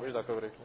Budeš takový rychlý.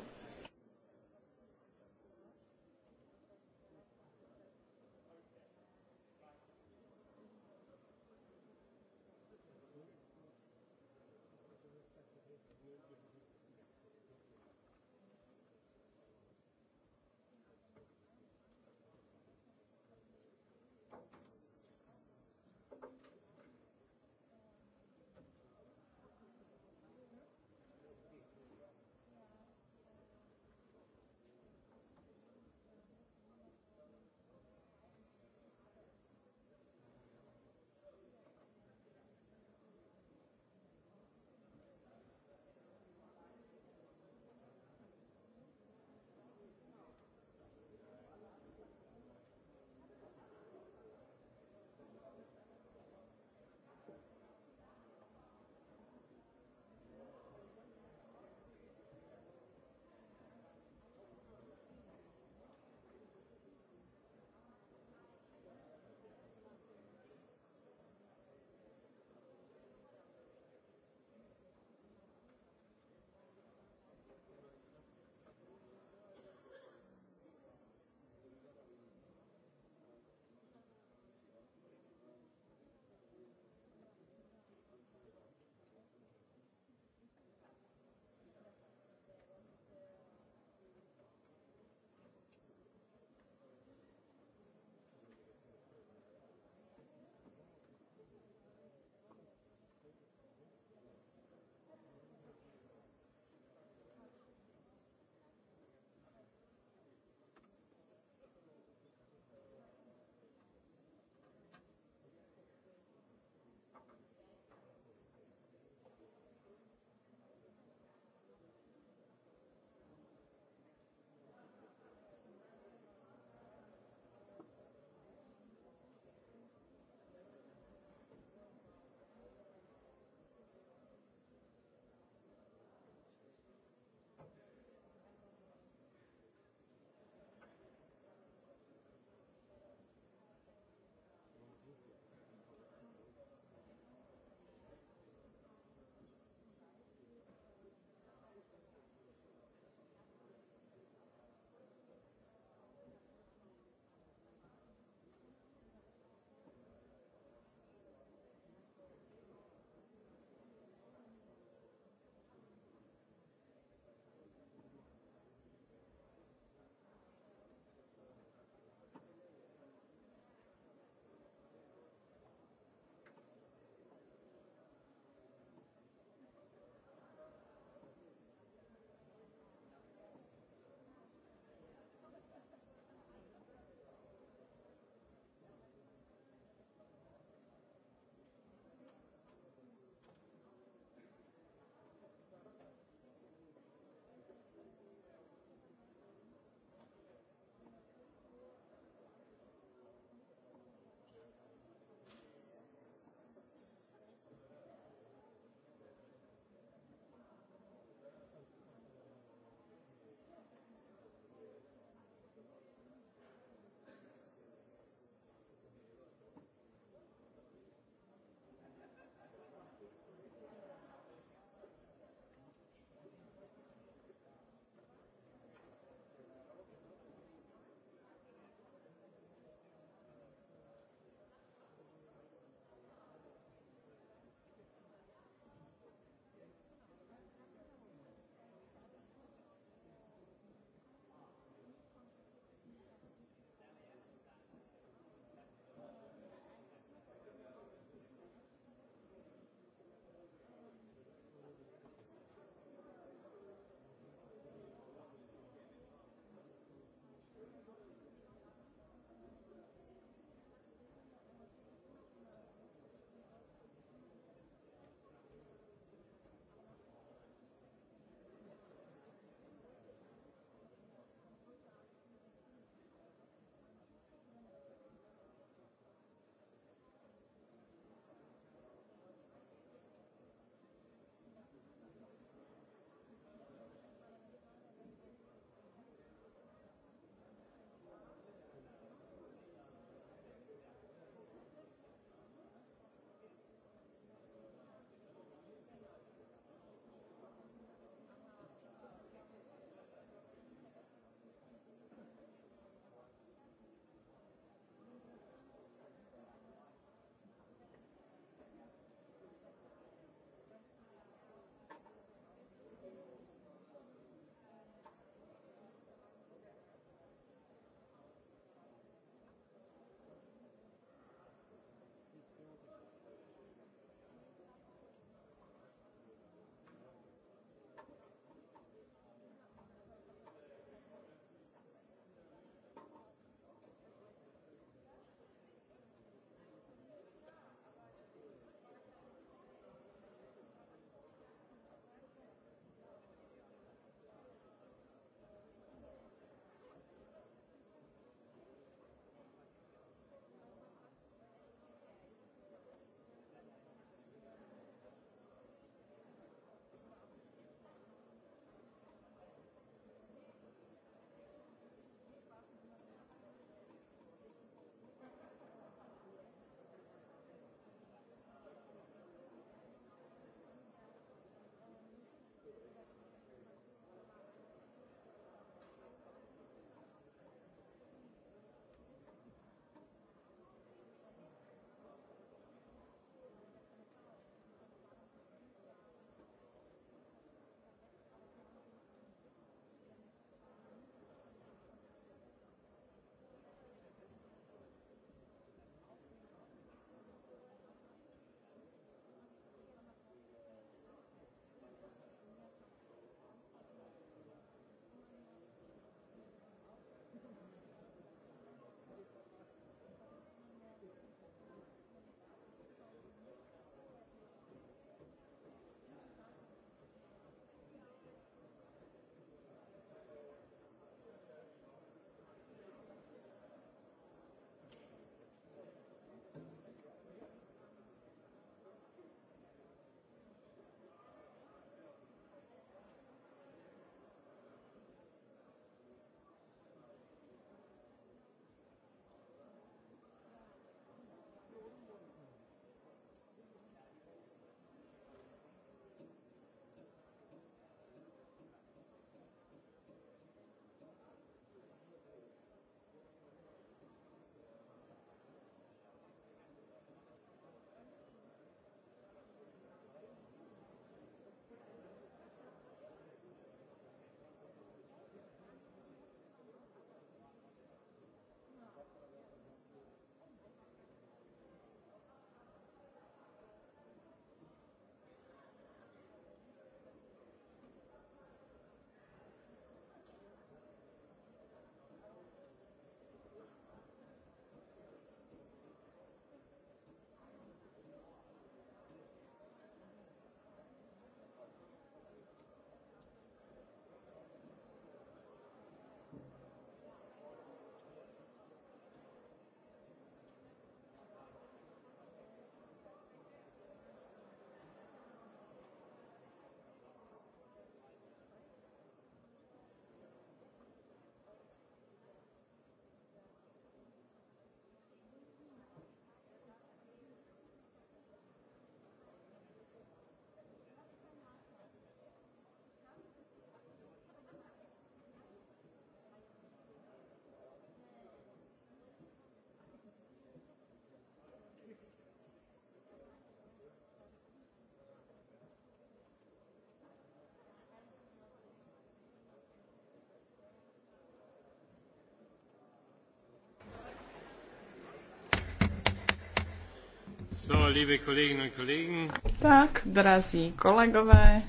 Tak, drazí kolegové,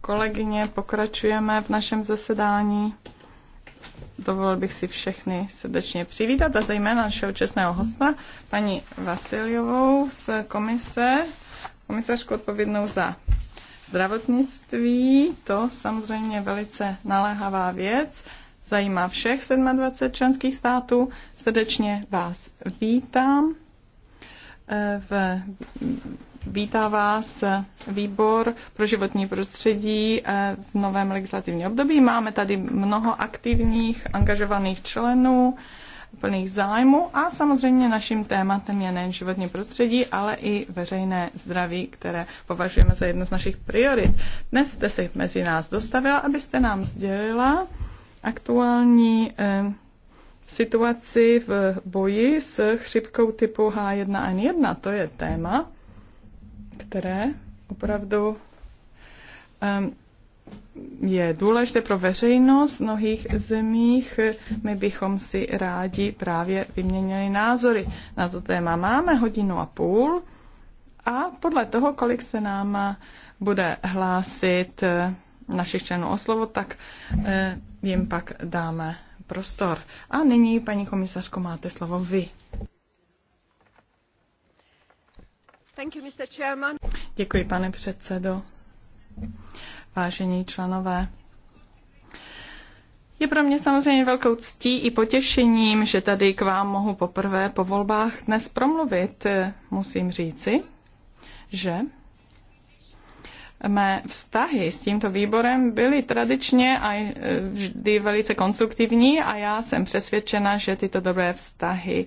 kolegyně, pokračujeme v našem zasedání. Dovolil bych si všechny srdečně přivítat a zejména našeho čestného hosta, paní Vasiljovou z komise, komisařku odpovědnou za zdravotnictví. To samozřejmě velice naléhavá věc zajímá všech 27 členských států. Srdečně vás vítám v, vítá vás výbor pro životní prostředí eh, v novém legislativním období. Máme tady mnoho aktivních, angažovaných členů, plných zájmu a samozřejmě naším tématem je nejen životní prostředí, ale i veřejné zdraví, které považujeme za jednu z našich priorit. Dnes jste se mezi nás dostavila, abyste nám sdělila aktuální eh, situaci v boji s chřipkou typu H1N1. To je téma, které opravdu um, je důležité pro veřejnost v mnohých zemích. My bychom si rádi právě vyměnili názory na to téma. Máme hodinu a půl a podle toho, kolik se nám bude hlásit našich členů o slovo, tak eh, jim pak dáme prostor. A nyní, paní komisařko, máte slovo vy. You, Děkuji, pane předsedo. Vážení členové, je pro mě samozřejmě velkou ctí i potěšením, že tady k vám mohu poprvé po volbách dnes promluvit. Musím říci, že mé vztahy s tímto výborem byly tradičně a e, vždy velice konstruktivní a já jsem přesvědčena, že tyto dobré vztahy e,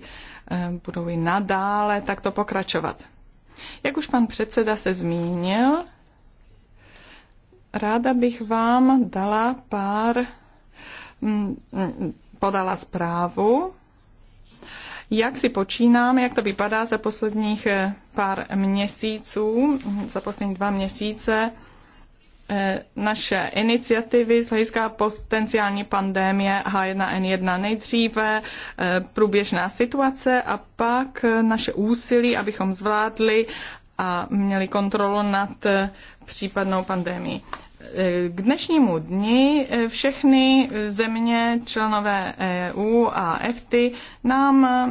budou i nadále takto pokračovat. Jak už pan předseda se zmínil, ráda bych vám dala pár, podala zprávu jak si počínáme, jak to vypadá za posledních eh, pár měsíců, za poslední dva měsíce, eh, naše iniciativy z hlediska potenciální pandémie H1N1 nejdříve, eh, průběžná situace a pak naše úsilí, abychom zvládli a měli kontrolu nad případnou pandémií. K dnešnímu dni eh, všechny země, členové EU a EFTY nám eh,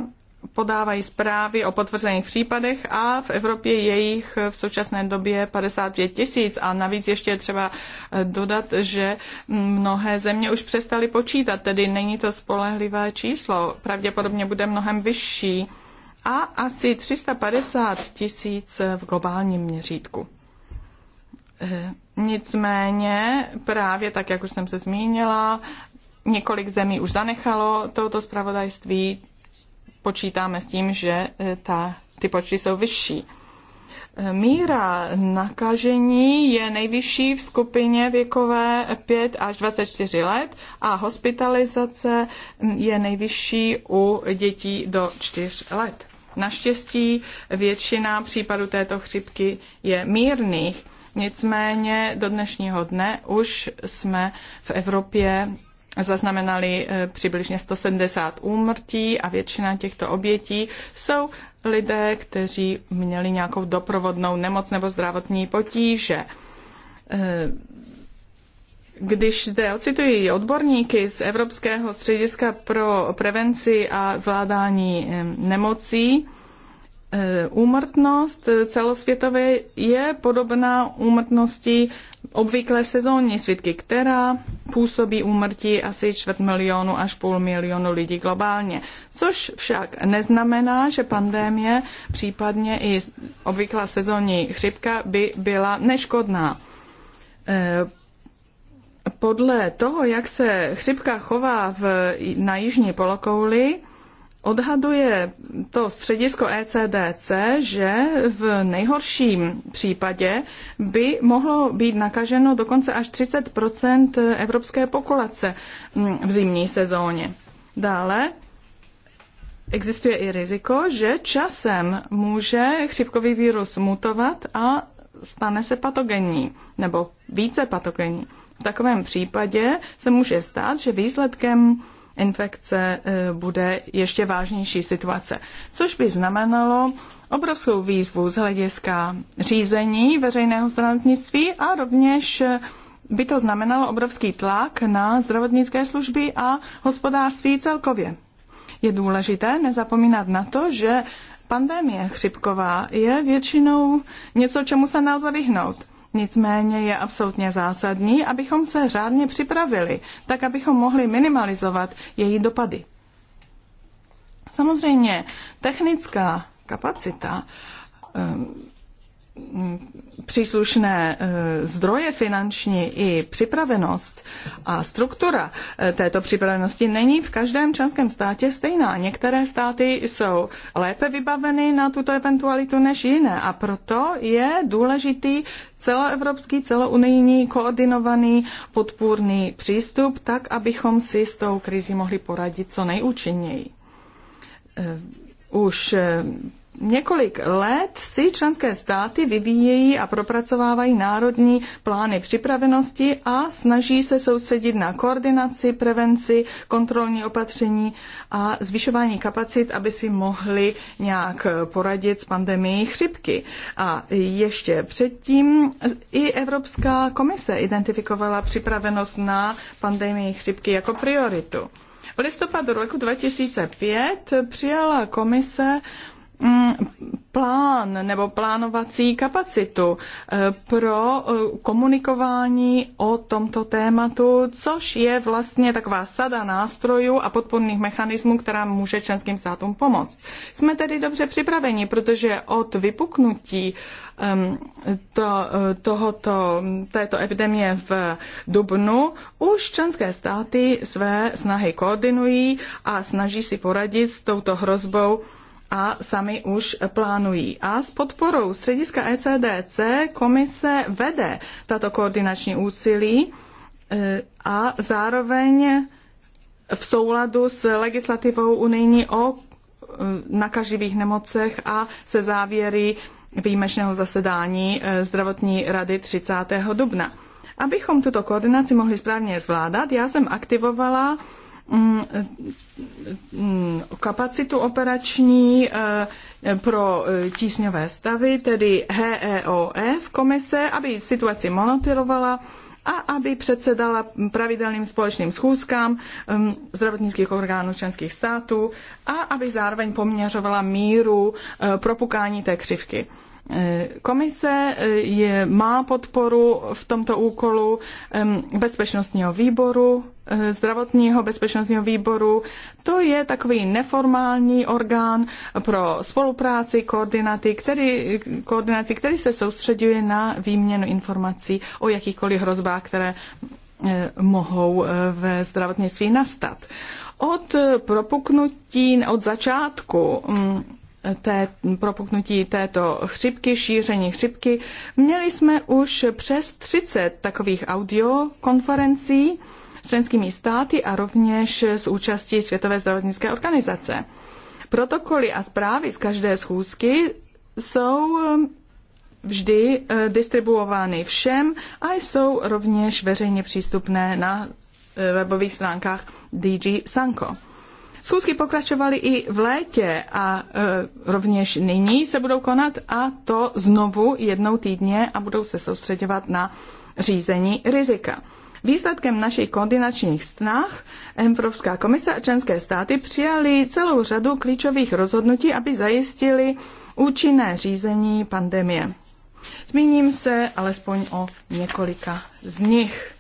podávají zprávy o potvrzených případech a v Evropě je jich eh, v současné době 55 tisíc a navíc ještě je třeba dodat, že mm, mnohé země už přestaly počítat, tedy není to spolehlivé číslo, pravděpodobně bude mnohem vyšší a asi 350 tisíc v globálním měřítku. Nicméně právě tak, jak už jsem se zmínila, několik zemí už zanechalo toto zpravodajství. Počítáme s tím, že e, ta, ty počty jsou vyšší. E, míra nakažení je nejvyšší v skupině věkové 5 až 24 let a hospitalizace je nejvyšší u dětí do 4 let. Naštěstí většina případů této chřipky je mírných Nicméně do dnešního dne už jsme v Evropě zaznamenali eh, přibližně 170 úmrtí a většina těchto obětí jsou lidé, kteří měli nějakou doprovodnou nemoc nebo zdravotní potíže. Eh, když zde ocituji odborníky z Evropského střediska pro prevenci a zvládání eh, nemocí, Eh, úmrtnost eh, celosvětově je podobná úmrtnosti obvyklé sezónní svitky, která působí úmrtí asi čtvrt milionu až půl milionu lidí globálně. Což však neznamená, že pandémie, případně i obvyklá sezónní chřipka by byla neškodná. Eh, podle toho, jak se chřipka chová v, na jižní polokouli, odhaduje to středisko ECDC, že v nejhorším případě by mohlo být nakaženo dokonce až 30 evropské populace mm, v zimní sezóně. Dále existuje i riziko, že časem může chřipkový vírus mutovat a stane se patogenní nebo více patogenní. V takovém případě se může stát, že výsledkem infekce eh, bude ještě vážnější situace, což by znamenalo obrovskou výzvu z hlediska řízení veřejného zdravotnictví a rovněž eh, by to znamenalo obrovský tlak na zdravotnické služby a hospodářství celkově. Je důležité nezapomínat na to, že pandemie chřipková je většinou něco, čemu se nelze vyhnout. Nicméně je absolutně zásadní, abychom se řádně připravili, tak abychom mohli minimalizovat její dopady. Samozřejmě technická kapacita ehm, příslušné eh, zdroje finanční i připravenost a struktura eh, této připravenosti není v každém členském státě stejná. Některé státy jsou lépe vybaveny na tuto eventualitu než jiné a proto je důležitý celoevropský, celounijní, koordinovaný, podpůrný přístup, tak abychom si s tou krizí mohli poradit co nejúčinněji. Eh, už Několik let si členské státy vyvíjejí a propracovávají národní plány připravenosti a snaží se soustředit na koordinaci, prevenci, kontrolní opatření a zvyšování kapacit, aby si mohli nějak poradit s pandemií chřipky. A ještě předtím i Evropská komise identifikovala připravenost na pandemii chřipky jako prioritu. V listopadu roku 2005 přijala komise Mm, plán nebo plánovací kapacitu eh, pro eh, komunikování o tomto tématu, což je vlastně taková sada nástrojů a podporných mechanismů, která může členským státům pomoct. Jsme tedy dobře připraveni, protože od vypuknutí ehm, to, eh, tohoto, této epidemie v Dubnu už členské státy své snahy koordinují a snaží si poradit s touto hrozbou a sami už plánují. A s podporou střediska ECDC komise vede tato koordinační úsilí e, a zároveň v souladu s legislativou unijní o e, nakaživých nemocech a se závěry výjimečného zasedání e, zdravotní rady 30. dubna. Abychom tuto koordinaci mohli správně zvládat, já jsem aktivovala Mm, mm, kapacitu operační eh, pro eh, tísňové stavy, tedy HEOF komise, aby situaci monitorovala a aby předsedala pravidelným společným schůzkám mm, zdravotnických orgánů členských států a aby zároveň poměřovala míru eh, propukání té křivky. Komise eh, je, má podporu v tomto úkolu bezpečnostního výboru, eh, zdravotního bezpečnostního výboru. To je takový neformální orgán pro spolupráci, koordinaci, který, koordinaci, který se soustředuje na výměnu informací o jakýchkoliv hrozbách, které eh, mohou ve zdravotnictví nastat. Od propuknutí, od začátku mm, té, propuknutí této chřipky, šíření chřipky. Měli jsme už přes 30 takových audiokonferencí s členskými státy a rovněž s účastí Světové zdravotnické organizace. Protokoly a zprávy z každé schůzky jsou um, vždy eh, distribuovány všem a jsou rovněž veřejně přístupné na eh, webových stránkách DG Sanko. Schůzky pokračovaly i v létě a e, rovněž nyní se budou konat a to znovu jednou týdně a budou se soustředovat na řízení rizika. Výsledkem našich koordinačních snah Evropská komise a členské státy přijali celou řadu klíčových rozhodnutí, aby zajistili účinné řízení pandemie. Zmíním se alespoň o několika z nich.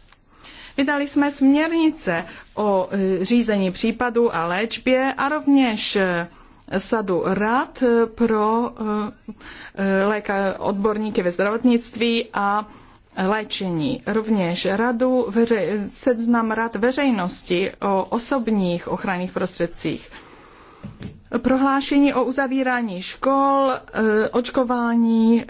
Vydali jsme směrnice o e, řízení případů a léčbě a rovněž e, sadu rad e, pro odborníky ve zdravotnictví a léčení. Rovněž radu veře, seznam rad veřejnosti o osobních ochranných prostředcích prohlášení o uzavírání škol, e, očkování, e,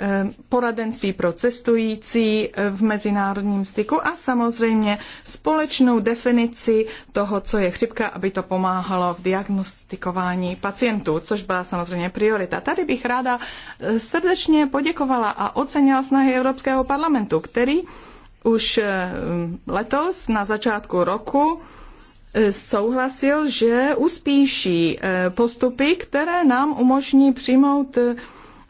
poradenství pro cestující e, v mezinárodním styku a samozřejmě společnou definici toho, co je chřipka, aby to pomáhalo v diagnostikování pacientů, což byla samozřejmě priorita. Tady bych ráda srdečně poděkovala a ocenila snahy Evropského parlamentu, který už letos na začátku roku E, souhlasil, že uspíší e, postupy, které nám umožní přijmout e,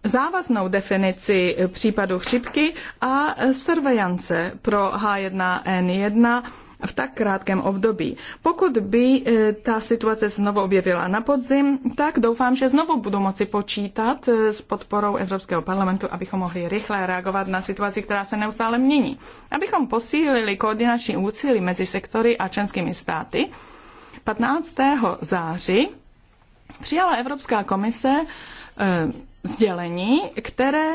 závaznou definici případu chřipky a surveillance pro H1N1 v tak krátkém období. Pokud by e, ta situace znovu objevila na podzim, tak doufám, že znovu budu moci počítat e, s podporou Evropského parlamentu, abychom mohli rychle reagovat na situaci, která se neustále mění. Abychom posílili koordinační úsilí mezi sektory a členskými státy, 15. září přijala Evropská komise e, sdělení, které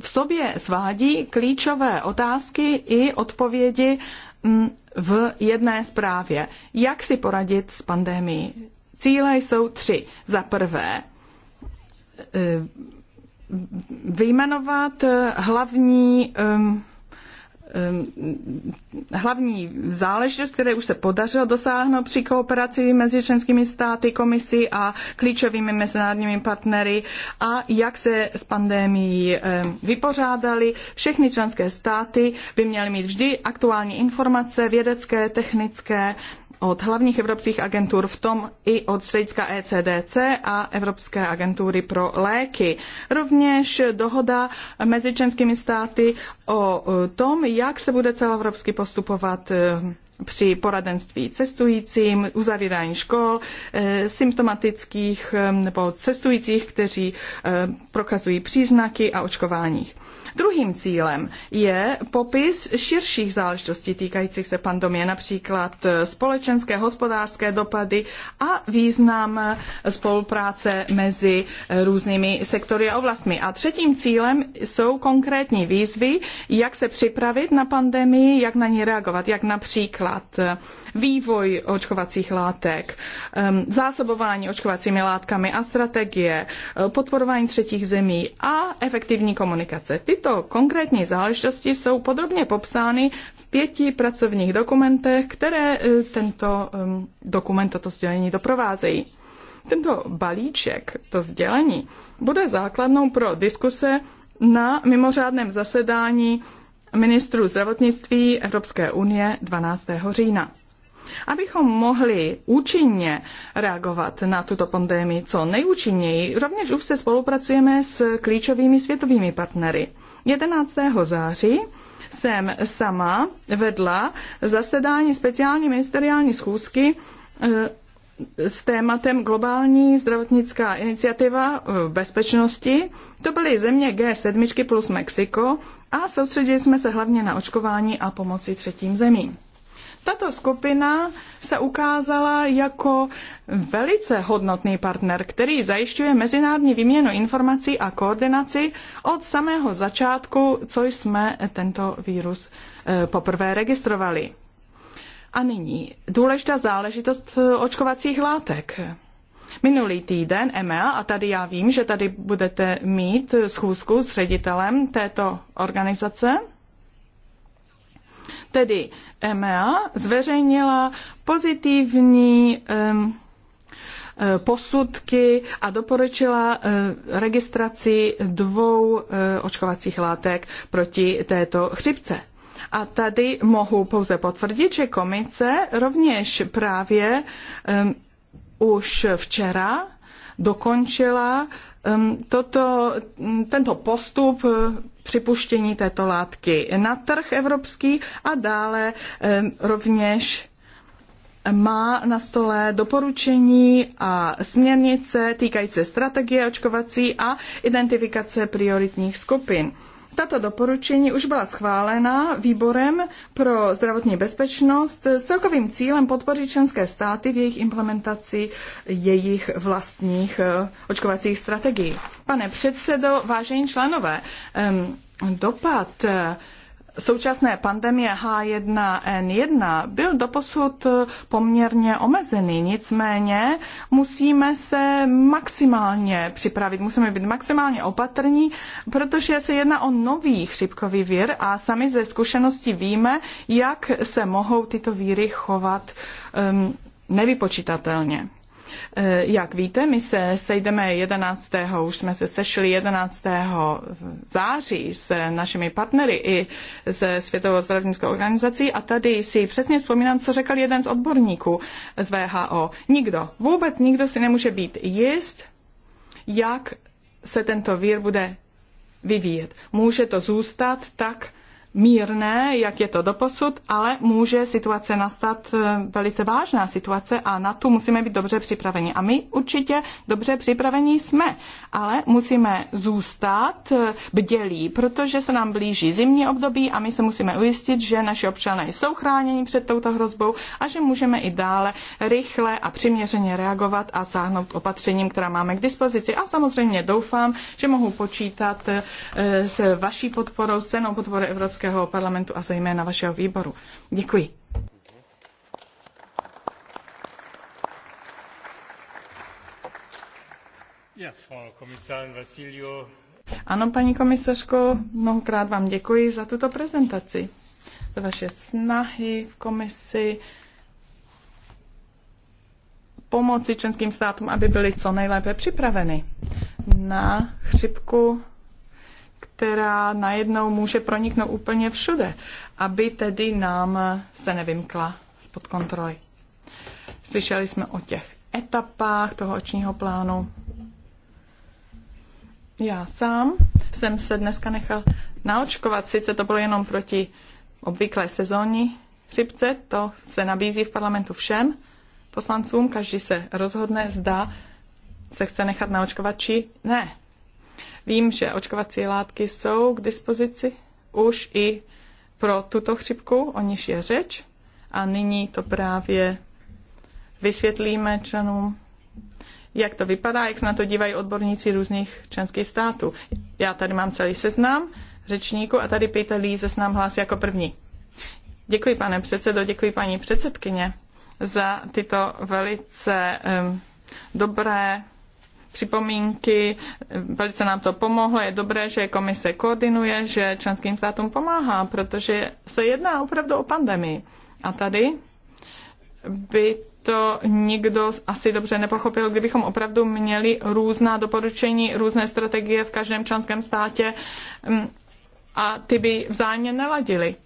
v sobě svádí klíčové otázky i odpovědi v jedné zprávě. Jak si poradit s pandemií? Cíle jsou tři. Za prvé, eh, vyjmenovat eh, hlavní um, Ehm, hlavní záležitost, které už se podařilo dosáhnout při kooperaci mezi členskými státy, komisí a klíčovými mezinárodními partnery a jak se s pandémií ehm, vypořádali. Všechny členské státy by měly mít vždy aktuální informace, vědecké, technické od hlavních evropských agentur, v tom i od střediska ECDC a Evropské agentury pro léky. Rovněž dohoda mezi členskými státy o e, tom, jak se bude celoevropsky postupovat e, při poradenství cestujícím, uzavírání škol, e, symptomatických nebo cestujících, kteří prokazují příznaky a očkováních. Druhým cílem je popis širších záležitostí týkajících se pandemie, například eh, společenské, hospodářské dopady a význam eh, spolupráce mezi eh, různými sektory a oblastmi. A třetím cílem jsou konkrétní výzvy, jak se připravit na pandemii, jak na ní reagovat, jak například vývoj očkovacích látek, ehm, zásobování očkovacími látkami a strategie, podporování třetích zemí a efektivní komunikace. Tyto tyto konkrétní záležitosti jsou podrobně popsány v pěti pracovních dokumentech, které e, tento dokument, toto sdělení doprovázejí. Tento balíček, to sdělení, bude základnou pro diskuse na mimořádném zasedání ministrů zdravotnictví Evropské unie 12. října. Abychom mohli účinně reagovat na tuto pandemii co nejúčinněji, rovněž už se spolupracujeme s klíčovými světovými partnery. 11. září jsem sama vedla zasedání speciální ministeriální schůzky eh, s tématem globální zdravotnická iniciativa eh, bezpečnosti. To byly země G7 plus Mexiko a soustředili jsme se hlavně na očkování a pomoci třetím zemím. Tato skupina se ukázala jako velice hodnotný partner, který zajišťuje mezinárodní výměnu informací a koordinaci od samého začátku, co jsme tento vírus eh, poprvé registrovali. A nyní důležitá záležitost eh, očkovacích látek. Minulý týden EMEA, a tady já vím, že tady budete mít eh, schůzku s ředitelem této organizace, Tedy EMEA zveřejnila pozitivní eh, posudky a doporučila eh, registraci dvou eh, očkovacích látek proti této chřipce. A tady mohu pouze potvrdit, že komice rovněž právě um, už včera dokončila um, toto, um, tento postup uh, připuštění této látky na trh evropský a dále um, rovněž má na stole doporučení a směrnice týkající strategie očkovací a identifikace prioritních skupin. Tato doporučení už byla schválena výborem pro zdravotní bezpečnost s celkovým cílem podpořit členské státy v jejich implementaci jejich vlastních eh, očkovacích strategií. Pane předsedo, vážení členové, dopad eh, současné pandemie H1N1 byl doposud poměrně omezený, nicméně musíme se maximálně připravit, musíme být maximálně opatrní, protože se jedná o nový chřipkový vír a sami ze zkušenosti víme, jak se mohou tyto víry chovat um, nevypočitatelně. Eh, jak víte, my se sejdeme 11. už jsme se sešli 11. září s našimi partnery i se Světovou zdravotnickou organizací a tady si přesně vzpomínám, co řekl jeden z odborníků z VHO. Nikdo, vůbec nikdo si nemůže být jist, jak se tento vír bude vyvíjet. Může to zůstat tak, mírné, jak je to doposud, ale může situace nastat eh, velice vážná situace a na tu musíme být dobře připraveni. A my určitě dobře připraveni jsme, ale musíme zůstat eh, bdělí, protože se nám blíží zimní období a my se musíme ujistit, že naši občané jsou chráněni před touto hrozbou a že můžeme i dále rychle a přiměřeně reagovat a sáhnout opatřením, která máme k dispozici. A samozřejmě doufám, že mohu počítat eh, s vaší podporou, s cenou podpory Evropské Evropského parlamentu a zejména vašeho výboru. Děkuji. Ano, paní komisařko, mnohokrát vám děkuji za tuto prezentaci, za vaše snahy v komisi pomoci členským státům, aby byly co nejlépe připraveny na chřipku která najednou může proniknout úplně všude, aby tedy nám se nevymkla spod kontroly. Slyšeli jsme o těch etapách toho očního plánu. Já sám jsem se dneska nechal naočkovat, sice to bylo jenom proti obvyklé sezónní chřipce, to se nabízí v parlamentu všem poslancům, každý se rozhodne, zda se chce nechat naočkovat či ne. Vím, že očkovací látky jsou k dispozici už i pro tuto chřipku, o níž je řeč. A nyní to právě vysvětlíme členům, jak to vypadá, jak se na to dívají odborníci různých členských států. Já tady mám celý seznam řečníků a tady Peter Líze s nám hlásí jako první. Děkuji, pane předsedo, děkuji, paní předsedkyně, za tyto velice um, dobré připomínky, velice nám to pomohlo, je dobré, že komise koordinuje, že členským státům pomáhá, protože se jedná opravdu o pandemii. A tady by to nikdo asi dobře nepochopil, kdybychom opravdu měli různá doporučení, různé strategie v každém členském státě mm, a ty by vzájemně neladily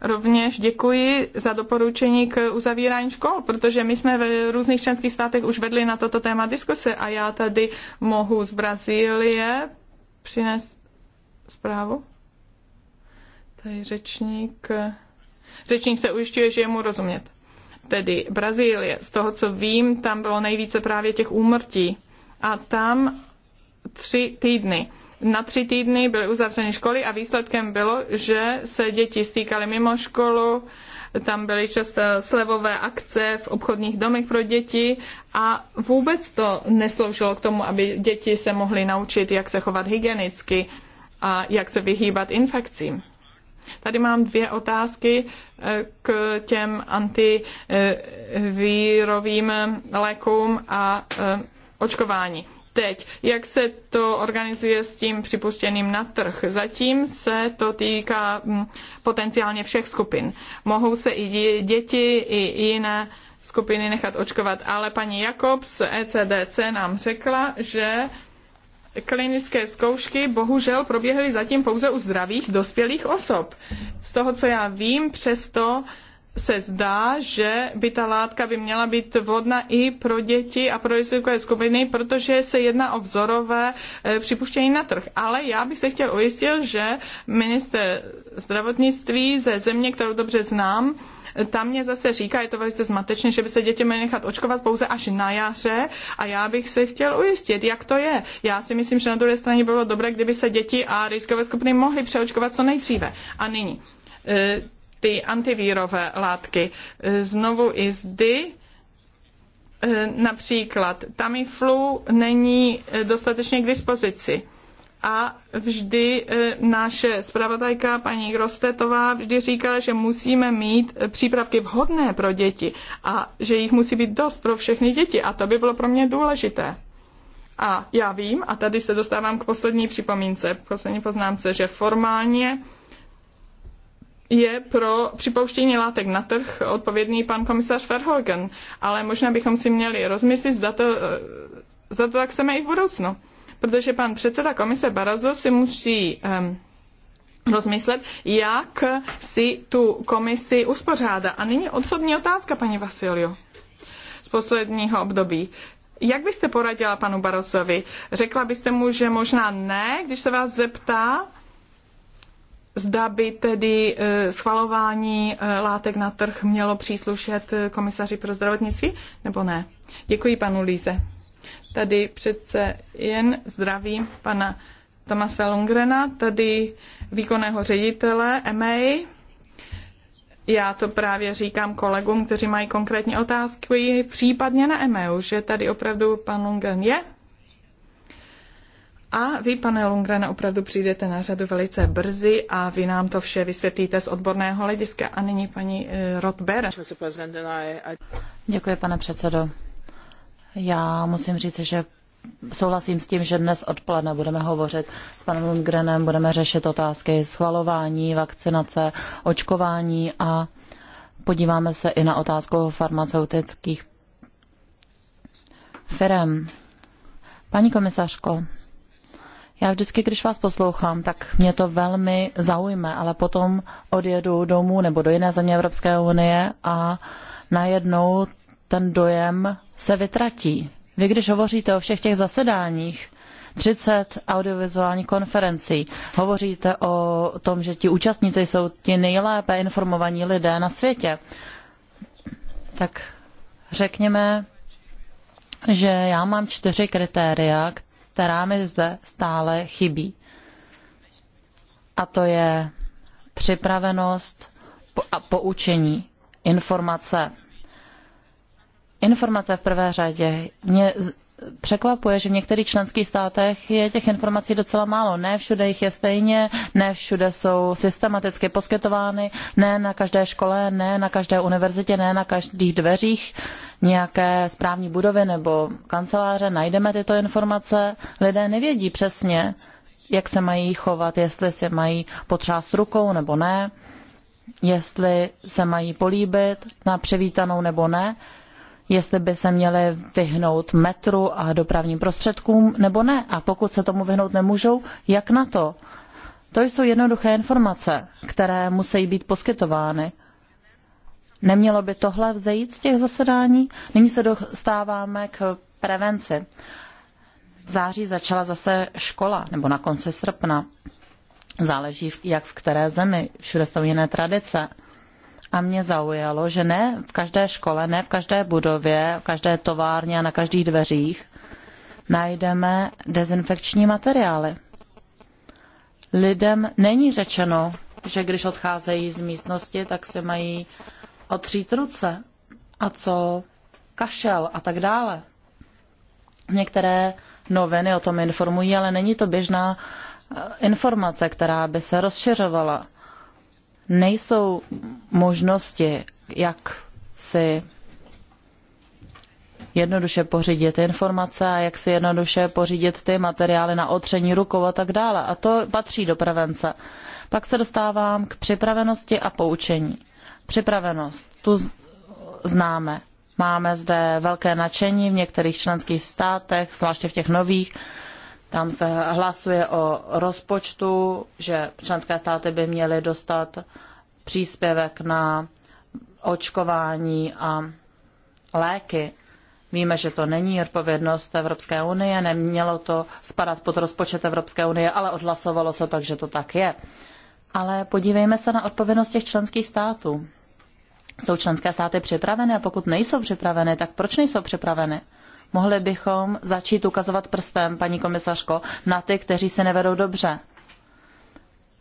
rovněž děkuji za doporučení k uzavírání škol, protože my jsme ve různých členských státech už vedli na toto téma diskuse a já tady mohu z Brazílie přinést zprávu. Tady řečník. Řečník se ujišťuje, že je mu rozumět. Tedy Brazílie, z toho, co vím, tam bylo nejvíce právě těch úmrtí. A tam tři týdny na tři týdny byly uzavřeny školy a výsledkem bylo, že se děti stýkaly mimo školu, tam byly často slevové akce v obchodních domech pro děti a vůbec to nesloužilo k tomu, aby děti se mohly naučit, jak se chovat hygienicky a jak se vyhýbat infekcím. Tady mám dvě otázky eh, k těm antivírovým eh, lékům a eh, očkování teď, jak se to organizuje s tím připuštěným na trh. Zatím se to týká mm, potenciálně všech skupin. Mohou se i děti, i jiné skupiny nechat očkovat, ale paní Jakob z ECDC nám řekla, že klinické zkoušky bohužel proběhly zatím pouze u zdravých dospělých osob. Z toho, co já vím, přesto se zdá, že by ta látka by měla být vhodná i pro děti a pro rizikové skupiny, protože se jedná o vzorové e, připuštění na trh. Ale já bych se chtěl ujistit, že minister zdravotnictví ze země, kterou dobře znám, tam mě zase říká, je to velice zmatečné, že by se děti měly nechat očkovat pouze až na jaře a já bych se chtěl ujistit, jak to je. Já si myslím, že na druhé straně bylo dobré, kdyby se děti a rizikové skupiny mohly přeočkovat co nejdříve. A nyní e, ty antivírové látky. Znovu i zdy, eh, například Tamiflu není eh, dostatečně k dispozici. A vždy eh, naše zpravodajka paní Grostetová vždy říkala, že musíme mít přípravky vhodné pro děti a že jich musí být dost pro všechny děti. A to by bylo pro mě důležité. A já vím, a tady se dostávám k poslední připomínce, k poslední poznámce, že formálně je pro připouštění látek na trh odpovědný pan komisař Verhoeven, ale možná bychom si měli rozmyslet, zda to, zda to tak chceme i v budoucnu. Protože pan předseda komise Barazo si musí um, rozmyslet, jak si tu komisi uspořádá. A nyní osobní otázka, paní Vasilio, z posledního období. Jak byste poradila panu Barosovi? Řekla byste mu, že možná ne, když se vás zeptá, Zda by tedy eh, schvalování eh, látek na trh mělo příslušet eh, komisaři pro zdravotnictví, nebo ne? Děkuji panu Líze. Tady přece jen zdravím pana Tomase Longrena, tady výkonného ředitele EMEI. Já to právě říkám kolegům, kteří mají konkrétní otázky, případně na EMEU, že tady opravdu pan Longren je a vy, pane Lundgren, opravdu přijdete na řadu velice brzy a vy nám to vše vysvětlíte z odborného hlediska. A nyní paní eh, Rotber. Děkuji, pane předsedo. Já musím říct, že souhlasím s tím, že dnes odpoledne budeme hovořit s panem Lundgrenem, budeme řešit otázky schvalování, vakcinace, očkování a podíváme se i na otázku farmaceutických firm. Paní komisařko, já vždycky, když vás poslouchám, tak mě to velmi zaujme, ale potom odjedu domů nebo do jiné země Evropské unie a najednou ten dojem se vytratí. Vy, když hovoříte o všech těch zasedáních, 30 audiovizuálních konferencí. Hovoříte o tom, že ti účastníci jsou ti nejlépe informovaní lidé na světě. Tak řekněme, že já mám čtyři kritéria, která mi zde stále chybí. A to je připravenost a poučení informace. Informace v prvé řadě. Mě překvapuje, že v některých členských státech je těch informací docela málo. Ne všude jich je stejně, ne všude jsou systematicky poskytovány, ne na každé škole, ne na každé univerzitě, ne na každých dveřích nějaké správní budovy nebo kanceláře, najdeme tyto informace. Lidé nevědí přesně, jak se mají chovat, jestli se mají potřást rukou nebo ne, jestli se mají políbit na přivítanou nebo ne, jestli by se měli vyhnout metru a dopravním prostředkům nebo ne. A pokud se tomu vyhnout nemůžou, jak na to? To jsou jednoduché informace, které musí být poskytovány Nemělo by tohle vzejít z těch zasedání? Nyní se dostáváme k prevenci. V září začala zase škola, nebo na konci srpna. Záleží, jak v které zemi. Všude jsou jiné tradice. A mě zaujalo, že ne v každé škole, ne v každé budově, v každé továrně a na každých dveřích najdeme dezinfekční materiály. Lidem není řečeno, že když odcházejí z místnosti, tak se mají otřít ruce a co kašel a tak dále. Některé noviny o tom informují, ale není to běžná eh, informace, která by se rozšiřovala. Nejsou možnosti, jak si jednoduše pořídit informace a jak si jednoduše pořídit ty materiály na otření rukou a tak dále. A to patří do prevence. Pak se dostávám k připravenosti a poučení. Připravenost tu známe. Máme zde velké nadšení v některých členských státech, zvláště v těch nových. Tam se hlasuje o rozpočtu, že členské státy by měly dostat příspěvek na očkování a léky. Víme, že to není odpovědnost Evropské unie, nemělo to spadat pod rozpočet Evropské unie, ale odhlasovalo se tak, že to tak je. Ale podívejme se na odpovědnost těch členských států. Jsou členské státy připravené? a Pokud nejsou připravené, tak proč nejsou připravené? Mohli bychom začít ukazovat prstem, paní komisařko, na ty, kteří se nevedou dobře.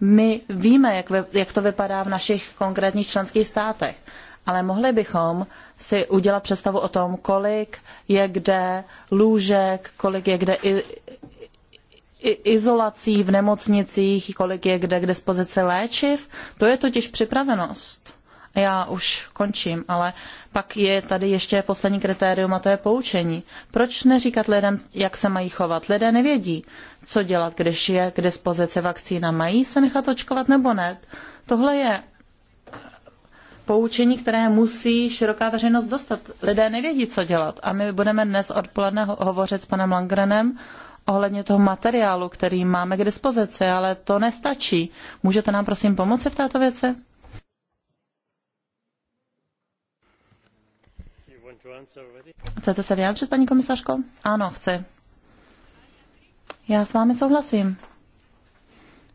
My víme, jak, jak to vypadá v našich konkrétních členských státech, ale mohli bychom si udělat představu o tom, kolik je kde lůžek, kolik je kde i, i, izolací v nemocnicích, kolik je kde k dispozici léčiv. To je totiž připravenost já už končím, ale pak je tady ještě poslední kritérium a to je poučení. Proč neříkat lidem, jak se mají chovat? Lidé nevědí, co dělat, když je k dispozici vakcína. Mají se nechat očkovat nebo ne? Tohle je poučení, které musí široká veřejnost dostat. Lidé nevědí, co dělat. A my budeme dnes odpoledne hovořit s panem Langrenem ohledně toho materiálu, který máme k dispozici, ale to nestačí. Můžete nám prosím pomoci v této věci? Chcete se vyjádřit, paní komisařko? Ano, chci. Já s vámi souhlasím.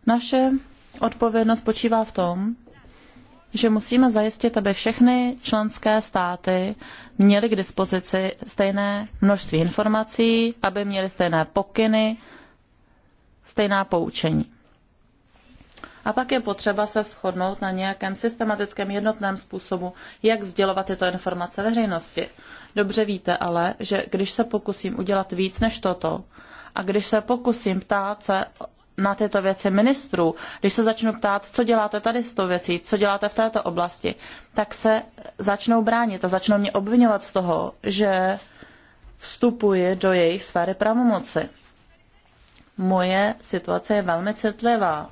Naše odpovědnost počívá v tom, že musíme zajistit, aby všechny členské státy měly k dispozici stejné množství informací, aby měly stejné pokyny, stejná poučení. A pak je potřeba se shodnout na nějakém systematickém jednotném způsobu, jak sdělovat tyto informace veřejnosti. Dobře víte ale, že když se pokusím udělat víc než toto, a když se pokusím ptát se na tyto věci ministrů, když se začnu ptát, co děláte tady s tou věcí, co děláte v této oblasti, tak se začnou bránit a začnou mě obvinovat z toho, že vstupuji do jejich sféry pravomoci. Moje situace je velmi citlivá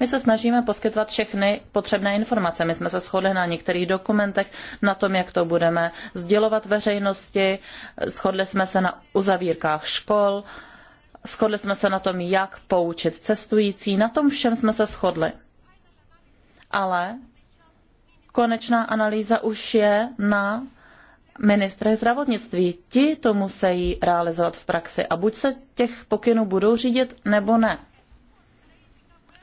my se snažíme poskytovat všechny potřebné informace. My jsme se shodli na některých dokumentech, na tom, jak to budeme sdělovat veřejnosti, shodli jsme se na uzavírkách škol, shodli jsme se na tom, jak poučit cestující, na tom všem jsme se shodli. Ale konečná analýza už je na ministrech zdravotnictví. Ti to musí realizovat v praxi a buď se těch pokynů budou řídit, nebo ne.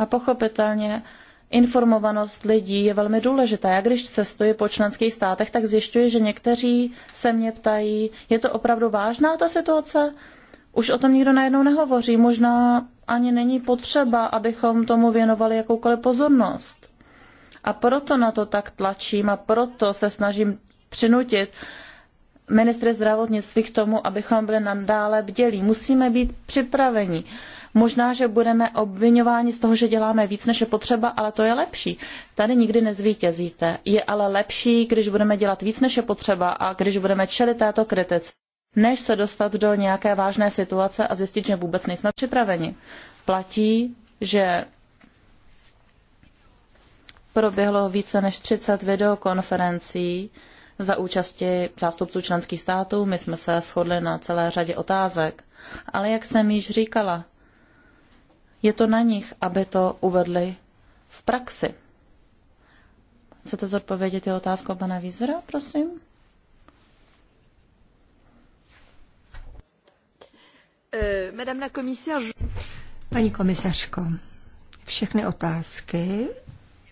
A pochopitelně informovanost lidí je velmi důležitá. Já když cestuji po členských státech, tak zjišťuji, že někteří se mě ptají, je to opravdu vážná ta situace? Už o tom nikdo najednou nehovoří. Možná ani není potřeba, abychom tomu věnovali jakoukoliv pozornost. A proto na to tak tlačím a proto se snažím přinutit ministry zdravotnictví k tomu, abychom byli nadále bdělí. Musíme být připraveni. Možná, že budeme obvinováni z toho, že děláme víc, než je potřeba, ale to je lepší. Tady nikdy nezvítězíte. Je ale lepší, když budeme dělat víc, než je potřeba a když budeme čelit této kritice než se dostat do nějaké vážné situace a zjistit, že vůbec nejsme připraveni. Platí, že proběhlo více než 30 videokonferencí za účasti zástupců členských států. My jsme se shodli na celé řadě otázek. Ale jak jsem již říkala, je to na nich, aby to uvedli v praxi. Chcete zodpovědět i otázku pana Vízera, prosím? Eh, Paní komisařko, všechny otázky,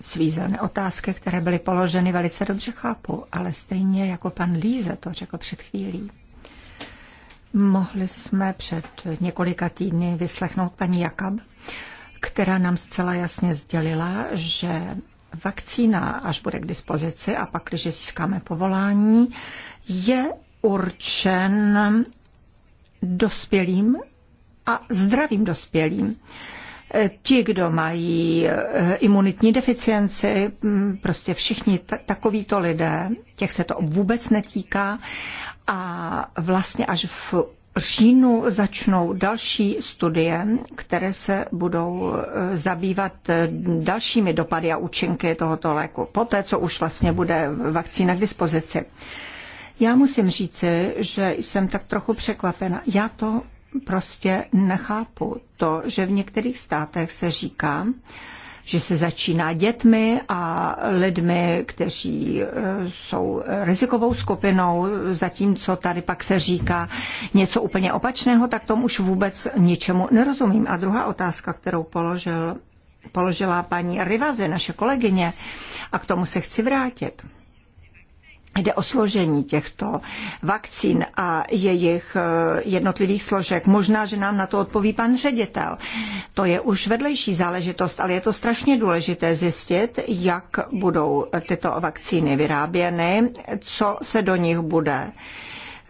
svízelné otázky, které byly položeny, velice dobře chápu, ale stejně jako pan Líze to řekl před chvílí. Mohli jsme před několika týdny vyslechnout paní Jakab, která nám zcela jasně sdělila, že vakcína, až bude k dispozici a pak, když získáme povolání, je určen dospělým a zdravým dospělým. Eh, ti, kdo mají eh, imunitní deficienci, mm, prostě všichni takovýto lidé, těch se to vůbec netýká a vlastně až v říjnu začnou další studie, které se budou eh, zabývat dalšími dopady a účinky tohoto léku, poté co už vlastně bude vakcína k dispozici. Já musím říci, že jsem tak trochu překvapena. Já to prostě nechápu to, že v některých státech se říká, že se začíná dětmi a lidmi, kteří eh, jsou rizikovou skupinou, zatímco tady pak se říká něco úplně opačného, tak tomu už vůbec ničemu nerozumím. A druhá otázka, kterou položil, položila paní Rivaze, naše kolegyně, a k tomu se chci vrátit. Jde o složení těchto vakcín a jejich eh, jednotlivých složek. Možná, že nám na to odpoví pan ředitel. To je už vedlejší záležitost, ale je to strašně důležité zjistit, jak budou tyto vakcíny vyráběny, co se do nich bude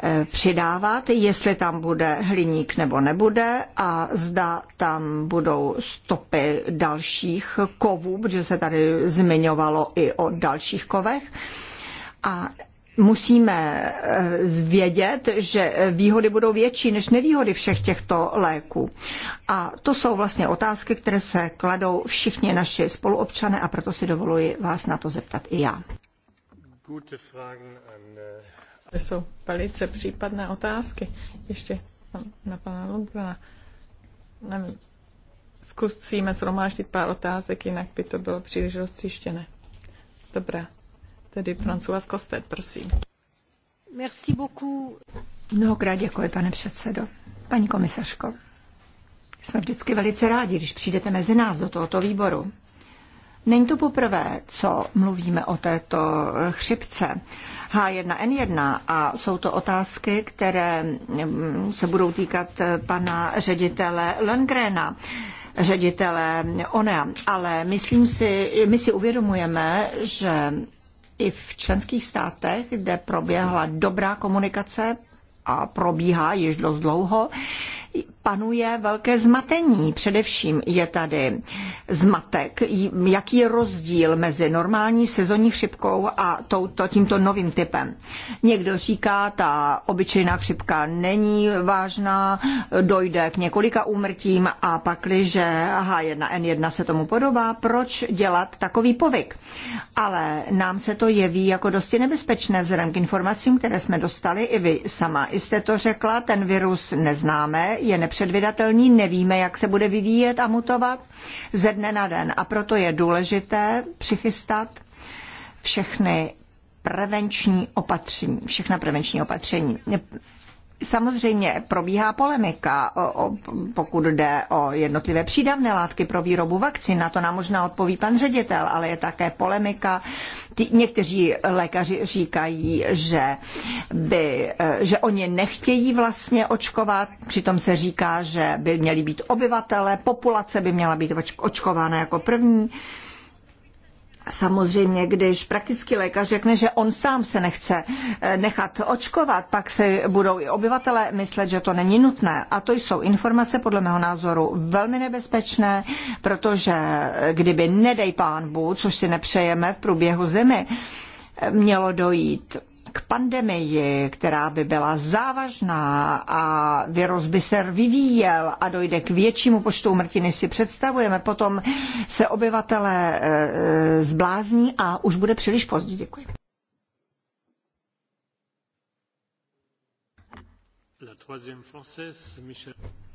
eh, přidávat, jestli tam bude hliník nebo nebude a zda tam budou stopy dalších kovů, protože se tady zmiňovalo i o dalších kovech a musíme eh, vědět, že eh, výhody budou větší než nevýhody všech těchto léků. A to jsou vlastně otázky, které se kladou všichni naši spoluobčané a proto si dovoluji vás na to zeptat i já. Eh, to jsou velice případné otázky. Ještě na pana Lubrana. Zkusíme zromáždit pár otázek, jinak by to bylo příliš roztříštěné. Dobrá. Tedy Francois Kostet, prosím. Merci beaucoup. Mnohokrát děkuji, pane předsedo. Paní komisařko, jsme vždycky velice rádi, když přijdete mezi nás do tohoto výboru. Není to poprvé, co mluvíme o této chřipce H1N1 a jsou to otázky, které mm, se budou týkat pana ředitele Lengrena ředitele ONEA, ale myslím si, my si uvědomujeme, že i v členských státech, kde proběhla dobrá komunikace a probíhá již dost dlouho, panuje velké zmatení. Především je tady zmatek. Jaký je rozdíl mezi normální sezonní chřipkou a touto, tímto novým typem? Někdo říká, ta obyčejná chřipka není vážná, dojde k několika úmrtím a pakliže H1N1 se tomu podobá, proč dělat takový povyk? Ale nám se to jeví jako dosti nebezpečné vzhledem k informacím, které jsme dostali. I vy sama jste to řekla, ten virus neznáme, je nepředvydatelný, nevíme, jak se bude vyvíjet a mutovat ze dne na den. A proto je důležité přichystat všechny prevenční opatření, všechna prevenční opatření. Samozřejmě probíhá polemika, o, o, pokud jde o jednotlivé přídavné látky pro výrobu vakcín. Na to nám možná odpoví pan ředitel, ale je také polemika. Ty, někteří lékaři říkají, že, by, e, že oni nechtějí vlastně očkovat, přitom se říká, že by měli být obyvatele, populace by měla být očkována jako první samozřejmě, když praktický lékař řekne, že on sám se nechce eh, nechat očkovat, pak si budou i obyvatelé myslet, že to není nutné. A to jsou informace podle mého názoru velmi nebezpečné, protože kdyby nedej pán Bůh, což si nepřejeme v průběhu zimy, mělo dojít k pandemii, která by byla závažná a virus by se vyvíjel a dojde k většímu počtu umrtí, než si představujeme, potom se obyvatele e, zblázní a už bude příliš pozdě. Děkuji.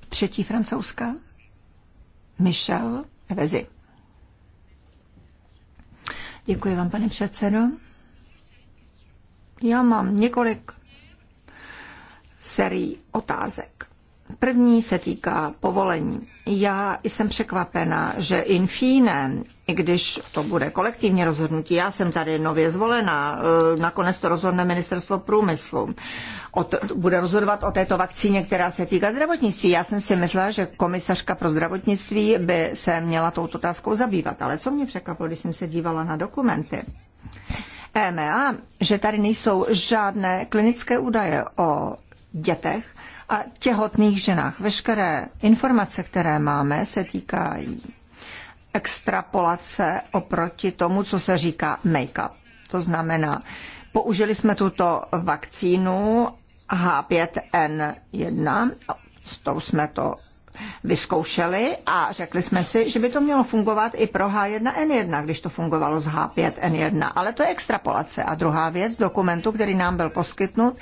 Třetí francouzská, Michel Vezi. Děkuji vám, pane předsedo. Já mám několik serií otázek. První se týká povolení. Já jsem překvapena, že infíne, i když to bude kolektivní rozhodnutí, já jsem tady nově zvolena, eh, nakonec to rozhodne ministerstvo průmyslu. Od, bude rozhodovat o této vakcíně, která se týká zdravotnictví. Já jsem si myslela, že komisařka pro zdravotnictví by se měla touto otázkou zabývat. Ale co mě překvapilo, když jsem se dívala na dokumenty, EMA, že tady nejsou žádné klinické údaje o dětech a těhotných ženách. Veškeré informace, které máme, se týkají extrapolace oproti tomu, co se říká make-up. To znamená, použili jsme tuto vakcínu H5N1, s tou jsme to vyzkoušeli a řekli jsme si, že by to mělo fungovat i pro H1N1, když to fungovalo z H5N1. Ale to je extrapolace. A druhá věc, dokumentu, který nám byl poskytnut,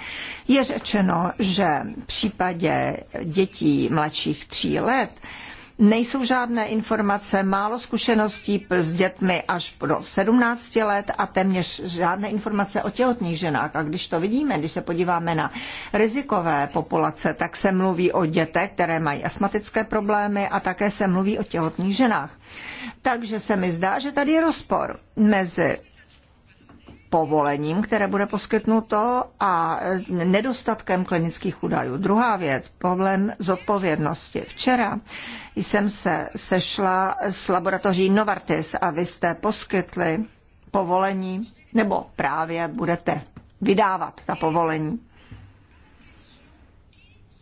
je řečeno, že v případě dětí mladších tří let nejsou žádné informace, málo zkušeností s dětmi až do 17 let a téměř žádné informace o těhotných ženách. A když to vidíme, když se podíváme na rizikové populace, tak se mluví o dětech, které mají astmatické problémy a také se mluví o těhotných ženách. Takže se mi zdá, že tady je rozpor mezi povolením, které bude poskytnuto a nedostatkem klinických údajů. Druhá věc, problém zodpovědnosti. Včera jsem se sešla s laboratoří Novartis a vy jste poskytli povolení, nebo právě budete vydávat ta povolení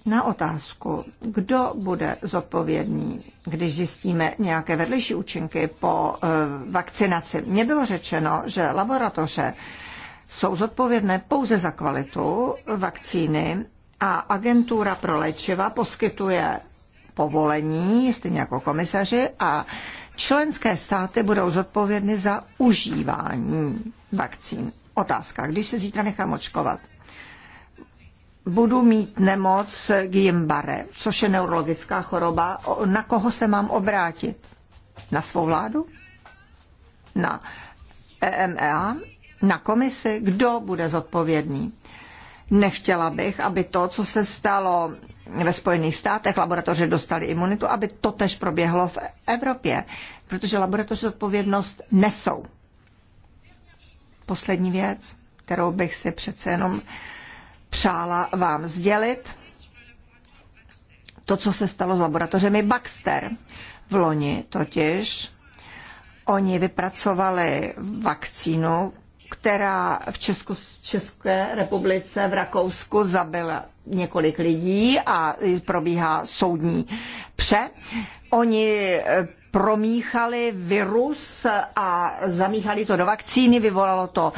na otázku, kdo bude zodpovědný, když zjistíme nějaké vedlejší účinky po eh, vakcinaci. Mně bylo řečeno, že laboratoře jsou zodpovědné pouze za kvalitu vakcíny a agentura pro léčiva poskytuje povolení, stejně jako komisaři, a členské státy budou zodpovědny za užívání vakcín. Otázka, když se zítra nechám očkovat, budu mít nemoc gimbare, což je neurologická choroba, na koho se mám obrátit? Na svou vládu? Na EMEA? Na komisi? Kdo bude zodpovědný? Nechtěla bych, aby to, co se stalo ve Spojených státech, laboratoře dostali imunitu, aby to tež proběhlo v Evropě, protože laboratoře zodpovědnost nesou. Poslední věc, kterou bych si přece jenom přála vám sdělit to, co se stalo s laboratořemi Baxter. V loni totiž oni vypracovali vakcínu, která v Česku, České republice, v Rakousku zabila několik lidí a probíhá soudní pře. Oni promíchali virus a zamíchali to do vakcíny, vyvolalo to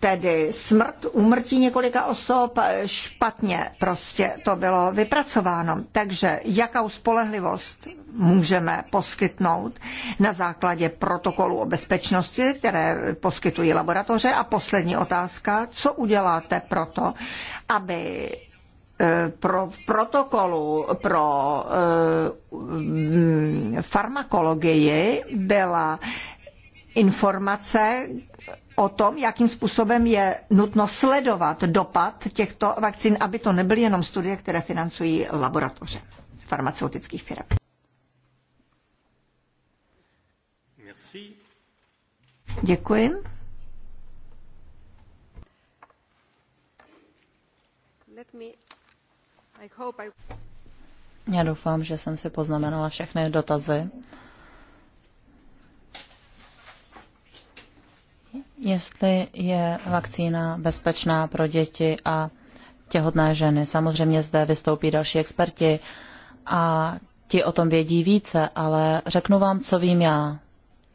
tedy smrt, úmrtí několika osob, špatně prostě to bylo vypracováno. Takže jakou spolehlivost můžeme poskytnout na základě protokolu o bezpečnosti, které poskytují laboratoře. A poslední otázka, co uděláte proto, aby Eh, pro, protokolu pro eh, farmakologii byla informace o tom, jakým způsobem je nutno sledovat dopad těchto vakcín, aby to nebyly jenom studie, které financují laboratoře farmaceutických firm. Děkuji. Já doufám, že jsem si poznamenala všechny dotazy. Jestli je vakcína bezpečná pro děti a těhotné ženy. Samozřejmě zde vystoupí další experti a ti o tom vědí více, ale řeknu vám, co vím já.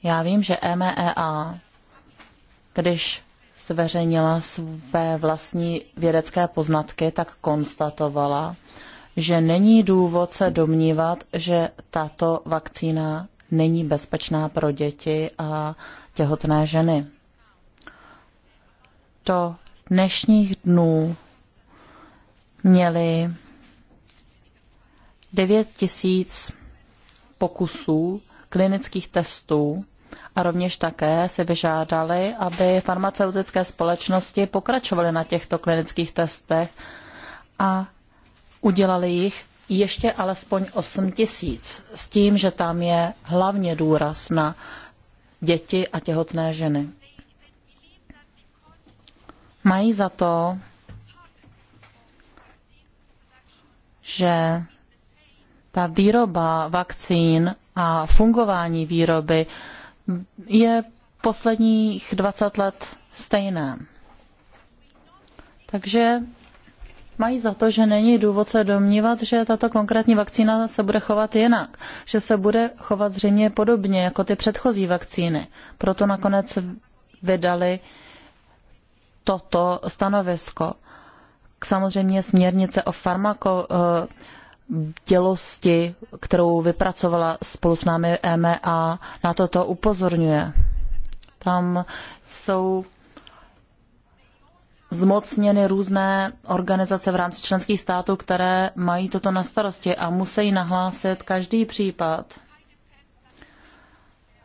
Já vím, že MEA, když zveřejnila své vlastní vědecké poznatky, tak konstatovala, že není důvod se domnívat, že tato vakcína není bezpečná pro děti a těhotné ženy. Do dnešních dnů měli 9 tisíc pokusů klinických testů a rovněž také si vyžádali, aby farmaceutické společnosti pokračovaly na těchto klinických testech a udělali jich ještě alespoň 8 tisíc, s tím, že tam je hlavně důraz na děti a těhotné ženy. Mají za to, že ta výroba vakcín a fungování výroby je posledních 20 let stejné. Takže mají za to, že není důvod se domnívat, že tato konkrétní vakcína se bude chovat jinak, že se bude chovat zřejmě podobně jako ty předchozí vakcíny. Proto nakonec vydali toto stanovisko. Samozřejmě směrnice o farmako, eh, dělosti, kterou vypracovala spolu s námi a na toto upozorňuje. Tam jsou zmocněny různé organizace v rámci členských států, které mají toto na starosti a musí nahlásit každý případ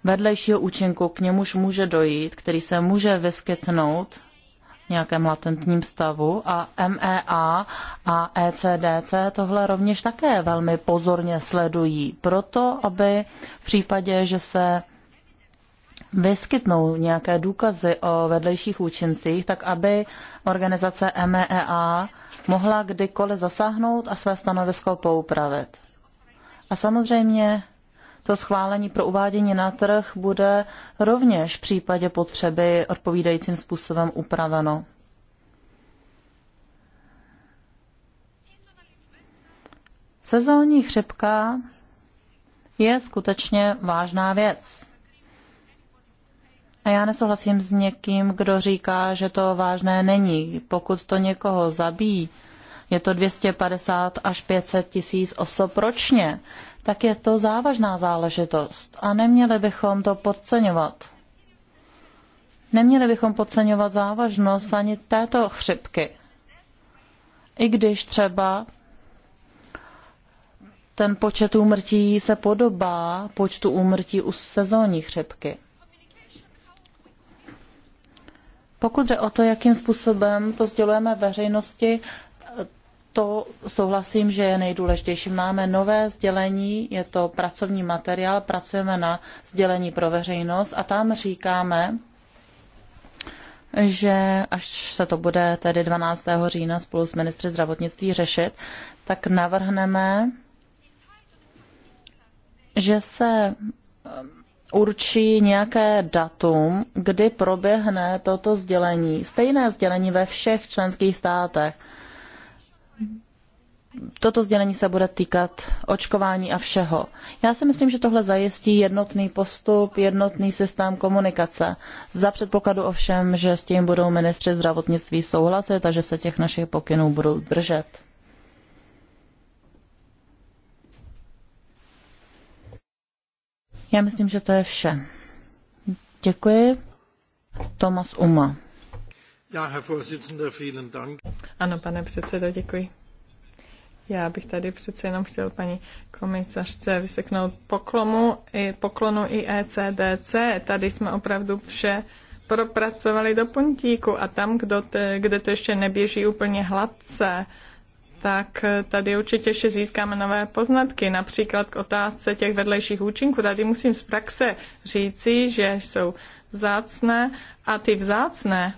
vedlejšího účinku, k němuž může dojít, který se může vyskytnout nějakém latentním stavu a MEA a ECDC tohle rovněž také velmi pozorně sledují, proto aby v případě, že se vyskytnou nějaké důkazy o vedlejších účincích, tak aby organizace MEA mohla kdykoliv zasáhnout a své stanovisko poupravit. A samozřejmě to schválení pro uvádění na trh bude rovněž v případě potřeby odpovídajícím způsobem upraveno. Sezónní chřipka je skutečně vážná věc. A já nesouhlasím s někým, kdo říká, že to vážné není. Pokud to někoho zabíjí, je to 250 až 500 tisíc osob ročně tak je to závažná záležitost a neměli bychom to podceňovat. Neměli bychom podceňovat závažnost ani této chřipky. I když třeba ten počet úmrtí se podobá počtu úmrtí u sezónní chřipky. Pokud jde o to, jakým způsobem to sdělujeme veřejnosti, to souhlasím, že je nejdůležitější. Máme nové sdělení, je to pracovní materiál, pracujeme na sdělení pro veřejnost a tam říkáme, že až se to bude tedy 12. října spolu s ministry zdravotnictví řešit, tak navrhneme, že se um, určí nějaké datum, kdy proběhne toto sdělení. Stejné sdělení ve všech členských státech toto sdělení se bude týkat očkování a všeho. Já si myslím, že tohle zajistí jednotný postup, jednotný systém komunikace. Za předpokladu ovšem, že s tím budou ministři zdravotnictví souhlasit a že se těch našich pokynů budou držet. Já myslím, že to je vše. Děkuji. Tomas Uma. Herr Vorsitzender, vielen Dank. Ano, pane předsedo, děkuji. Já bych tady přece jenom chtěl paní komisařce vyseknout poklomu, i, poklonu i ECDC. Tady jsme opravdu vše propracovali do puntíku a tam, kdo te, kde to ještě neběží úplně hladce, tak tady určitě ještě získáme nové poznatky, například k otázce těch vedlejších účinků. Tady musím z praxe říci, že jsou vzácné a ty vzácné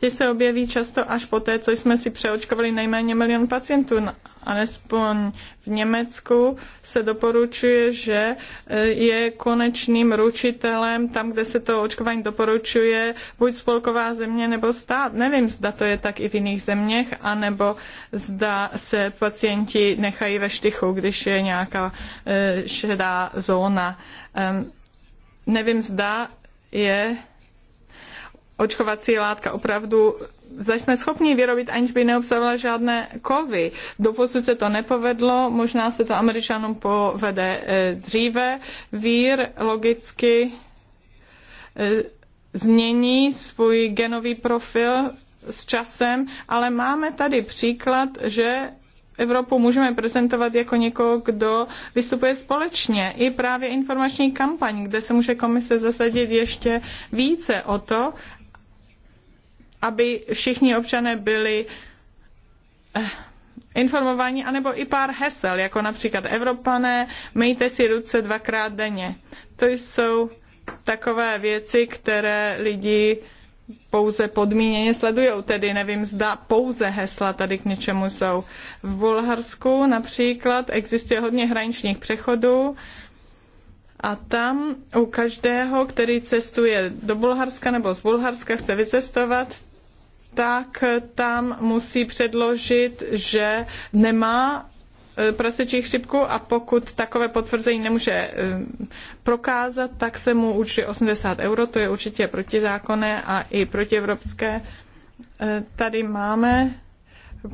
ty se objeví často až poté, co jsme si přeočkovali nejméně milion pacientů. No, alespoň v Německu se doporučuje, že e, je konečným ručitelem tam, kde se to očkování doporučuje, buď spolková země nebo stát. Nevím, zda to je tak i v jiných zeměch, anebo zda se pacienti nechají ve štychu, když je nějaká e, šedá zóna. Nevím, zda je očkovací látka opravdu zda jsme schopni vyrobit, aniž by neobsahovala žádné kovy. Doposud se to nepovedlo, možná se to američanům povede eh, dříve. Vír logicky eh, změní svůj genový profil s časem, ale máme tady příklad, že Evropu můžeme prezentovat jako někoho, kdo vystupuje společně. I právě informační kampaň, kde se může komise zasadit ještě více o to, aby všichni občané byli eh, informovaní, anebo i pár hesel, jako například Evropané, myjte si ruce dvakrát denně. To jsou takové věci, které lidi pouze podmíněně sledují, tedy nevím, zda pouze hesla tady k něčemu jsou. V Bulharsku například existuje hodně hraničních přechodů a tam u každého, který cestuje do Bulharska nebo z Bulharska chce vycestovat, tak tam musí předložit, že nemá e, prasečí chřipku a pokud takové potvrzení nemůže e, prokázat, tak se mu učí 80 euro, to je určitě protizákonné a i protievropské. E, tady máme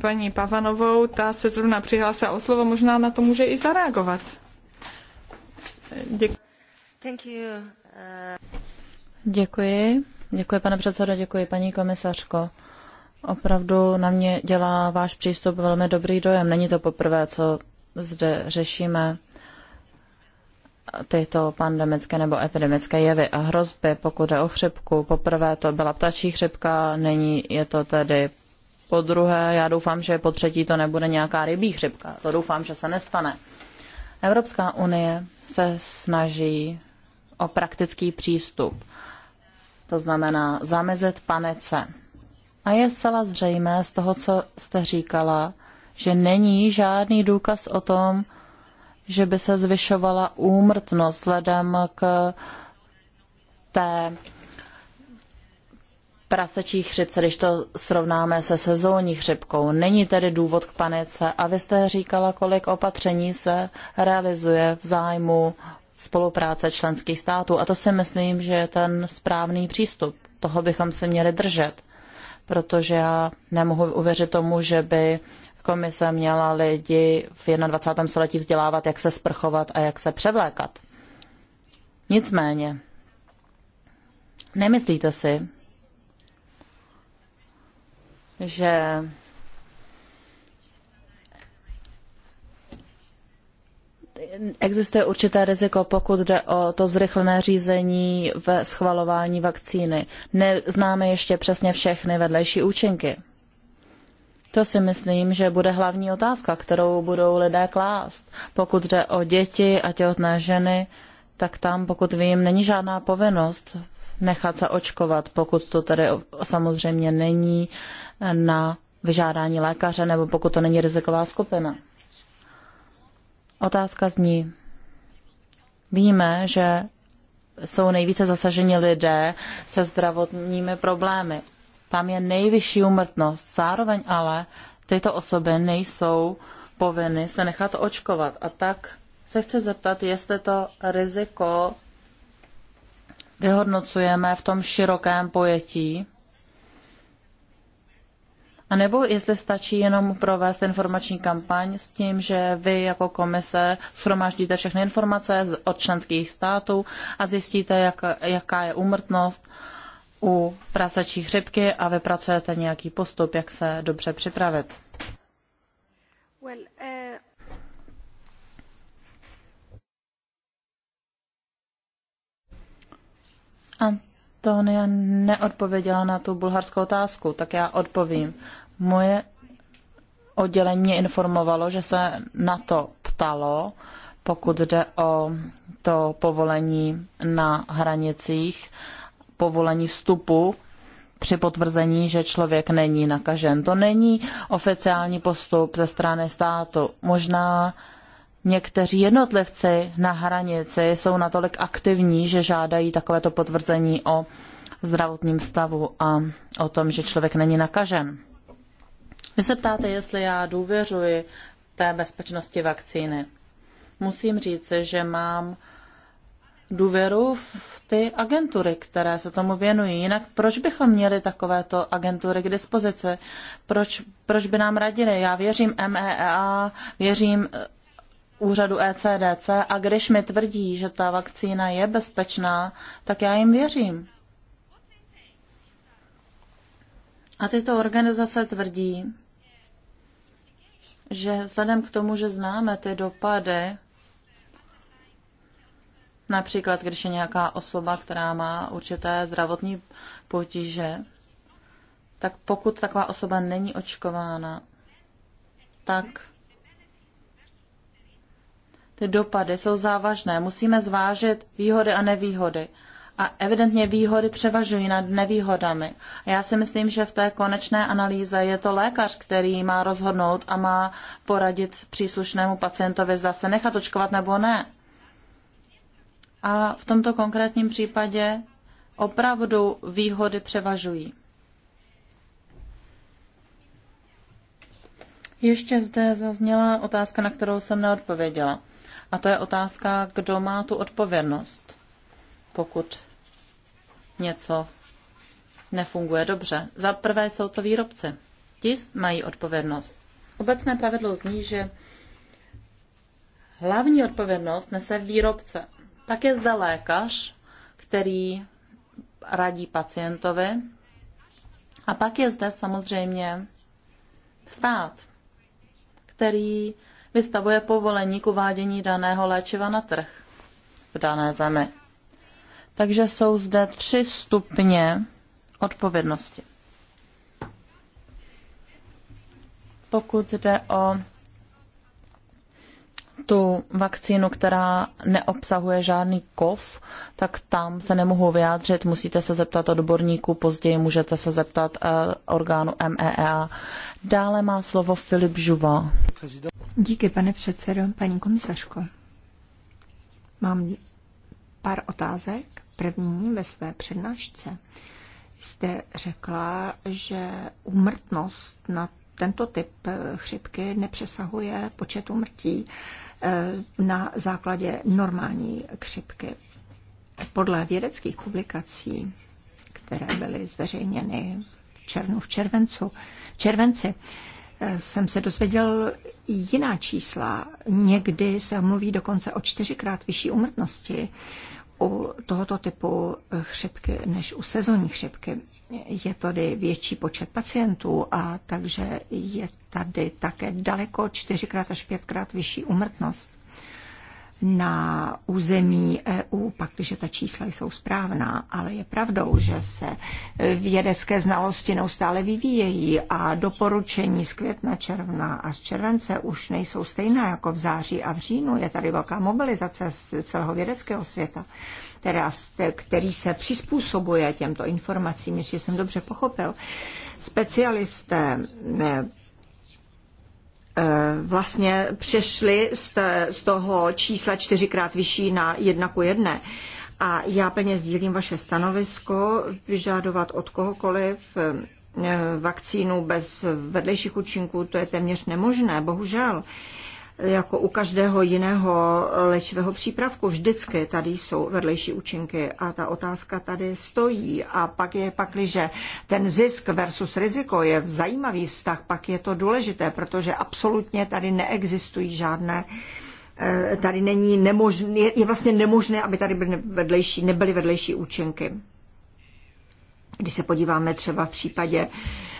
paní Pavanovou, ta se zrovna přihlásila o slovo, možná na to může i zareagovat. Děkuji. Uh, děkuji. Děkuji, pane předsedo, děkuji, paní komisařko. Opravdu na mě dělá váš přístup velmi dobrý dojem. Není to poprvé, co zde řešíme tyto pandemické nebo epidemické jevy a hrozby, pokud je o chřipku. Poprvé to byla ptačí chřipka, není je to tedy po druhé, já doufám, že po třetí to nebude nějaká rybí chřipka. To doufám, že se nestane. Evropská unie se snaží o praktický přístup. To znamená zamezit panece a je zcela zřejmé z toho, co jste říkala, že není žádný důkaz o tom, že by se zvyšovala úmrtnost vzhledem k té prasečí chřipce, když to srovnáme se sezónní chřipkou. Není tedy důvod k panice. A vy jste říkala, kolik opatření se realizuje v zájmu spolupráce členských států. A to si myslím, že je ten správný přístup. Toho bychom se měli držet protože já nemohu uvěřit tomu, že by komise měla lidi v 21. století vzdělávat, jak se sprchovat a jak se převlékat. Nicméně, nemyslíte si, že existuje určité riziko, pokud jde o to zrychlené řízení ve schvalování vakcíny. Neznáme ještě přesně všechny vedlejší účinky. To si myslím, že bude hlavní otázka, kterou budou lidé klást. Pokud jde o děti a těhotné ženy, tak tam, pokud vím, není žádná povinnost nechat se očkovat, pokud to tedy samozřejmě není na vyžádání lékaře nebo pokud to není riziková skupina. Otázka zní. Víme, že jsou nejvíce zasaženi lidé se zdravotními problémy. Tam je nejvyšší umrtnost. Zároveň ale tyto osoby nejsou povinny se nechat očkovat. A tak se chci zeptat, jestli to riziko vyhodnocujeme v tom širokém pojetí a nebo jestli stačí jenom provést informační kampaň s tím, že vy jako komise schromáždíte všechny informace od členských států a zjistíte, jak, jaká je úmrtnost u prasečí chřipky a vypracujete nějaký postup, jak se dobře připravit. Well, uh... A Estonia neodpověděla na tu bulharskou otázku, tak já odpovím. Moje oddělení mě informovalo, že se na to ptalo, pokud jde o to povolení na hranicích, povolení vstupu při potvrzení, že člověk není nakažen. To není oficiální postup ze strany státu. Možná Někteří jednotlivci na hranici jsou natolik aktivní, že žádají takovéto potvrzení o zdravotním stavu a o tom, že člověk není nakažen. Vy se ptáte, jestli já důvěřuji té bezpečnosti vakcíny. Musím říct, že mám důvěru v ty agentury, které se tomu věnují. Jinak proč bychom měli takovéto agentury k dispozici? Proč, proč by nám radili? Já věřím MEA, věřím úřadu ECDC a když mi tvrdí, že ta vakcína je bezpečná, tak já jim věřím. A tyto organizace tvrdí, že vzhledem k tomu, že známe ty dopady, například když je nějaká osoba, která má určité zdravotní potíže, tak pokud taková osoba není očkována, tak ty dopady jsou závažné. Musíme zvážit výhody a nevýhody. A evidentně výhody převažují nad nevýhodami. A já si myslím, že v té konečné analýze je to lékař, který má rozhodnout a má poradit příslušnému pacientovi, zda se nechat očkovat nebo ne. A v tomto konkrétním případě opravdu výhody převažují. Ještě zde zazněla otázka, na kterou jsem neodpověděla. A to je otázka, kdo má tu odpovědnost, pokud něco nefunguje dobře. Za prvé jsou to výrobci. Ti mají odpovědnost. Obecné pravidlo zní, že hlavní odpovědnost nese výrobce. Pak je zde lékař, který radí pacientovi. A pak je zde samozřejmě stát, který vystavuje povolení k uvádění daného léčiva na trh v dané zemi. Takže jsou zde tři stupně odpovědnosti. Pokud jde o tu vakcínu, která neobsahuje žádný kov, tak tam se nemohu vyjádřit, musíte se zeptat odborníků, později můžete se zeptat eh, orgánu MEA. E Dále má slovo Filip Žuva. Díky, pane předsedo. Paní komisařko, mám pár otázek. První ve své přednášce jste řekla, že umrtnost na tento typ chřipky nepřesahuje počet umrtí Eh, na základě normální křipky. Podle vědeckých publikací, které byly zveřejněny v červnu, v červencu, v červenci, eh, jsem se dozvěděl jiná čísla. Někdy se mluví dokonce o čtyřikrát vyšší umrtnosti u tohoto typu chřipky než u sezónní chřipky. Je tady větší počet pacientů a takže je tady také daleko čtyřikrát až pětkrát vyšší umrtnost na území EU, pak, když ta čísla jsou správná, ale je pravdou, že se vědecké znalosti neustále vyvíjejí a doporučení z května, června a z července už nejsou stejná jako v září a v říjnu. Je tady velká mobilizace z celého vědeckého světa která, který se přizpůsobuje těmto informacím, jestli jsem dobře pochopil. Specialisté Eh, vlastně přešli z toho čísla čtyřikrát vyšší na jedna ku jedné. A já plně sdílím vaše stanovisko vyžadovat od kohokoliv eh, vakcínu bez vedlejších účinků, to je téměř nemožné, bohužel jako u každého jiného léčivého přípravku. Vždycky tady jsou vedlejší účinky a ta otázka tady stojí. A pak je pakliže ten zisk versus riziko je zajímavý vztah, pak je to důležité, protože absolutně tady neexistují žádné eh, tady není nemožné, je vlastně nemožné, aby tady byly vedlejší, nebyly vedlejší účinky. Když se podíváme třeba v případě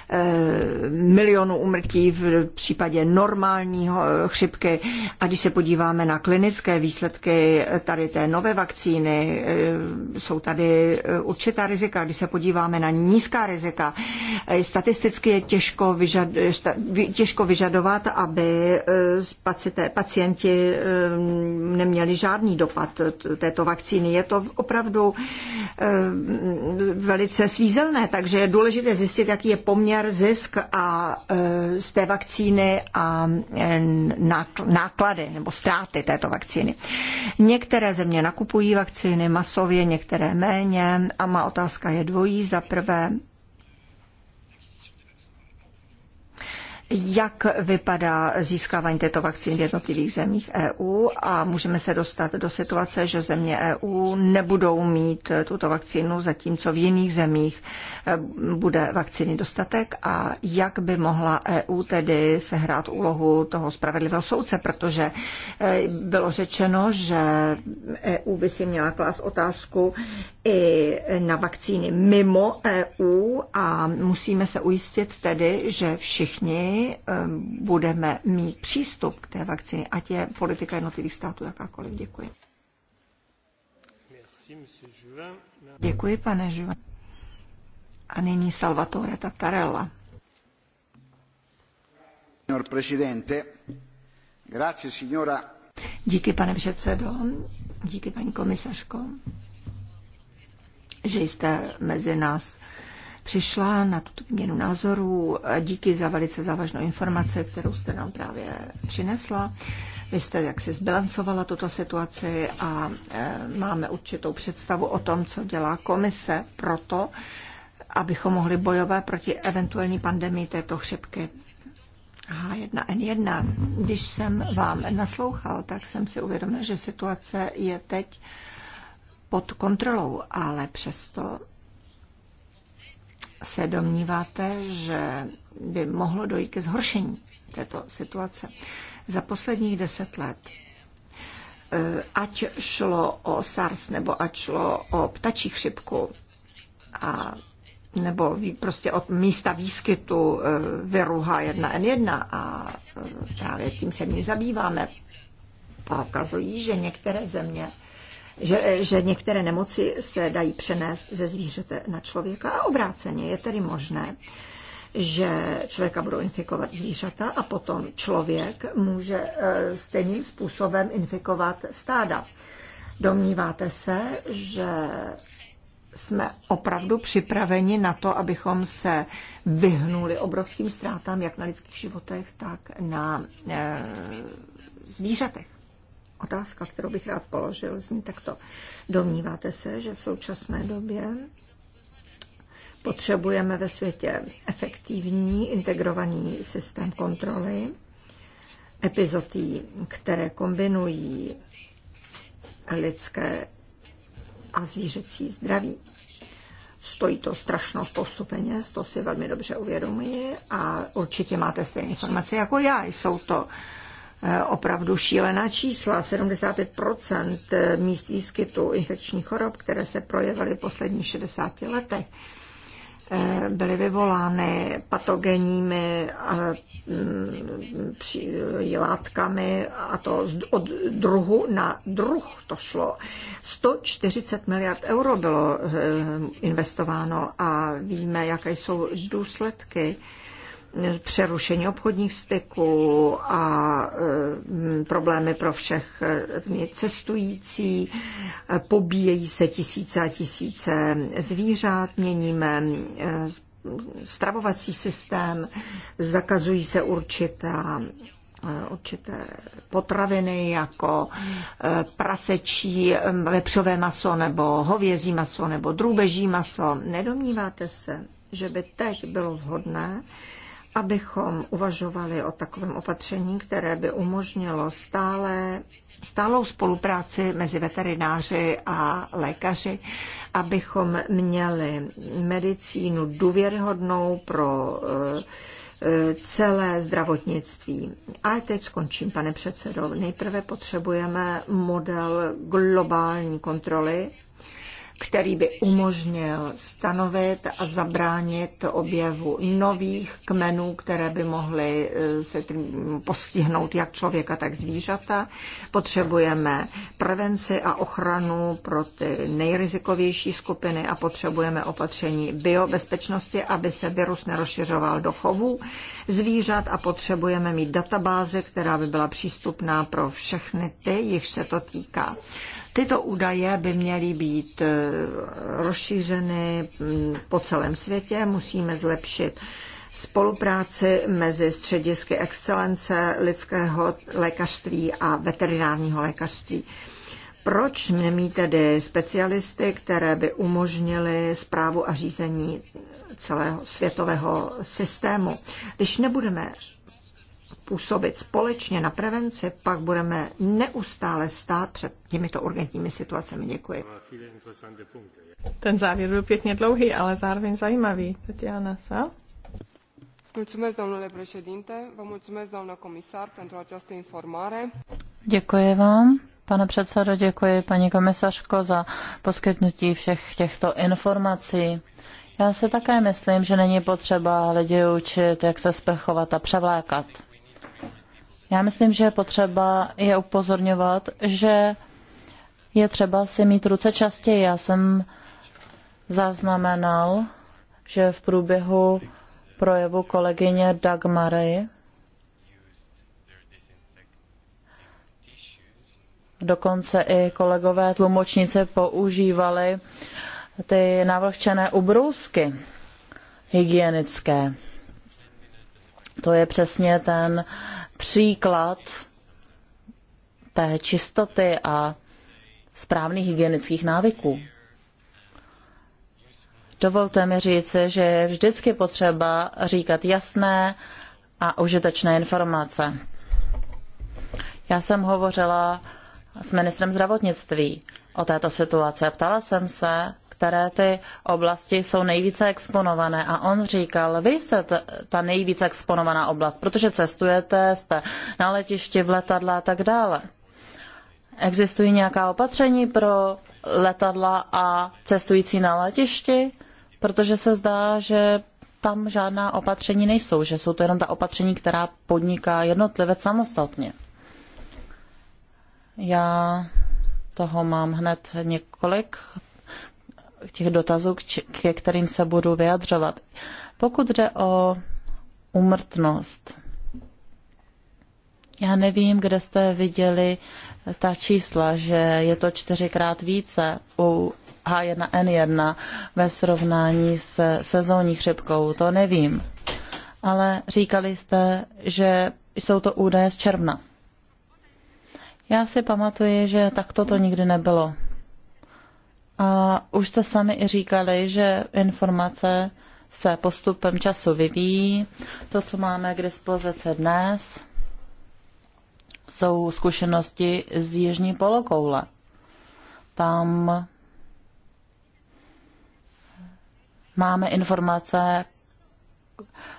Eh, milionů umrtí v případě normální eh, chřipky. A když se podíváme na klinické výsledky tady té nové vakcíny, eh, jsou tady určitá rizika. Když se podíváme na nízká rizika, statisticky je těžko, vyžad, těžko vyžadovat, aby pacienti neměli žádný dopad této vakcíny. Je to opravdu velice svízelné, takže je důležité zjistit, jaký je poměr poměr zisk a e, z té vakcíny a e, náklady nebo ztráty této vakcíny. Některé země nakupují vakcíny masově, některé méně a má otázka je dvojí. Za prvé, jak vypadá získávání této vakcíny v jednotlivých zemích EU a můžeme se dostat do situace, že země EU nebudou mít tuto vakcínu, zatímco v jiných zemích eh, bude vakcíny dostatek a jak by mohla EU tedy sehrát úlohu toho spravedlivého soudce, protože eh, bylo řečeno, že EU by si měla klást otázku, i na vakcíny mimo EU a musíme se ujistit tedy, že všichni eh, budeme mít přístup k té vakcíně, ať je politika jednotlivých států jakákoliv. Děkuji. Děkuji, pane Živan. A nyní Salvatore Tattarella. Díky, pane předsedo. Díky, paní komisařko že jste mezi nás přišla na tuto měnu názorů. Díky za velice závažnou informaci, kterou jste nám právě přinesla. Vy jste jak zbilancovala tuto situaci a e, máme určitou představu o tom, co dělá komise pro to, abychom mohli bojovat proti eventuální pandemii této chřipky. H1N1. Když jsem vám naslouchal, tak jsem si uvědomil, že situace je teď pod kontrolou, ale přesto se domníváte, že by mohlo dojít ke zhoršení této situace. Za posledních deset let, eh, ať šlo o SARS nebo ať šlo o ptačí chřipku, a nebo prostě od místa výskytu eh, viru H1N1 a eh, právě tím se my zabýváme, ukazují, že některé země že, že některé nemoci se dají přenést ze zvířete na člověka a obráceně je tedy možné, že člověka budou infikovat zvířata a potom člověk může eh, stejným způsobem infikovat stáda. Domníváte se, že jsme opravdu připraveni na to, abychom se vyhnuli obrovským ztrátám jak na lidských životech, tak na e, zvířatech. Otázka, kterou bych rád položil, zní takto. Domníváte se, že v současné době potřebujeme ve světě efektivní integrovaný systém kontroly, epizody, které kombinují lidské a zvířecí zdraví. Stojí to strašnou spoustu peněz, to si velmi dobře uvědomuji a určitě máte stejné informace jako já. Jsou to uh, Eh, opravdu šílená čísla. 75% eh, míst výskytu infekčních chorob, které se projevily v posledních 60 letech, eh, byly vyvolány patogenními mm, látkami a to od druhu na druh to šlo. 140 miliard euro bylo investováno a víme, jaké jsou důsledky přerušení obchodních styků a mm, problémy pro všech e, cestující. Pobíjejí se tisíce a tisíce zvířat, měníme e, stravovací systém, zakazují se určitá e, určité potraviny jako prasečí, vepřové maso nebo hovězí maso nebo drůbeží maso. Nedomníváte se, že by teď bylo vhodné abychom uvažovali o takovém opatření, které by umožnilo stále stálou spolupráci mezi veterináři a lékaři, abychom měli medicínu důvěryhodnou pro eh, eh, celé zdravotnictví. A teď skončím, pane předsedo. Nejprve potřebujeme model globální kontroly který by umožnil stanovit a zabránit objevu nových kmenů, které by mohly eh, se postihnout jak člověka, tak zvířata. Potřebujeme prevenci a ochranu pro ty nejrizikovější skupiny a potřebujeme opatření biobezpečnosti, aby se virus nerozšiřoval do chovů zvířat a potřebujeme mít databázy, která by byla přístupná pro všechny ty, jich se to týká. Tyto údaje by měly být eh, rozšířeny mm, po celém světě, musíme zlepšit spolupráci mezi středisky excelence lidského lékařství a veterinárního lékařství. Proč nemít tedy specialisty, které by umožnili zprávu a řízení celého světového systému? Když nebudeme působit společně na prevenci, pak budeme neustále stát před těmito urgentními situacemi. Děkuji. Ten závěr byl pěkně dlouhý, ale zároveň zajímavý. Tatiana, co? Mulțumesc, domnule președinte, vă mulțumesc, doamnă comisar, pentru această informare. Děkuji vám. Pane předsedo, děkuji paní komisařko za poskytnutí všech těchto informací. Já si také myslím, že není potřeba lidi učit, jak se sprchovat a převlékat. Já myslím, že je potřeba je upozorňovat, že je třeba si mít ruce častěji. Já jsem zaznamenal, že v průběhu projevu kolegyně Dagmary dokonce i kolegové tlumočnice používali ty navlhčené ubrousky hygienické. To je přesně ten příklad té čistoty a správných hygienických návyků. Dovolte mi říci, že je vždycky potřeba říkat jasné a užitečné informace. Já jsem hovořila s ministrem zdravotnictví o této situaci a ptala jsem se, které ty oblasti jsou nejvíce exponované. A on říkal, vy jste ta nejvíce exponovaná oblast, protože cestujete, jste na letišti, v letadle a tak dále. Existují nějaká opatření pro letadla a cestující na letišti? Protože se zdá, že tam žádná opatření nejsou, že jsou to jenom ta opatření, která podniká jednotlivec samostatně. Já toho mám hned několik těch dotazů, ke kterým se budu vyjadřovat. Pokud jde o umrtnost, já nevím, kde jste viděli ta čísla, že je to čtyřikrát více u H1N1 ve srovnání s sezónní chřipkou, to nevím. Ale říkali jste, že jsou to údaje z června. Já si pamatuji, že takto to nikdy nebylo. A už jste sami i říkali, že informace se postupem času vyvíjí. To, co máme k dispozici dnes, jsou zkušenosti z jižní polokoule. Tam máme informace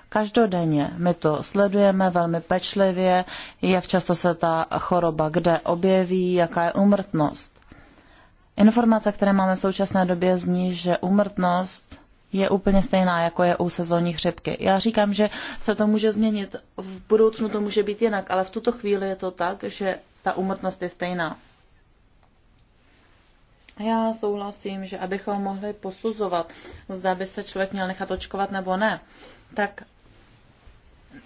každodenně. My to sledujeme velmi pečlivě, jak často se ta choroba kde objeví, jaká je umrtnost. Informace, které máme v současné době, zní, že úmrtnost je úplně stejná, jako je u sezónní chřipky. Já říkám, že se to může změnit, v budoucnu to může být jinak, ale v tuto chvíli je to tak, že ta úmrtnost je stejná. Já souhlasím, že abychom mohli posuzovat, zda by se člověk měl nechat očkovat nebo ne, tak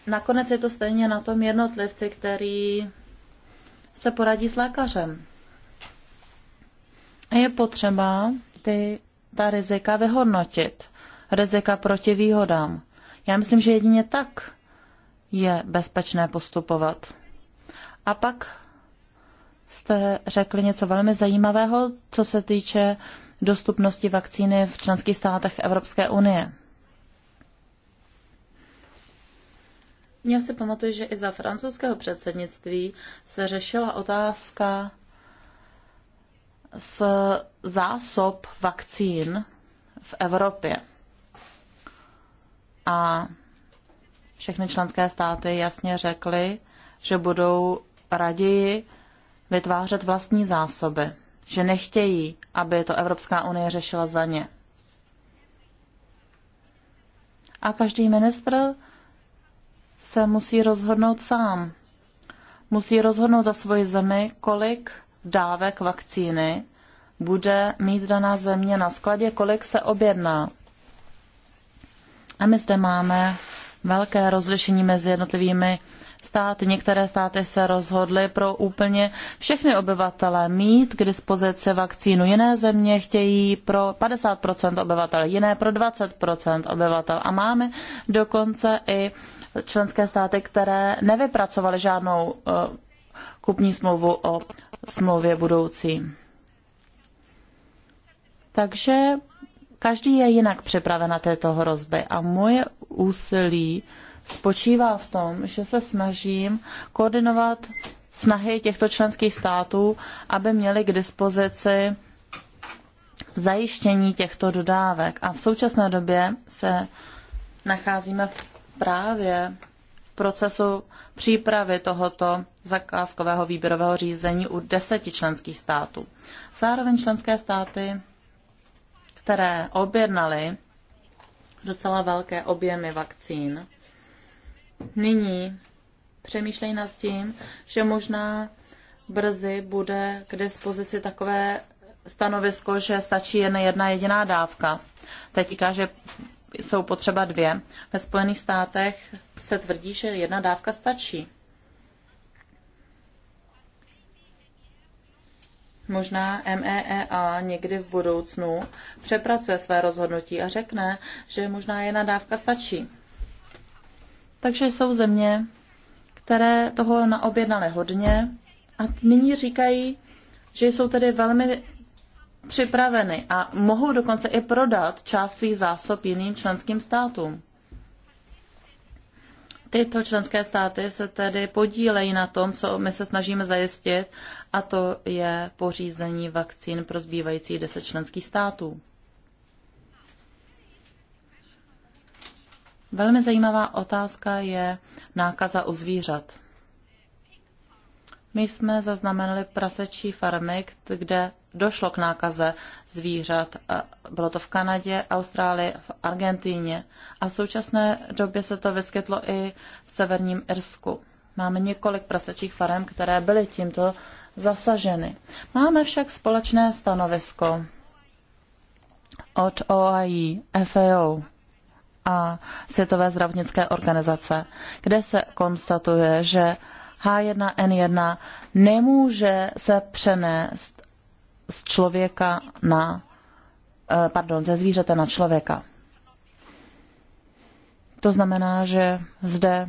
nakonec je to stejně na tom jednotlivci, který se poradí s lékařem je potřeba ty, ta rizika vyhodnotit. Rizika proti výhodám. Já myslím, že jedině tak je bezpečné postupovat. A pak jste řekli něco velmi zajímavého, co se týče dostupnosti vakcíny v členských státech Evropské unie. Já si pamatuju, že i za francouzského předsednictví se řešila otázka z zásob vakcín v Evropě. A všechny členské státy jasně řekly, že budou raději vytvářet vlastní zásoby, že nechtějí, aby to Evropská unie řešila za ně. A každý ministr se musí rozhodnout sám. Musí rozhodnout za svoji zemi, kolik dávek vakcíny bude mít daná země na skladě, kolik se objedná. A my zde máme velké rozlišení mezi jednotlivými státy. Některé státy se rozhodly pro úplně všechny obyvatele mít k dispozici vakcínu. Jiné země chtějí pro 50% obyvatel, jiné pro 20% obyvatel. A máme dokonce i členské státy, které nevypracovaly žádnou eh, kupní smlouvu o smlouvě budoucí. Takže každý je jinak připraven na této hrozby a moje úsilí spočívá v tom, že se snažím koordinovat snahy těchto členských států, aby měli k dispozici zajištění těchto dodávek. A v současné době se nacházíme právě procesu přípravy tohoto zakázkového výběrového řízení u deseti členských států. Zároveň členské státy, které objednaly docela velké objemy vakcín, nyní přemýšlejí nad tím, že možná brzy bude k dispozici takové stanovisko, že stačí jen jedna jediná dávka. Teď říká, že jsou potřeba dvě. Ve Spojených státech se tvrdí, že jedna dávka stačí. Možná MEEA někdy v budoucnu přepracuje své rozhodnutí a řekne, že možná jedna dávka stačí. Takže jsou země, které toho naobjednaly hodně a nyní říkají, že jsou tedy velmi připraveny a mohou dokonce i prodat část svých zásob jiným členským státům. Tyto členské státy se tedy podílejí na tom, co my se snažíme zajistit, a to je pořízení vakcín pro zbývající deset členských států. Velmi zajímavá otázka je nákaza u zvířat. My jsme zaznamenali prasečí farmy, kde došlo k nákaze zvířat. Bylo to v Kanadě, Austrálii, v Argentíně a v současné době se to vyskytlo i v severním Irsku. Máme několik prasečích farem, které byly tímto zasaženy. Máme však společné stanovisko od OAI, FAO a Světové zdravotnické organizace, kde se konstatuje, že H1N1 nemůže se přenést z člověka na, eh, pardon, ze zvířete na člověka. To znamená, že zde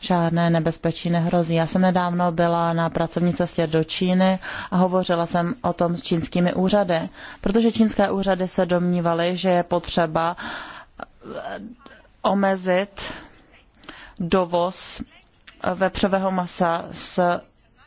žádné nebezpečí nehrozí. Já jsem nedávno byla na pracovní cestě do Číny a hovořila jsem o tom s čínskými úřady, protože čínské úřady se domnívaly, že je potřeba eh, omezit dovoz vepřového masa z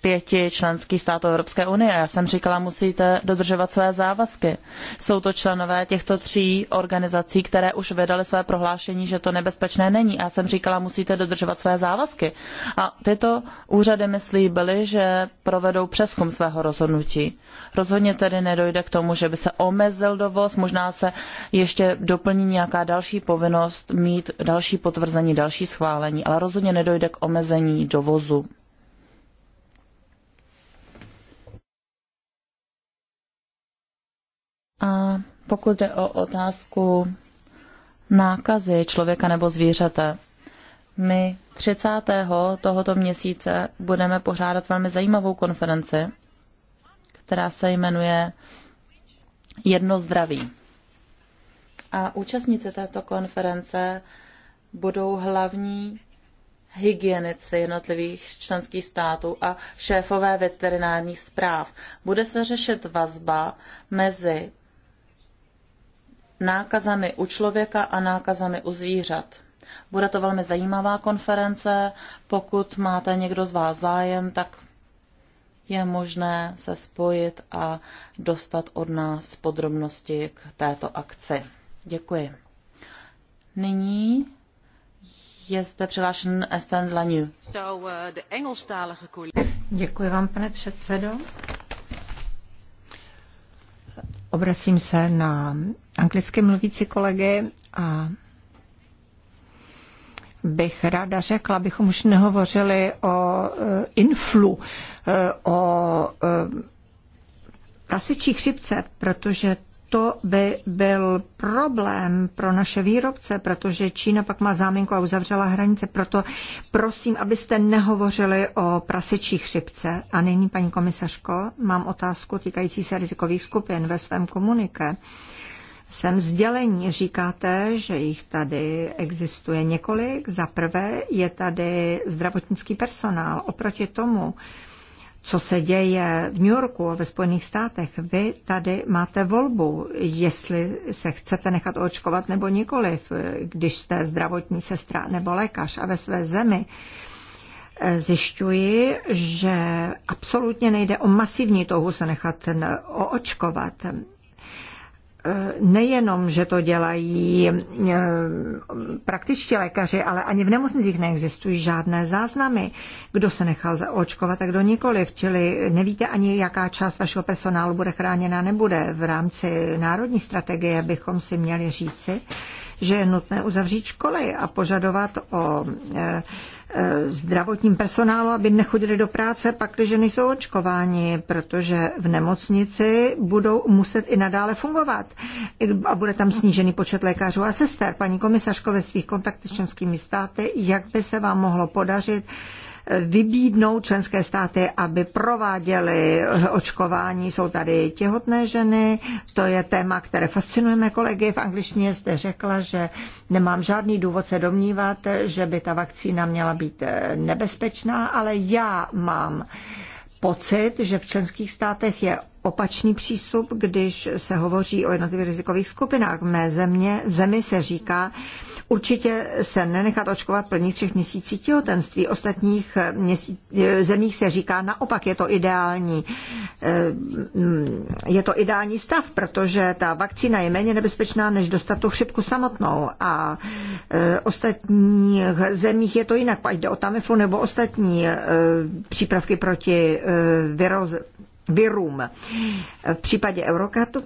pěti členských států Evropské unie. Já jsem říkala, musíte dodržovat své závazky. Jsou to členové těchto tří organizací, které už vydali své prohlášení, že to nebezpečné není. Já jsem říkala, musíte dodržovat své závazky. A tyto úřady mi slíbily, že provedou přeskum svého rozhodnutí. Rozhodně tedy nedojde k tomu, že by se omezil dovoz, možná se ještě doplní nějaká další povinnost mít další potvrzení, další schválení, ale rozhodně nedojde k omezení dovozu. A pokud jde o otázku nákazy člověka nebo zvířete, my 30. tohoto měsíce budeme pořádat velmi zajímavou konferenci, která se jmenuje Jedno zdraví. A účastníci této konference budou hlavní hygienici jednotlivých členských států a šéfové veterinárních zpráv. Bude se řešit vazba mezi nákazami u člověka a nákazami u zvířat. Bude to velmi zajímavá konference. Pokud máte někdo z vás zájem, tak je možné se spojit a dostat od nás podrobnosti k této akci. Děkuji. Nyní je zde přihlášen Estan Lanyu. Děkuji vám, pane předsedo. Obracím se na anglicky mluvící kolegy a bych ráda řekla, abychom už nehovořili o eh, influ, eh, o kasičí eh, chřipce, protože to by byl problém pro naše výrobce, protože Čína pak má záminku a uzavřela hranice. Proto prosím, abyste nehovořili o prasečí chřipce. A nyní, paní komisařko, mám otázku týkající se rizikových skupin ve svém komunike. Uh, sem sdělení. Říkáte, že jich tady existuje několik. Za prvé je tady zdravotnický personál. Oproti tomu, co se děje v New Yorku a ve Spojených státech, vy tady máte volbu, jestli se chcete nechat očkovat nebo nikoliv, když jste zdravotní sestra nebo lékař a ve své zemi eh, zjišťuji, že absolutně nejde o masivní touhu se nechat očkovat nejenom, že to dělají eh, praktičtí lékaři, ale ani v nemocnicích neexistují žádné záznamy, kdo se nechal zaočkovat a kdo nikoliv, čili nevíte ani, jaká část vašeho personálu bude chráněna, nebude. V rámci národní strategie bychom si měli říci, že je nutné uzavřít školy a požadovat o eh, Eh, zdravotním personálu, aby nechodili do práce, pakliže nejsou očkováni, protože v nemocnici budou muset i nadále fungovat a bude tam snížený počet lékařů a sester. Paní komisařko ve svých kontaktech s členskými státy, jak by se vám mohlo podařit vybídnout členské státy, aby prováděly očkování. Jsou tady těhotné ženy, to je téma, které fascinujeme kolegy. V angličtině jste řekla, že nemám žádný důvod se domnívat, že by ta vakcína měla být eh, nebezpečná, ale já mám pocit, že v členských státech je opačný přístup, když se hovoří o jednotlivých rizikových skupinách. V mé země, v zemi se říká, určitě se nenechat očkovat v prvních třech měsících těhotenství. V ostatních eh, měsíc, eh, zemích se říká naopak, je to ideální. Eh, je to ideální stav, protože ta vakcína je méně nebezpečná, než dostat tu chřipku samotnou. A ostatních zemích je to jinak, ať jde o Tamiflu nebo ostatní přípravky proti viroze virům. V případě Eurocatu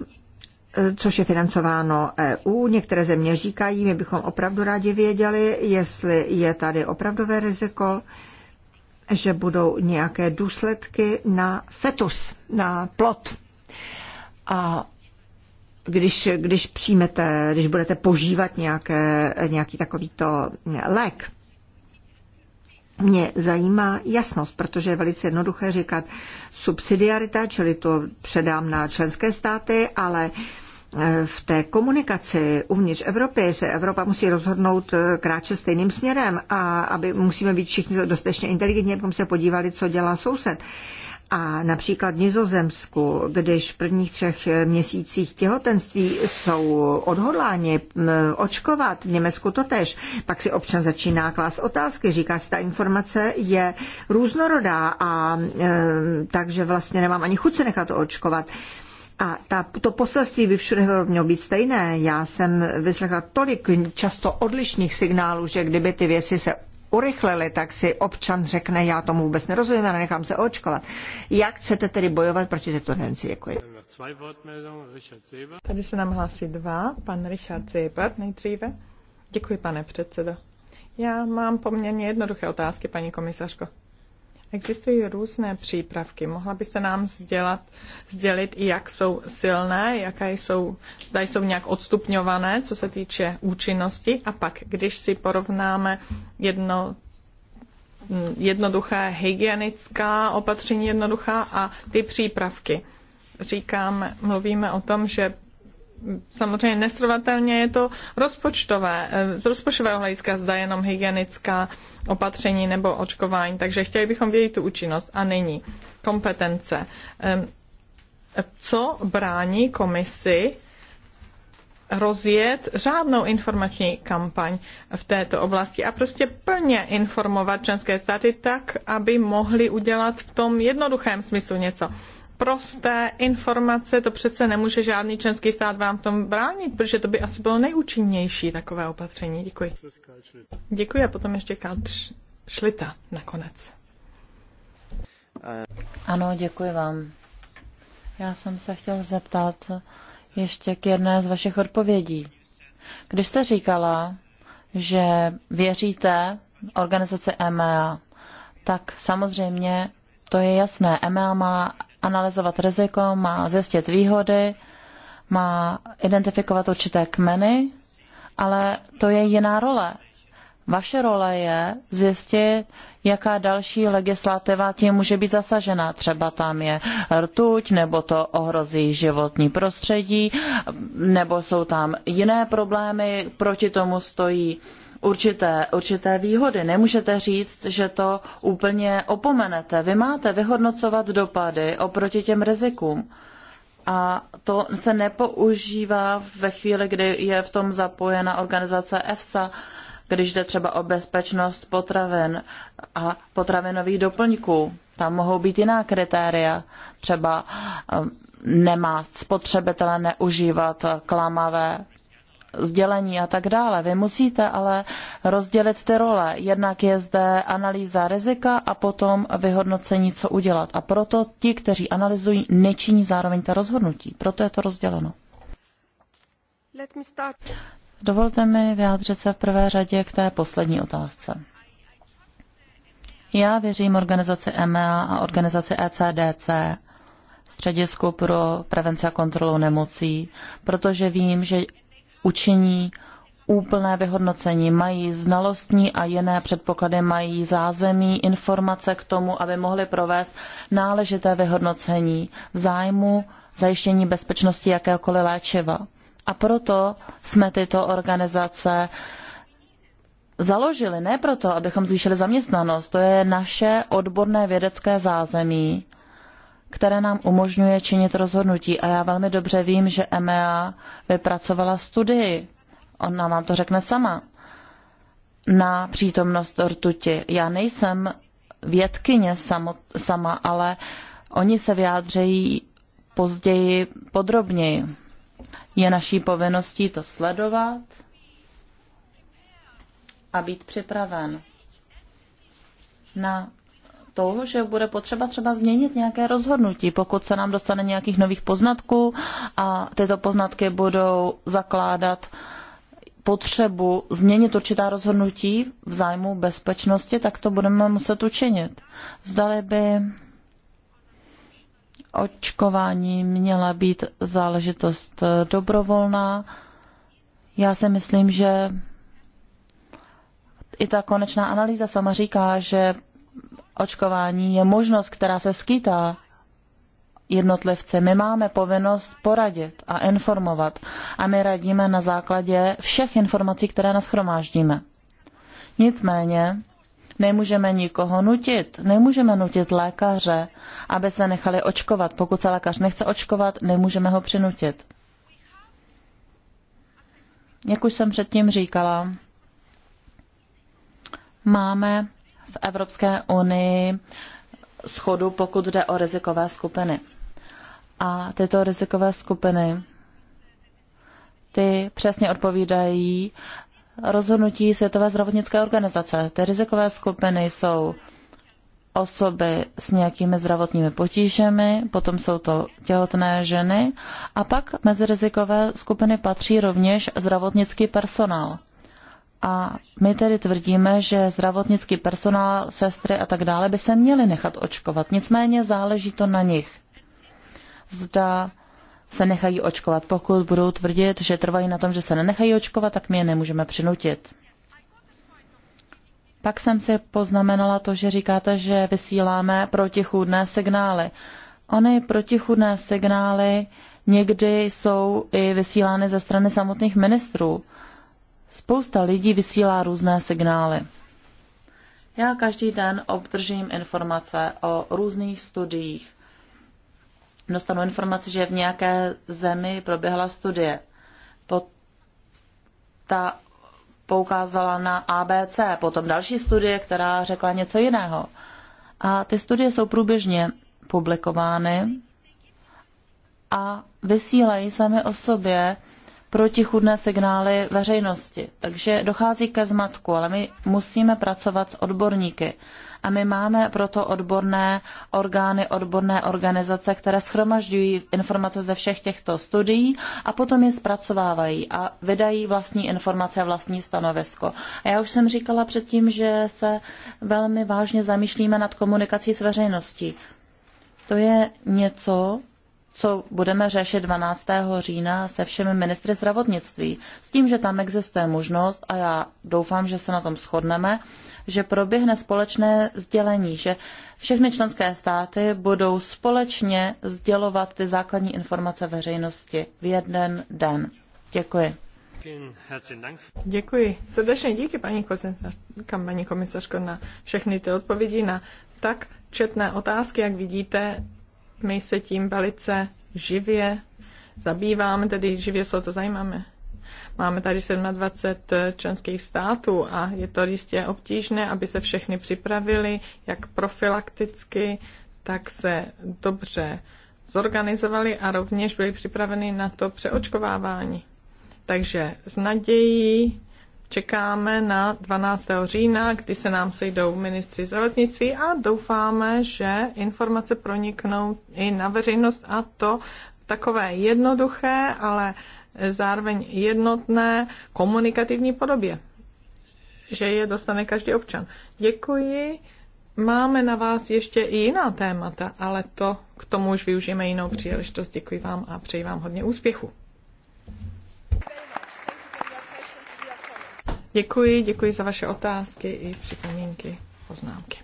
což je financováno EU. Některé země říkají, my bychom opravdu rádi věděli, jestli je tady opravdové riziko, že budou nějaké důsledky na fetus, na plot. A když, když přijmete, když budete požívat nějaké, nějaký takovýto lék, mě zajímá jasnost, protože je velice jednoduché říkat subsidiarita, čili to předám na členské státy, ale eh, v té komunikaci uvnitř Evropy se Evropa musí rozhodnout eh, kráče stejným směrem a aby musíme být všichni dostatečně inteligentní, abychom se podívali, co dělá soused. A například v Nizozemsku, když v prvních třech měsících těhotenství jsou odhodláni očkovat, v Německu to tež, pak si občan začíná klást otázky, říká si, ta informace je různorodá a e, takže vlastně nemám ani chuť se nechat očkovat. A ta, to poselství by všude mělo být stejné. Já jsem vyslechla tolik často odlišných signálů, že kdyby ty věci se urychlili, tak si občan řekne, já tomu vůbec nerozumím, ale nechám se očkovat. Jak chcete tedy bojovat proti této tendenci? Děkuji. Tady se nám hlásí dva, pan Richard Zeber nejdříve. Děkuji, pane předsedo. Já mám poměrně jednoduché otázky, paní komisařko. Existují různé přípravky. Mohla byste nám sdělat, sdělit, jak jsou silné, jaké jsou, zda jsou nějak odstupňované, co se týče účinnosti. A pak, když si porovnáme jedno, mm, jednoduché hygienická opatření jednoduchá a ty přípravky. Říkám, mluvíme o tom, že samozřejmě nestrovatelně je to rozpočtové, eh, z rozpočtového hlediska zda jenom hygienická opatření nebo očkování, takže chtěli bychom vědět tu účinnost a není kompetence. Co brání komisi rozjet řádnou informační kampaň v této oblasti a prostě plně informovat členské státy tak, aby mohli udělat v tom jednoduchém smyslu něco prosté informace, to přece nemůže žádný členský stát vám v tom bránit, protože to by asi bylo nejúčinnější takové opatření. Děkuji. Děkuji a potom ještě Kalč Šlita nakonec. Ano, děkuji vám. Já jsem se chtěl zeptat ještě k jedné z vašich odpovědí. Když jste říkala, že věříte organizaci EMEA, tak samozřejmě to je jasné. EMEA má analyzovat riziko, má zjistit výhody, má identifikovat určité kmeny, ale to je jiná role. Vaše role je zjistit, jaká další legislativa tím může být zasažena. Třeba tam je rtuť, nebo to ohrozí životní prostředí, nebo jsou tam jiné problémy, proti tomu stojí uh, určité, určité výhody. Nemůžete říct, že to úplně opomenete. Vy máte vyhodnocovat dopady oproti těm rizikům. A to se nepoužívá ve chvíli, kdy je v tom zapojena organizace EFSA, když jde třeba o bezpečnost potravin a potravinových doplňků. Tam mohou být jiná kritéria, třeba eh, nemá spotřebitele neužívat klamavé sdělení a tak dále. Vy musíte ale rozdělit ty role. Jednak je zde analýza rizika a potom vyhodnocení, co udělat. A proto ti, kteří analyzují, nečiní zároveň ta rozhodnutí. Proto je to rozděleno. Dovolte mi vyjádřit se v prvé řadě k té poslední otázce. Já věřím organizaci EMEA a organizaci ECDC, Středisku pro prevenci a kontrolu nemocí, protože vím, že učiní úplné vyhodnocení, mají znalostní a jiné předpoklady, mají zázemí, informace k tomu, aby mohli provést náležité vyhodnocení v zájmu zajištění bezpečnosti jakéhokoliv léčiva. A proto jsme tyto organizace založili, ne proto, abychom zvýšili zaměstnanost, to je naše odborné vědecké zázemí, které nám umožňuje činit rozhodnutí. A já velmi dobře vím, že EMEA vypracovala studii. Ona vám to řekne sama. Na přítomnost rtuti. Já nejsem vědkyně sama, ale oni se vyjádřejí později podrobněji. Je naší povinností to sledovat a být připraven na to, že bude potřeba třeba změnit nějaké rozhodnutí, pokud se nám dostane nějakých nových poznatků a tyto poznatky budou zakládat potřebu změnit určitá rozhodnutí v zájmu bezpečnosti, tak to budeme muset učinit. Zdali by očkování měla být záležitost eh, dobrovolná. Já si myslím, že i ta konečná analýza sama říká, že očkování je možnost, která se skýtá jednotlivce. My máme povinnost poradit a informovat a my radíme na základě všech informací, které nashromáždíme. Nicméně nemůžeme nikoho nutit. Nemůžeme nutit lékaře, aby se nechali očkovat. Pokud se lékař nechce očkovat, nemůžeme ho přinutit. Jak už jsem předtím říkala, máme v Evropské unii schodu, pokud jde o rizikové skupiny. A tyto rizikové skupiny, ty přesně odpovídají rozhodnutí Světové zdravotnické organizace. Ty rizikové skupiny jsou osoby s nějakými zdravotními potížemi, potom jsou to těhotné ženy a pak mezi rizikové skupiny patří rovněž zdravotnický personál. A my tedy tvrdíme, že zdravotnický personál, sestry a tak dále by se měli nechat očkovat. Nicméně záleží to na nich. Zda se nechají očkovat. Pokud budou tvrdit, že trvají na tom, že se nenechají očkovat, tak my je nemůžeme přinutit. Pak jsem si poznamenala to, že říkáte, že vysíláme protichůdné signály. Ony protichůdné signály někdy jsou i vysílány ze strany samotných ministrů. Spousta lidí vysílá různé signály. Já každý den obdržím informace o různých studiích. Dostanu informace, že v nějaké zemi proběhla studie. Po, ta poukázala na ABC, potom další studie, která řekla něco jiného. A ty studie jsou průběžně publikovány a vysílají sami o sobě protichudné signály veřejnosti. Takže dochází ke zmatku, ale my musíme pracovat s odborníky. A my máme proto odborné orgány, odborné organizace, které schromažďují informace ze všech těchto studií a potom je zpracovávají a vydají vlastní informace a vlastní stanovisko. A já už jsem říkala předtím, že se velmi vážně zamýšlíme nad komunikací s veřejností. To je něco, co budeme řešit 12. října se všemi ministry zdravotnictví. S tím, že tam existuje možnost, a já doufám, že se na tom shodneme, že proběhne společné sdělení, že všechny členské státy budou společně sdělovat ty základní informace veřejnosti v jeden den. Děkuji. Děkuji. Srdečně díky, paní, paní komisařko, na všechny ty odpovědi na tak četné otázky, jak vidíte, my se tím velice živě zabýváme, tedy živě se o to zajímáme. Máme tady 27 členských států a je to jistě obtížné, aby se všechny připravili, jak profilakticky, tak se dobře zorganizovali a rovněž byli připraveni na to přeočkovávání. Takže s nadějí Čekáme na 12. října, kdy se nám sejdou ministři zdravotnictví a doufáme, že informace proniknou i na veřejnost a to takové jednoduché, ale zároveň jednotné komunikativní podobě, že je dostane každý občan. Děkuji. Máme na vás ještě i jiná témata, ale to k tomu už využijeme jinou příležitost. Děkuji vám a přeji vám hodně úspěchu. Děkuji, děkuji za vaše otázky i připomínky, poznámky.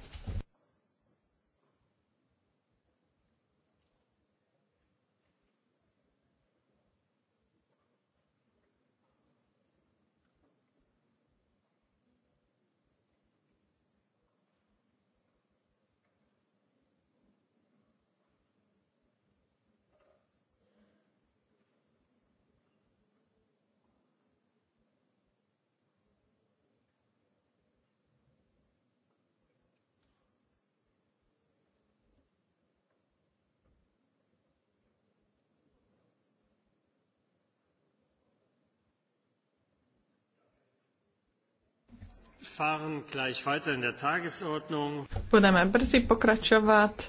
Budeme brzy pokračovat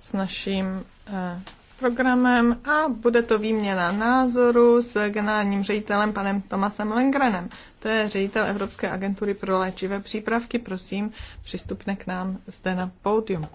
s naším eh, programem a bude to výměna názoru s generálním ředitelem panem Tomasem Lengrenem. To je ředitel Evropské agentury pro léčivé přípravky. Prosím, přistupne k nám zde na pódium.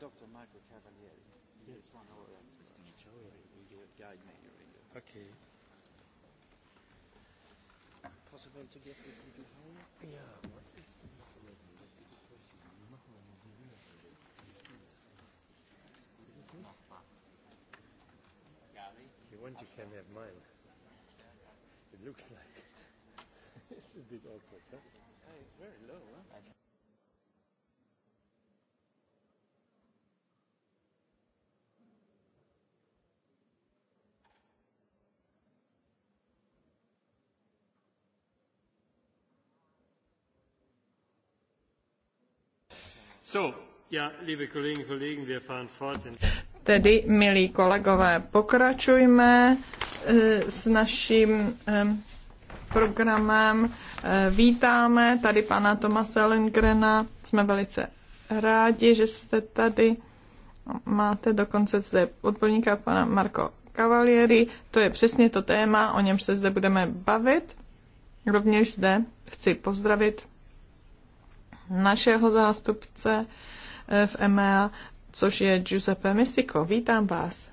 Dr. Michael Cavalieri. He yes. is one of our experts. He will guide me during Okay. Possible to get this little higher? Yeah. What is the mechanism? That's a good question. You know how I'm doing it. If you want, you can have mine. It looks like it's a bit awkward, huh? Yeah, it's very low, huh? So, ja, liebe Kolleginnen Kollegen, wir fahren fort. In... Tedy, milí kolegové, pokračujme eh, s naším eh, programem. Eh, vítáme tady pana Tomase Lindgrena. Jsme velice rádi, že jste tady. Máte dokonce zde odborníka pana Marko Cavalieri. To je přesně to téma, o něm se zde budeme bavit. Rovněž zde chci pozdravit našeho zástupce eh, v EMEA, což je Giuseppe Misico. Vítám vás.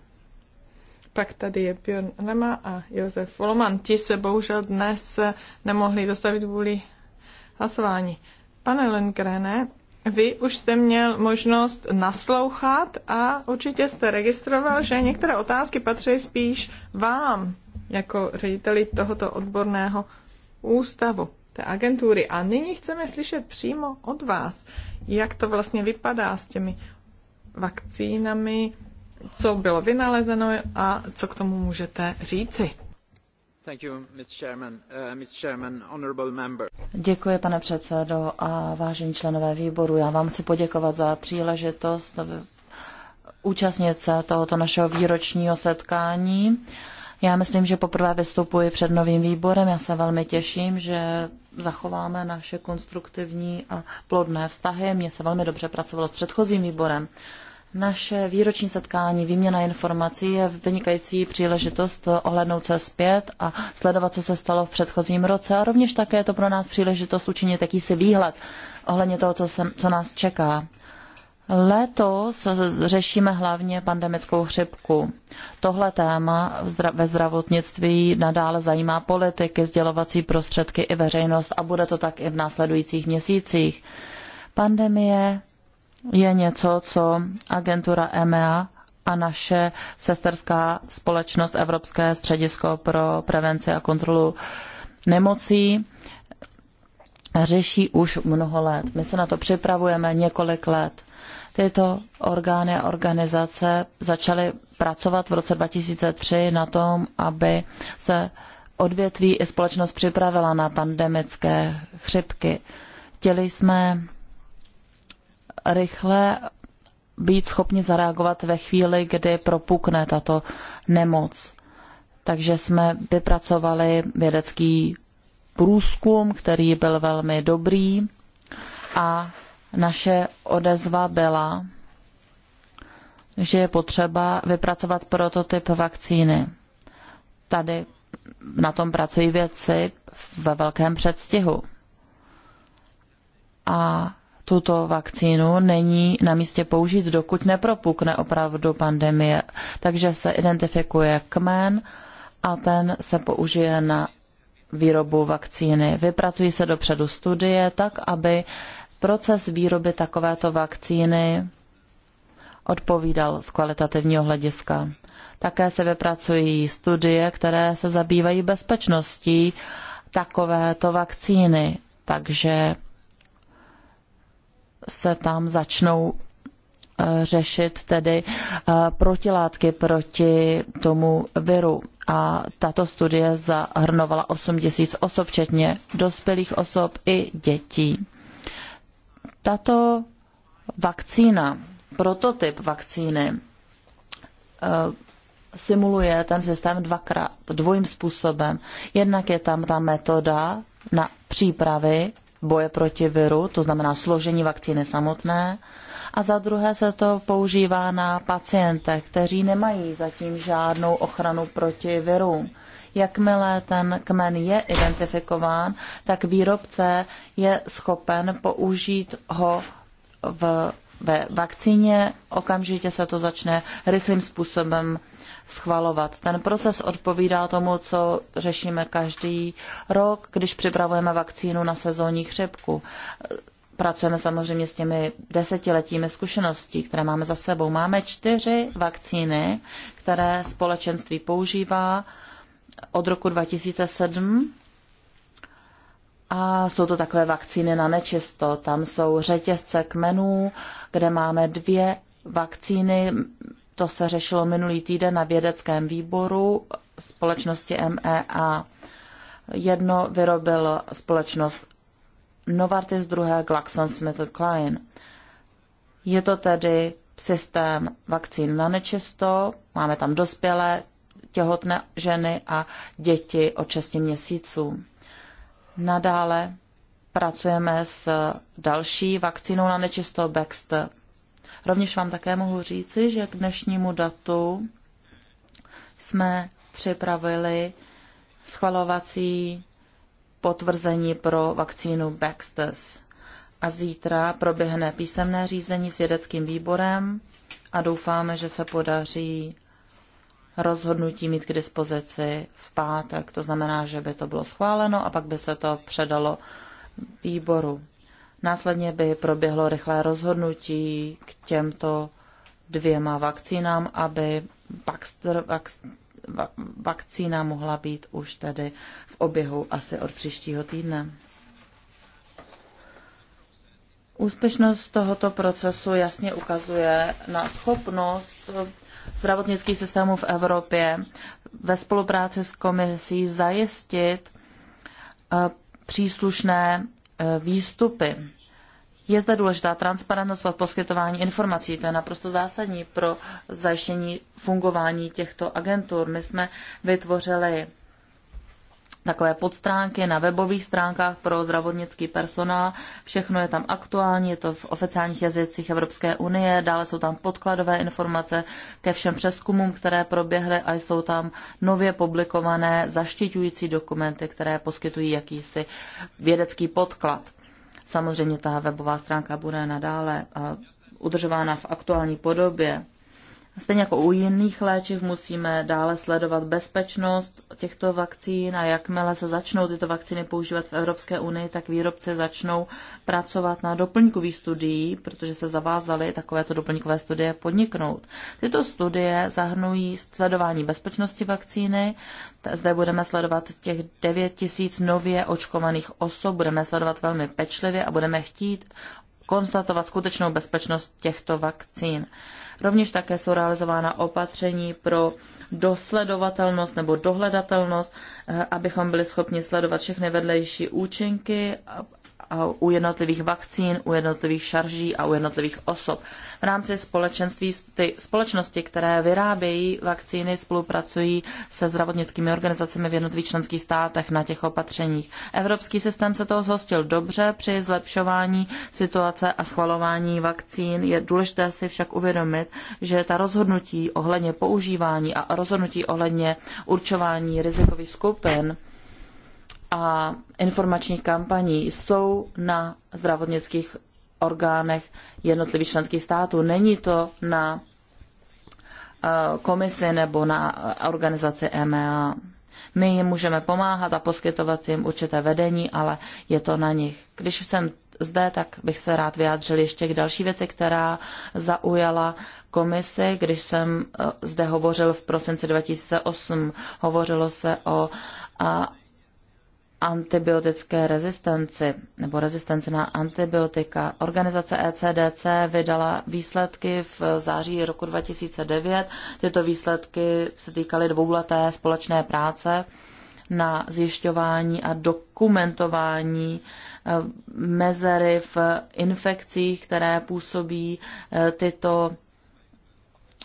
Pak tady je Björn Lema a Josef Volman. Ti se bohužel dnes eh, nemohli dostavit vůli hlasování. Pane Lengrene, vy už jste měl možnost naslouchat a určitě jste registroval, že některé otázky patří spíš vám jako řediteli tohoto odborného ústavu té agentury. A nyní chceme slyšet přímo od vás, jak to vlastně vypadá s těmi vakcínami, co bylo vynalezeno a co k tomu můžete říci. Uh, Děkuji, pane předsedo a vážení členové výboru. Já vám chci poděkovat za příležitost uh, účastnit se tohoto našeho výročního setkání. Uh, já myslím, že poprvé vystupuji před novým výborem. Já se velmi těším, že zachováme naše konstruktivní a plodné vztahy. Mně se velmi dobře pracovalo s předchozím výborem. Naše výroční setkání, výměna informací je vynikající příležitost ohlednout se zpět a sledovat, co se stalo v předchozím roce. A rovněž také je to pro nás příležitost učinit jakýsi výhled ohledně toho, co, se, co nás čeká. Letos řešíme hlavně pandemickou chřipku. Tohle téma ve zdravotnictví nadále zajímá politiky, sdělovací prostředky i veřejnost a bude to tak i v následujících měsících. Pandemie je něco, co agentura EMEA a naše sesterská společnost Evropské středisko pro prevenci a kontrolu nemocí řeší už mnoho let. My se na to připravujeme několik let. Tyto orgány a organizace začaly pracovat v roce 2003 na tom, aby se odvětví i společnost připravila na pandemické chřipky. Chtěli jsme rychle být schopni zareagovat ve chvíli, kdy propukne tato nemoc. Takže jsme vypracovali vědecký průzkum, který byl velmi dobrý a naše odezva byla, že je potřeba vypracovat prototyp vakcíny. Tady na tom pracují věci ve velkém předstihu. A tuto vakcínu není na místě použít, dokud nepropukne opravdu pandemie. Takže se identifikuje kmen a ten se použije na výrobu vakcíny. Vypracují se dopředu studie tak, aby proces výroby takovéto vakcíny odpovídal z kvalitativního hlediska. Také se vypracují studie, které se zabývají bezpečností takovéto vakcíny, takže se tam začnou eh, řešit tedy eh, protilátky proti tomu viru. A tato studie zahrnovala 8 000 osob, včetně dospělých osob i dětí. Tato vakcína, prototyp vakcíny, eh, simuluje ten systém dvakrát, dvojím způsobem. Jednak je tam ta metoda na přípravy boje proti viru, to znamená složení vakcíny samotné, a za druhé se to používá na pacientech, kteří nemají zatím žádnou ochranu proti virům. Jakmile ten kmen je identifikován, tak výrobce je schopen použít ho v, ve vakcíně. Okamžitě se to začne rychlým způsobem schvalovat. Ten proces odpovídá tomu, co řešíme každý rok, když připravujeme vakcínu na sezónní chřipku. Pracujeme samozřejmě s těmi desetiletími zkušeností, které máme za sebou. Máme čtyři vakcíny, které společenství používá od roku 2007. A jsou to takové vakcíny na nečisto. Tam jsou řetězce kmenů, kde máme dvě vakcíny. To se řešilo minulý týden na vědeckém výboru společnosti MEA. Jedno vyrobil společnost Novartis, druhé GlaxoSmithKline. Je to tedy systém vakcín na nečisto, máme tam dospělé, těhotné ženy a děti od 6 měsíců. Nadále pracujeme s další vakcínou na nečisto Bext. Rovněž vám také mohu říci, že k dnešnímu datu jsme připravili schvalovací potvrzení pro vakcínu Baxters. A zítra proběhne písemné řízení s vědeckým výborem a doufáme, že se podaří rozhodnutí mít k dispozici v pátek. To znamená, že by to bylo schváleno a pak by se to předalo výboru. Následně by proběhlo rychlé rozhodnutí k těmto dvěma vakcínám, aby Baxter, Baxter, vakcína mohla být už tedy v oběhu asi od příštího týdne. Úspěšnost tohoto procesu jasně ukazuje na schopnost zdravotnických systémů v Evropě ve spolupráci s komisí zajistit eh, příslušné eh, výstupy. Je zde důležitá transparentnost v poskytování informací. To je naprosto zásadní pro zajištění fungování těchto agentur. My jsme vytvořili takové podstránky na webových stránkách pro zdravotnický personál. Všechno je tam aktuální, je to v oficiálních jazycích Evropské unie, dále jsou tam podkladové informace ke všem přeskumům, které proběhly a jsou tam nově publikované zaštiťující dokumenty, které poskytují jakýsi vědecký podklad. Samozřejmě ta webová stránka bude nadále eh, udržována v aktuální podobě. Stejně jako u jiných léčiv musíme dále sledovat bezpečnost těchto vakcín a jakmile se začnou tyto vakcíny používat v Evropské unii, tak výrobci začnou pracovat na doplňkových studií, protože se zavázali takovéto doplňkové studie podniknout. Tyto studie zahrnují sledování bezpečnosti vakcíny, zde budeme sledovat těch 9 tisíc nově očkovaných osob, budeme sledovat velmi pečlivě a budeme chtít konstatovat skutečnou bezpečnost těchto vakcín. Rovněž také jsou realizována opatření pro dosledovatelnost nebo dohledatelnost, eh, abychom byli schopni sledovat všechny vedlejší účinky u jednotlivých vakcín, u jednotlivých šarží a u jednotlivých osob. V rámci společenství ty společnosti, které vyrábějí vakcíny, spolupracují se zdravotnickými organizacemi v jednotlivých členských státech na těch opatřeních. Evropský systém se toho zhostil dobře při zlepšování situace a schvalování vakcín. Je důležité si však uvědomit, že ta rozhodnutí ohledně používání a rozhodnutí ohledně určování rizikových skupin a informačních kampaní jsou na zdravotnických orgánech jednotlivých členských států. Není to na eh, komisi nebo na eh, organizaci EMA. My jim můžeme pomáhat a poskytovat jim určité vedení, ale je to na nich. Když jsem zde, tak bych se rád vyjádřil ještě k další věci, která zaujala komisi. Když jsem eh, zde hovořil v prosinci 2008, hovořilo se o antibiotické rezistenci nebo rezistenci na antibiotika. Organizace ECDC vydala výsledky v září roku 2009. Tyto výsledky se týkaly dvouleté společné práce na zjišťování a dokumentování eh, mezery v infekcích, které působí eh, tyto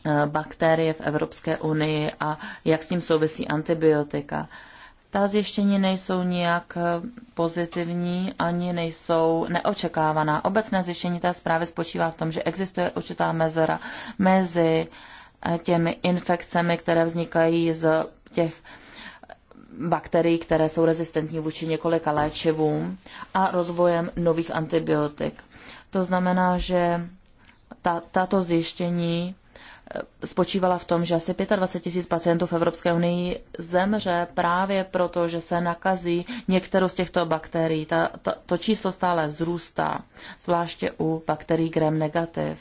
eh, bakterie v Evropské unii a jak s tím souvisí antibiotika ta zjištění nejsou nijak eh, pozitivní ani nejsou neočekávaná. Obecné zjištění té zprávy spočívá v tom, že existuje určitá mezera mezi eh, těmi infekcemi, které vznikají z těch eh, bakterií, které jsou rezistentní vůči několika léčivům a rozvojem nových antibiotik. To znamená, že ta, tato zjištění spočívala v tom, že asi 25 tisíc pacientů v Evropské unii zemře právě proto, že se nakazí některou z těchto bakterií. Ta, ta, to číslo stále zrůstá, zvláště u bakterií gram negativ.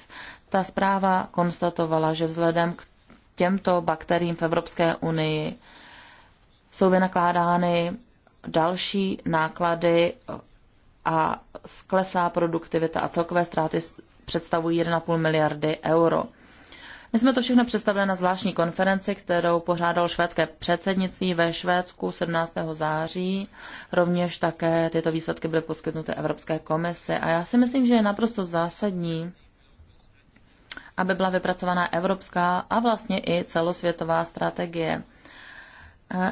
Ta zpráva konstatovala, že vzhledem k těmto bakteriím v Evropské unii jsou vynakládány další náklady a sklesá produktivita a celkové ztráty představují 1,5 miliardy euro. My jsme to všechno představili na zvláštní konferenci, kterou pořádal švédské předsednictví ve Švédsku 17. září. Rovněž také tyto výsledky byly poskytnuty Evropské komisi a já si myslím, že je naprosto zásadní, aby byla vypracovaná evropská a vlastně i celosvětová strategie.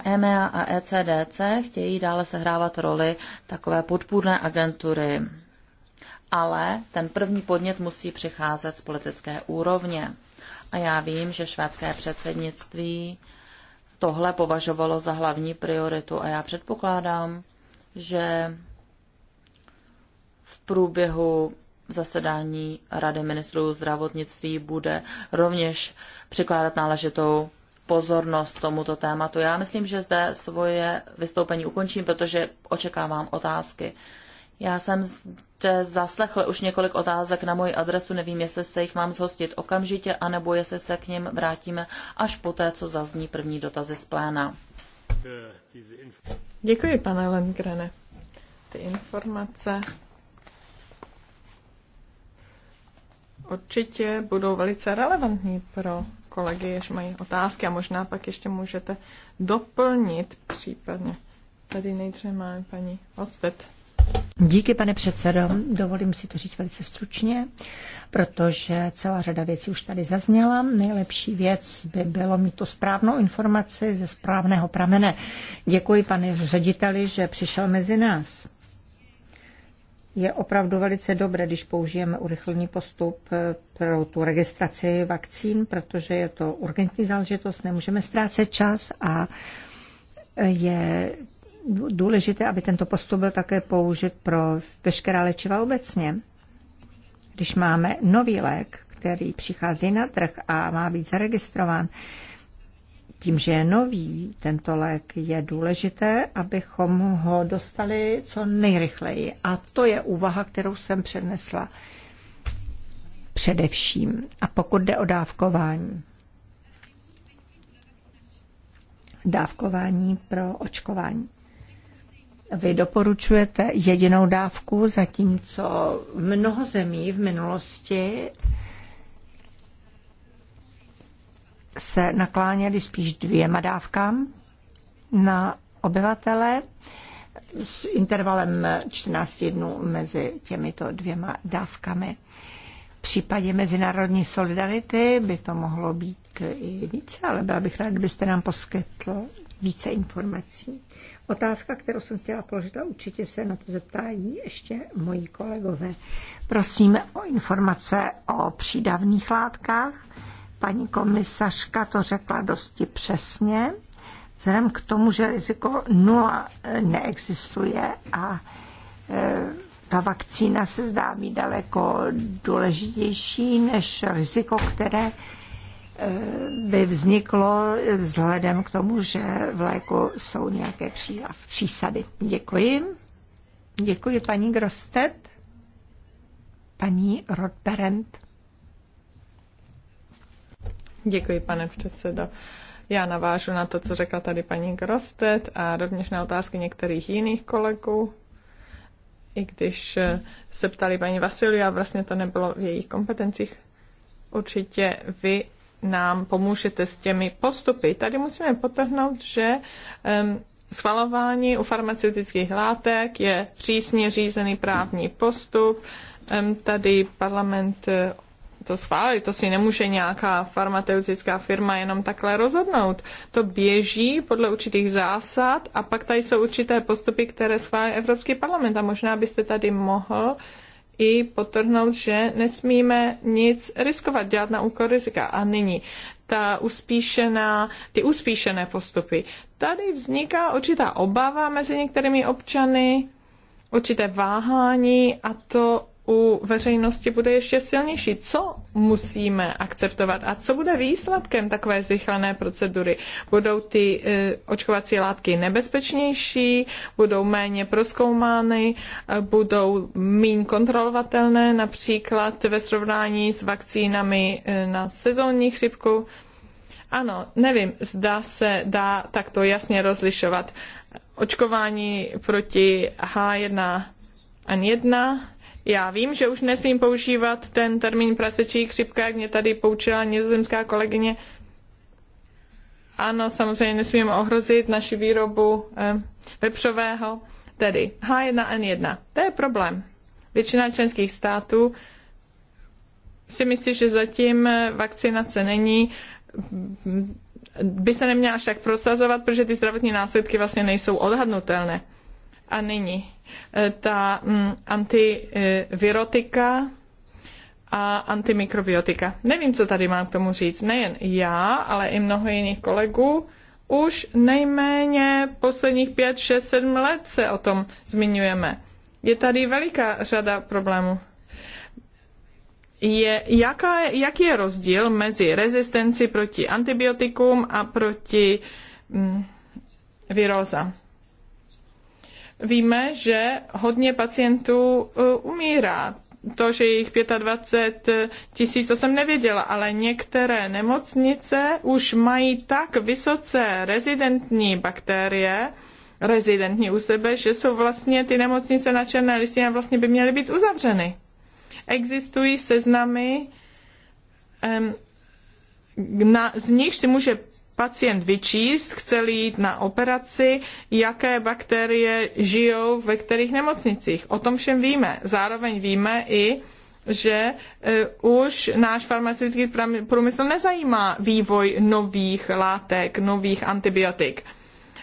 EMEA a ECDC e e chtějí dále sehrávat roli takové podpůrné agentury, ale ten první podnět musí přicházet z politické úrovně. A já vím, že švédské předsednictví tohle považovalo za hlavní prioritu a já předpokládám, že v průběhu zasedání Rady ministrů zdravotnictví bude rovněž přikládat náležitou pozornost tomuto tématu. Já myslím, že zde svoje vystoupení ukončím, protože očekávám otázky. Já jsem zde zaslechl už několik otázek na moji adresu, nevím, jestli se jich mám zhostit okamžitě, anebo jestli se k ním vrátíme až poté, co zazní první dotazy z pléna. Děkuji, pane Lengrene. Ty informace určitě budou velice relevantní pro kolegy, jež mají otázky a možná pak ještě můžete doplnit případně. Tady nejdříve máme paní Osvet. Díky, pane předsedo. Dovolím si to říct velice stručně, protože celá řada věcí už tady zazněla. Nejlepší věc by bylo mít tu správnou informaci ze správného pramene. Děkuji, pane řediteli, že přišel mezi nás. Je opravdu velice dobré, když použijeme urychlený postup eh, pro tu registraci vakcín, protože je to urgentní záležitost, nemůžeme ztrácet čas a je důležité, aby tento postup byl také použit pro veškerá léčiva obecně. Když máme nový lék, který přichází na trh a má být zaregistrován, tím, že je nový tento lék, je důležité, abychom ho dostali co nejrychleji. A to je úvaha, kterou jsem přednesla především. A pokud jde o dávkování. Dávkování pro očkování. Vy doporučujete jedinou dávku, zatímco mnoho zemí v minulosti se nakláněli spíš dvěma dávkám na obyvatele s intervalem 14 dnů mezi těmito dvěma dávkami. V případě mezinárodní solidarity by to mohlo být i více, ale byla bych rád, kdybyste nám poskytl více informací. Otázka, kterou jsem chtěla položit, a určitě se na to zeptají ještě moji kolegové. Prosím o informace o přídavných látkách. Paní komisařka to řekla dosti přesně. Vzhledem k tomu, že riziko nula neexistuje a e, ta vakcína se zdá být daleko důležitější než riziko, které Eh, by vzniklo vzhledem k tomu, že v léku jsou nějaké přísady. Děkuji. Děkuji paní Grostet. Paní Rodberend. Děkuji, pane předsedo. Já navážu na to, co řekla tady paní Grostet a rovněž na otázky některých jiných kolegů. I když eh, se ptali paní Vasilia, vlastně to nebylo v jejich kompetencích. Určitě vy nám pomůžete s těmi postupy. Tady musíme potrhnout, že um, schvalování u farmaceutických látek je přísně řízený právní postup. Um, tady parlament eh, to schválit, to si nemůže nějaká farmaceutická firma jenom takhle rozhodnout. To běží podle určitých zásad a pak tady jsou určité postupy, které schválí Evropský parlament a možná byste tady mohl uh, i potrhnout, že nesmíme nic riskovat, dělat na úkor rizika. A nyní ta uspíšená, ty uspíšené postupy. Tady vzniká určitá obava mezi některými občany, určité váhání a to u veřejnosti bude ještě silnější. Co musíme akceptovat a co bude výsledkem takové zrychlené procedury? Budou ty eh, očkovací látky nebezpečnější, budou méně proskoumány, eh, budou méně kontrolovatelné, například ve srovnání s vakcínami eh, na sezónní chřipku? Ano, nevím, zda se, dá takto jasně rozlišovat. Očkování proti H1N1 já vím, že už nesmím používat ten termín prasečí chřipka, jak mě tady poučila nizozemská kolegyně. Ano, samozřejmě nesmím ohrozit naši výrobu eh, vepřového, tedy H1N1. To je problém. Většina členských států si myslí, že zatím eh, vakcinace není, by se neměla až tak prosazovat, protože ty zdravotní následky vlastně nejsou odhadnutelné. A nyní Eh, ta mm, antivirotika a antimikrobiotika. Nevím, co tady mám k tomu říct. Nejen já, ale i mnoho jiných kolegů už nejméně posledních 5, 6, 7 let se o tom zmiňujeme. Je tady veliká řada problémů. Je, jaká, jaký je rozdíl mezi rezistenci proti antibiotikům a proti mm, virózám? Víme, že hodně pacientů e, umírá. To, že jich 25 tisíc, to jsem nevěděla, ale některé nemocnice už mají tak vysoce rezidentní bakterie, rezidentní u sebe, že jsou vlastně ty nemocnice na černé listině a vlastně by měly být uzavřeny. Existují seznamy, na, z nich si může pacient vyčíst, chce jít na operaci, jaké bakterie žijou ve kterých nemocnicích. O tom všem víme. Zároveň víme i, že e, už náš farmaceutický průmysl nezajímá vývoj nových látek, nových antibiotik.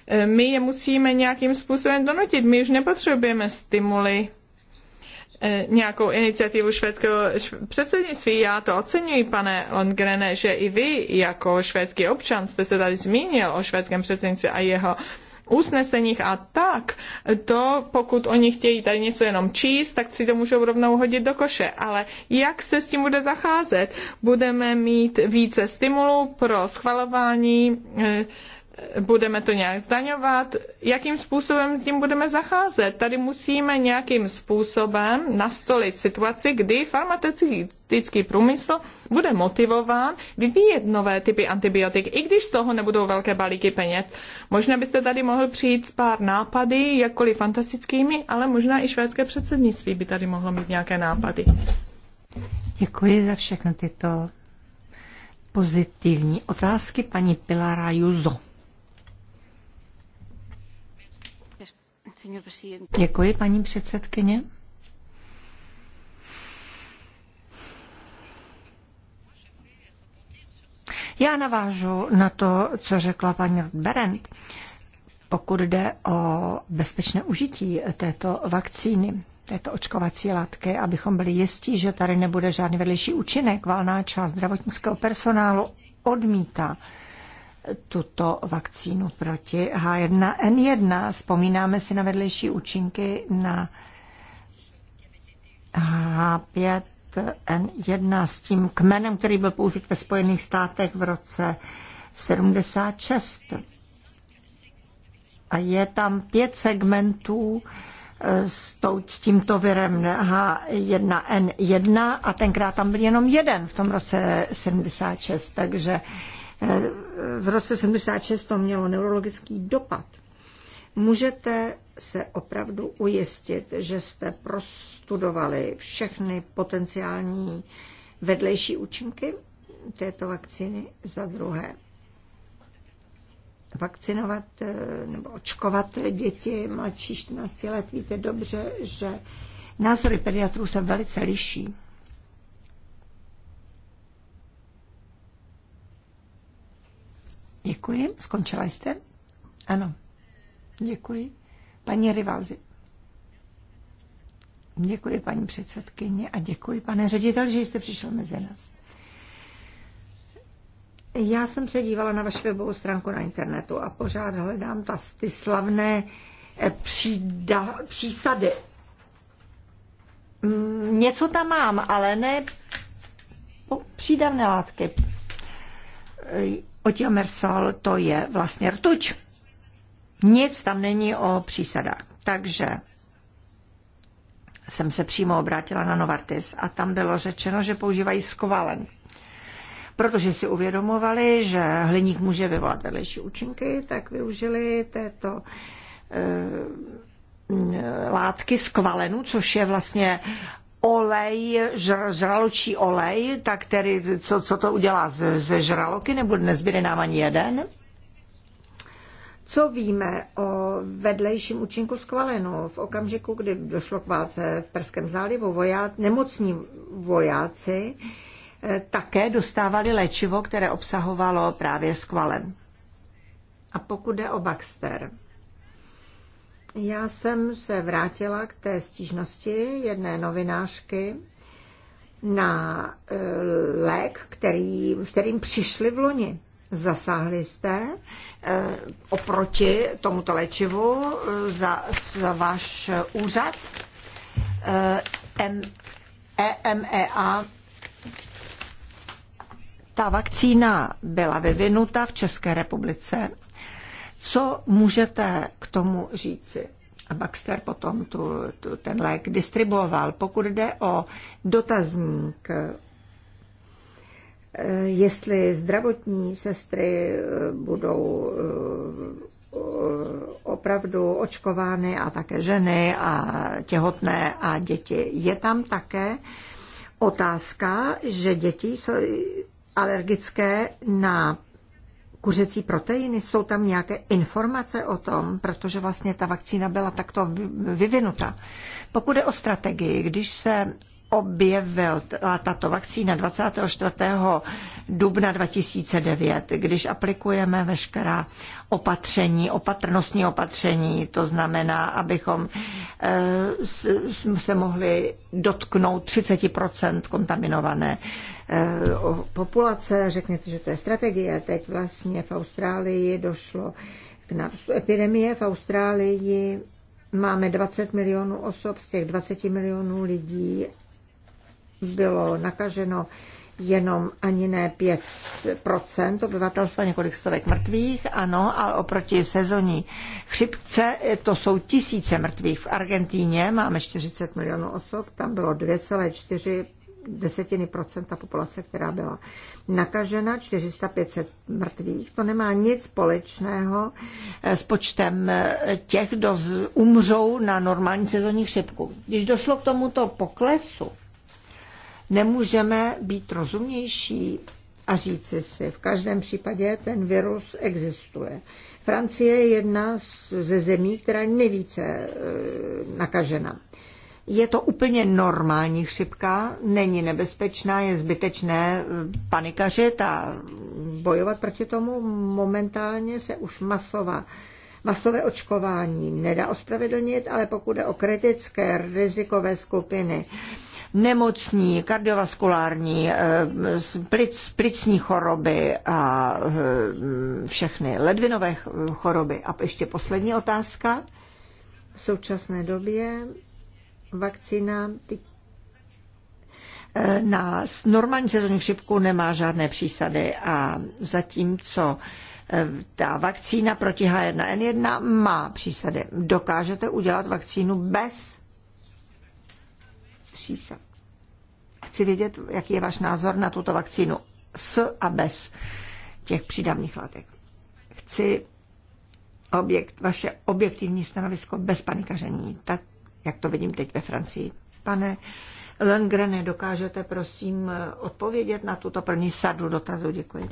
E, my je musíme nějakým způsobem donutit. My už nepotřebujeme stimuly E, nějakou iniciativu švédského předsednictví. Já to oceňuji, pane Lundgrene, že i vy jako švédský občan jste se tady zmínil o švédském předsednictví a jeho usneseních a tak, to pokud oni chtějí tady něco jenom číst, tak si to můžou rovnou hodit do koše. Ale jak se s tím bude zacházet? Budeme mít více stimulů pro schvalování eh, budeme to nějak zdaňovat, jakým způsobem s tím budeme zacházet. Tady musíme nějakým způsobem nastolit situaci, kdy farmaceutický průmysl bude motivován vyvíjet nové typy antibiotik, i když z toho nebudou velké balíky peněz. Možná byste tady mohl přijít s pár nápady, jakkoliv fantastickými, ale možná i švédské předsednictví by tady mohlo mít nějaké nápady. Děkuji za všechny tyto pozitivní otázky paní Pilara Juzo. Děkuji, paní předsedkyně. Já navážu na to, co řekla paní Berend, pokud jde o bezpečné užití této vakcíny této očkovací látky, abychom byli jistí, že tady nebude žádný vedlejší účinek. Valná část zdravotnického personálu odmítá tuto vakcínu proti H1N1. Vzpomínáme si na vedlejší účinky na H5N1 s tím kmenem, který byl použit ve Spojených státech v roce 76. A je tam pět segmentů eh, s, s tímto virem H1N1 a tenkrát tam byl jenom jeden v tom roce 76, takže eh, v roce 76 to mělo neurologický dopad. Můžete se opravdu ujistit, že jste prostudovali všechny potenciální vedlejší účinky této vakcíny za druhé. Vakcinovat eh, nebo očkovat děti mladší 14 let, víte dobře, že názory pediatrů se velice liší. Děkuji. Skončila jste? Ano. Děkuji. Paní Rivalzi. Děkuji, paní předsedkyně, a děkuji, pane ředitel, že jste přišel mezi nás. Já jsem se dívala na vaši webovou stránku na internetu a pořád hledám ta, ty slavné eh, přída, přísady. Mm, něco tam mám, ale ne přídavné látky eh, Otiomersol to je vlastně rtuť. Nic tam není o přísadách. Takže jsem se přímo obrátila na Novartis a tam bylo řečeno, že používají skovalen. Protože si uvědomovali, že hliník může vyvolat vedlejší účinky, tak využili této e, látky skvalenu, což je vlastně olej, žr, žraločí olej, tak tedy co, co to udělá ze žraloky, nebo nezbyde nám ani jeden? Co víme o vedlejším účinku skvalenu v okamžiku, kdy došlo k válce v Perském zálivu? voja, nemocní vojáci eh, také dostávali léčivo, které obsahovalo právě skvalen. A pokud jde o Baxter, já jsem se vrátila k té stížnosti jedné novinářky na e, lék, který, s kterým přišli v loni. Zasáhli jste e, oproti tomuto léčivu e, za, za váš úřad EMEA ta vakcína byla vyvinuta v České republice co můžete k tomu říci? A Baxter potom tu, tu, ten lék distribuoval. Pokud jde o dotazník, eh, jestli zdravotní sestry eh, budou eh, opravdu očkovány a také ženy a těhotné a děti. Je tam také otázka, že děti jsou alergické na kuřecí proteiny? Jsou tam nějaké informace o tom, protože vlastně ta vakcína byla takto vyvinuta? Pokud je o strategii, když se objevil tato vakcína 24. dubna 2009, když aplikujeme veškerá opatření, opatrnostní opatření, to znamená, abychom eh, se mohli dotknout 30 kontaminované eh, populace. Řekněte, že to je strategie. Teď vlastně v Austrálii došlo k nárůstu epidemie. V Austrálii máme 20 milionů osob, z těch 20 milionů lidí bylo nakaženo jenom ani ne 5% obyvatelstva, několik stovek mrtvých, ano, ale oproti sezónní chřipce eh, to jsou tisíce mrtvých. V Argentíně máme 40 milionů osob, tam bylo 2,4 desetiny procenta populace, která byla nakažena, 400-500 mrtvých. To nemá nic společného eh, s počtem eh, těch, kdo umřou na normální sezónní chřipku. Když došlo k tomuto poklesu, Nemůžeme být rozumnější a říci si, v každém případě ten virus existuje. Francie je jedna ze zemí, která je nejvíce e, nakažena. Je to úplně normální chřipka, není nebezpečná, je zbytečné e, panikařit a bojovat proti tomu. Momentálně se už masová Masové očkování nedá ospravedlnit, ale pokud je o kritické rizikové skupiny, nemocní, kardiovaskulární, eh, plic, plicní choroby a eh, všechny ledvinové choroby. A ještě poslední otázka. V současné době vakcína eh, na normální sezónní chřipku nemá žádné přísady a zatímco ta vakcína proti H1N1 má přísady. Dokážete udělat vakcínu bez přísad. Chci vědět, jaký je váš názor na tuto vakcínu s a bez těch přídavných látek. Chci objekt, vaše objektivní stanovisko bez panikaření, tak jak to vidím teď ve Francii. Pane Lengrene, dokážete prosím odpovědět na tuto první sadu dotazů? Děkuji.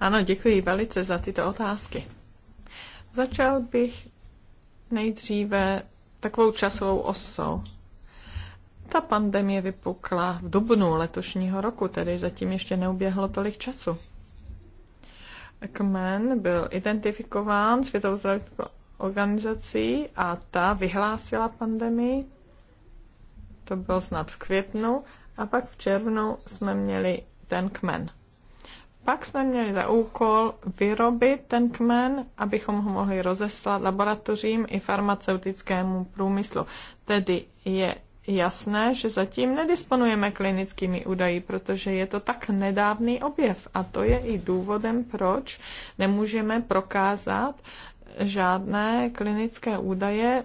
Ano, děkuji velice za tyto otázky. Začal bych nejdříve takovou časovou osou. Ta pandemie vypukla v dubnu letošního roku, tedy zatím ještě neuběhlo tolik času. Kmen byl identifikován Světovou zdravotnickou organizací a ta vyhlásila pandemii. To bylo snad v květnu a pak v červnu jsme měli ten kmen. Pak jsme měli za úkol vyrobit ten kmen, abychom ho mohli rozeslat laboratořím i farmaceutickému průmyslu. Tedy je jasné, že zatím nedisponujeme klinickými údaji, protože je to tak nedávný objev a to je i důvodem, proč nemůžeme prokázat žádné klinické údaje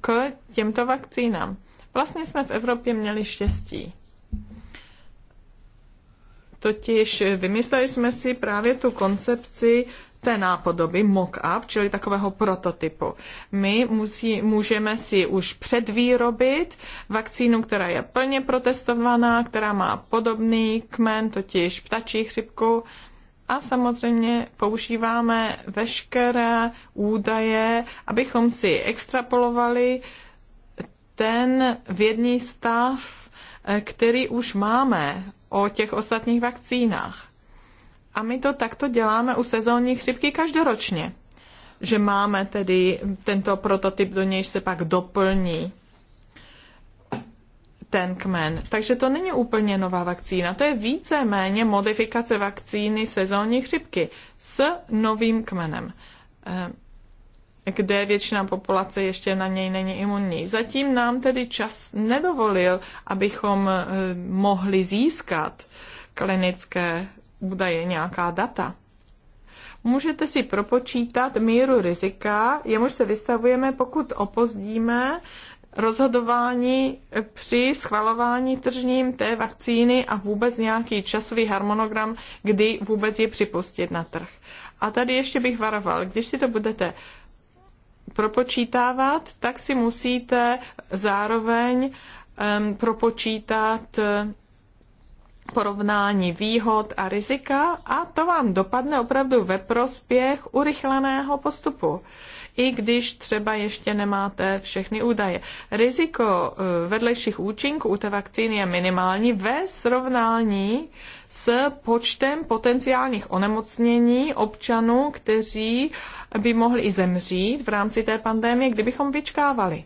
k těmto vakcínám. Vlastně jsme v Evropě měli štěstí. Totiž vymysleli jsme si právě tu koncepci té nápodoby, mock-up, čili takového prototypu. My musí, můžeme si už předvýrobit vakcínu, která je plně protestovaná, která má podobný kmen, totiž ptačí chřipku, a samozřejmě používáme veškeré údaje, abychom si extrapolovali ten vědní stav, eh, který už máme o těch ostatních vakcínách. A my to takto děláme u sezónní chřipky každoročně, že máme tedy tento prototyp, do nějž se pak doplní ten kmen. Takže to není úplně nová vakcína, to je více-méně modifikace vakcíny sezónní chřipky s novým kmenem eh, kde většina populace ještě na něj není imunní. Zatím nám tedy čas nedovolil, abychom eh, mohli získat klinické údaje, nějaká data, můžete si propočítat míru rizika, jemuž se vystavujeme, pokud opozdíme rozhodování při schvalování tržním té vakcíny a vůbec nějaký časový harmonogram, kdy vůbec je připustit na trh. A tady ještě bych varoval, když si to budete propočítávat, tak si musíte zároveň um, propočítat porovnání výhod a rizika a to vám dopadne opravdu ve prospěch urychleného postupu, i když třeba ještě nemáte všechny údaje. Riziko eh, vedlejších účinků u té vakcíny je minimální ve srovnání s počtem potenciálních onemocnění občanů, kteří by mohli i zemřít v rámci té pandemie, kdybychom vyčkávali.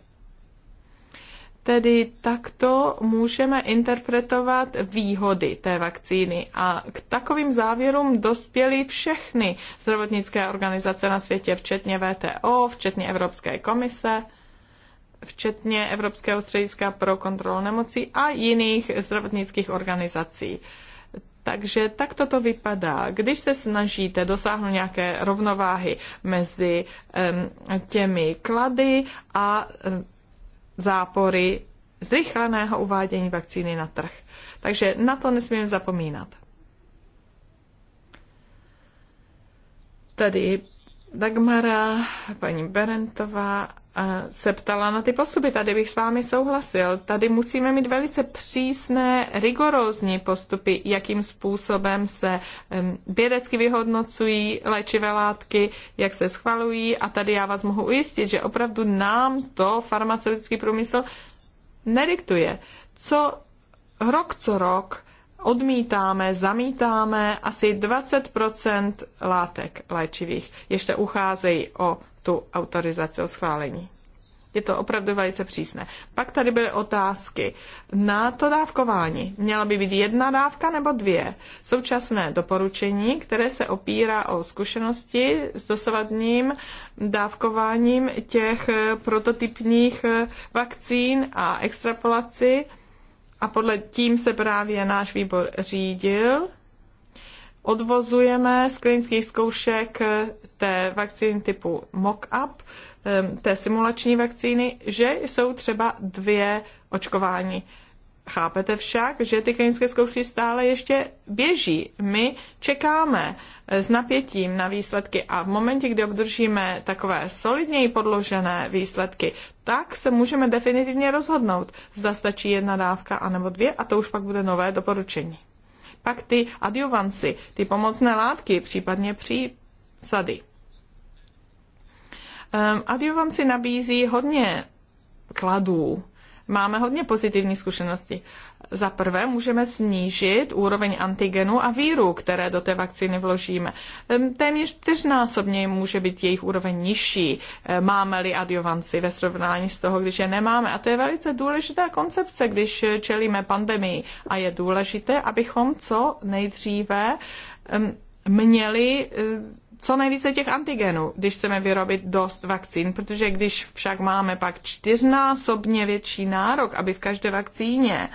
Tedy takto můžeme interpretovat výhody té vakcíny a k takovým závěrům dospěly všechny zdravotnické organizace na světě, včetně VTO, včetně Evropské komise, včetně Evropského střediska pro kontrolu nemocí a jiných zdravotnických organizací. Takže tak toto vypadá. Když se snažíte dosáhnout nějaké rovnováhy mezi těmi klady a zápory zrychleného uvádění vakcíny na trh. Takže na to nesmíme zapomínat. Tady Dagmara, paní Berentová se ptala na ty postupy. Tady bych s vámi souhlasil. Tady musíme mít velice přísné, rigorózní postupy, jakým způsobem se vědecky vyhodnocují léčivé látky, jak se schvalují. A tady já vás mohu ujistit, že opravdu nám to farmaceutický průmysl nediktuje. Co rok co rok odmítáme, zamítáme asi 20 látek léčivých, ještě ucházejí o tu autorizaci o schválení. Je to opravdu velice přísné. Pak tady byly otázky na to dávkování. Měla by být jedna dávka nebo dvě? Současné doporučení, které se opírá o zkušenosti s dosavadním dávkováním těch prototypních vakcín a extrapolaci. A podle tím se právě náš výbor řídil odvozujeme z klinických zkoušek té vakcíny typu mock-up, té simulační vakcíny, že jsou třeba dvě očkování. Chápete však, že ty klinické zkoušky stále ještě běží. My čekáme eh, s napětím na výsledky a v momentě, kdy obdržíme takové solidněji podložené výsledky, tak se můžeme definitivně rozhodnout, zda stačí jedna dávka anebo dvě a to už pak bude nové doporučení. Pak ty adjuvanci, ty pomocné látky, případně přísady. Um, ehm, adjuvanci nabízí hodně kladů. Máme hodně pozitivní zkušenosti. Za prvé můžeme snížit úroveň antigenu a víru, které do té vakcíny vložíme. Téměř čtyřnásobně může být jejich úroveň nižší, máme-li adjuvanci ve srovnání s toho, když je nemáme. A to je velice důležitá koncepce, když čelíme pandemii. A je důležité, abychom co nejdříve měli co nejvíce těch antigenů, když chceme vyrobit dost vakcín, protože když však máme pak čtyřnásobně větší nárok, aby v každé vakcíně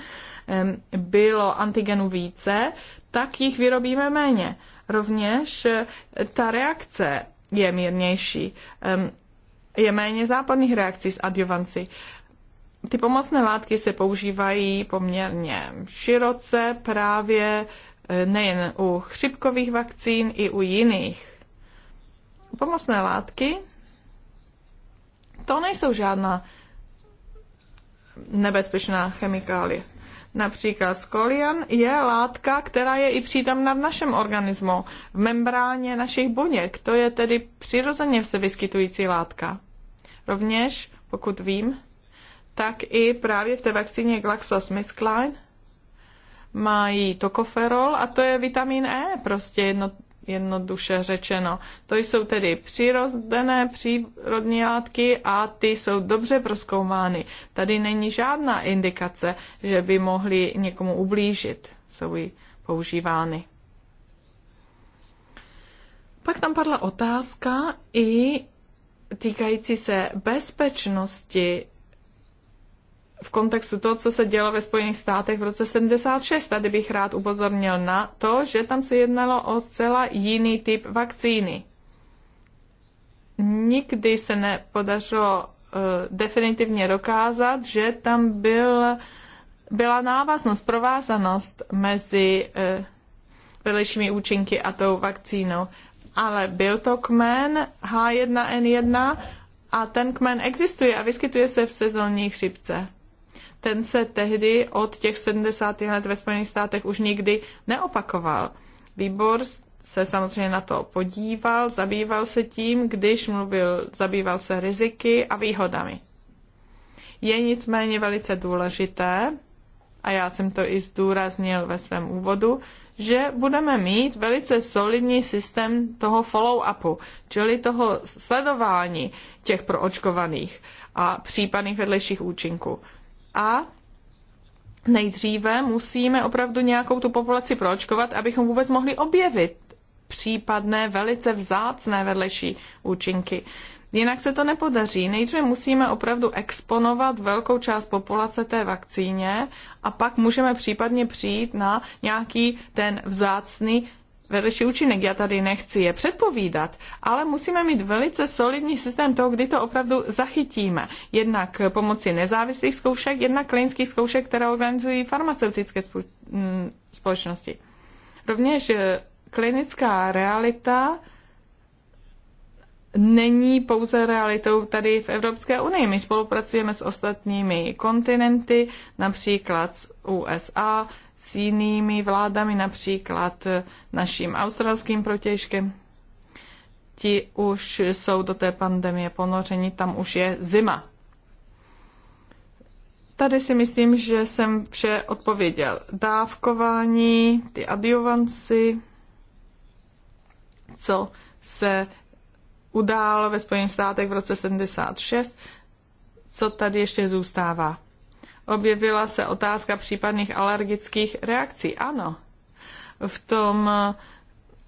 bylo antigenu více, tak jich vyrobíme méně. Rovněž eh, ta reakce je mírnější. Je méně západných reakcí s adjuvanci. Ty pomocné látky se používají poměrně široce právě eh, nejen u chřipkových vakcín, i u jiných. Pomocné látky to nejsou žádná nebezpečná chemikálie. Například skolian je látka, která je i přítomna v našem organismu, v membráně našich buněk. To je tedy přirozeně se vyskytující látka. Rovněž, pokud vím, tak i právě v té vakcíně GlaxoSmithKline mají tokoferol a to je vitamin E, prostě jedno, jednoduše řečeno. To jsou tedy přirozené přírodní látky a ty jsou dobře proskoumány. Tady není žádná indikace, že by mohly někomu ublížit, jsou používány. Pak tam padla otázka i týkající se bezpečnosti v kontextu toho, co se dělo ve Spojených státech v roce 76. Tady bych rád upozornil na to, že tam se jednalo o zcela jiný typ vakcíny. Nikdy se nepodařilo eh, definitivně dokázat, že tam byl, byla návaznost, provázanost mezi eh, vedlejšími účinky a tou vakcínou. Ale byl to kmen H1N1 a ten kmen existuje a vyskytuje se v sezónní chřipce ten se tehdy od těch 70. let ve Spojených státech už nikdy neopakoval. Výbor se samozřejmě na to podíval, zabýval se tím, když mluvil, zabýval se riziky a výhodami. Je nicméně velice důležité, a já jsem to i zdůraznil ve svém úvodu, že budeme mít velice solidní systém toho follow-upu, čili toho sledování těch proočkovaných a případných vedlejších účinků a nejdříve musíme opravdu nějakou tu populaci proočkovat, abychom vůbec mohli objevit případné velice vzácné vedlejší účinky. Jinak se to nepodaří. Nejdříve musíme opravdu exponovat velkou část populace té vakcíně a pak můžeme případně přijít na nějaký ten vzácný vedlejší účinek. Já tady nechci je předpovídat, ale musíme mít velice solidní systém toho, kdy to opravdu zachytíme. Jednak pomocí nezávislých zkoušek, jednak klinických zkoušek, které organizují farmaceutické mm, společnosti. Rovněž eh, klinická realita není pouze realitou tady v Evropské unii. My spolupracujeme s ostatními kontinenty, například s USA, s jinými vládami, například naším australským protěžkem. Ti už jsou do té pandemie ponořeni, tam už je zima. Tady si myslím, že jsem vše odpověděl. Dávkování, ty adjuvanci, co se událo ve Spojených státech v roce 76, co tady ještě zůstává objevila se otázka případných alergických reakcí. Ano, v tom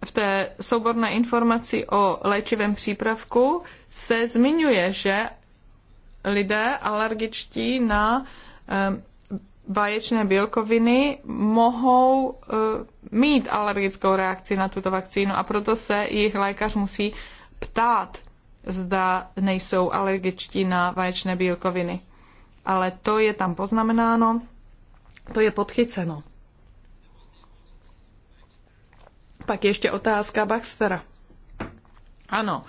v té souborné informaci o léčivém přípravku se zmiňuje, že lidé alergičtí na báječné bílkoviny mohou eh, mít alergickou reakci na tuto vakcínu a proto se jejich lékař musí ptát, zda nejsou alergičtí na vaječné bílkoviny ale to je tam poznamenáno, to je podchyceno. Pak ještě otázka Baxtera. Ano,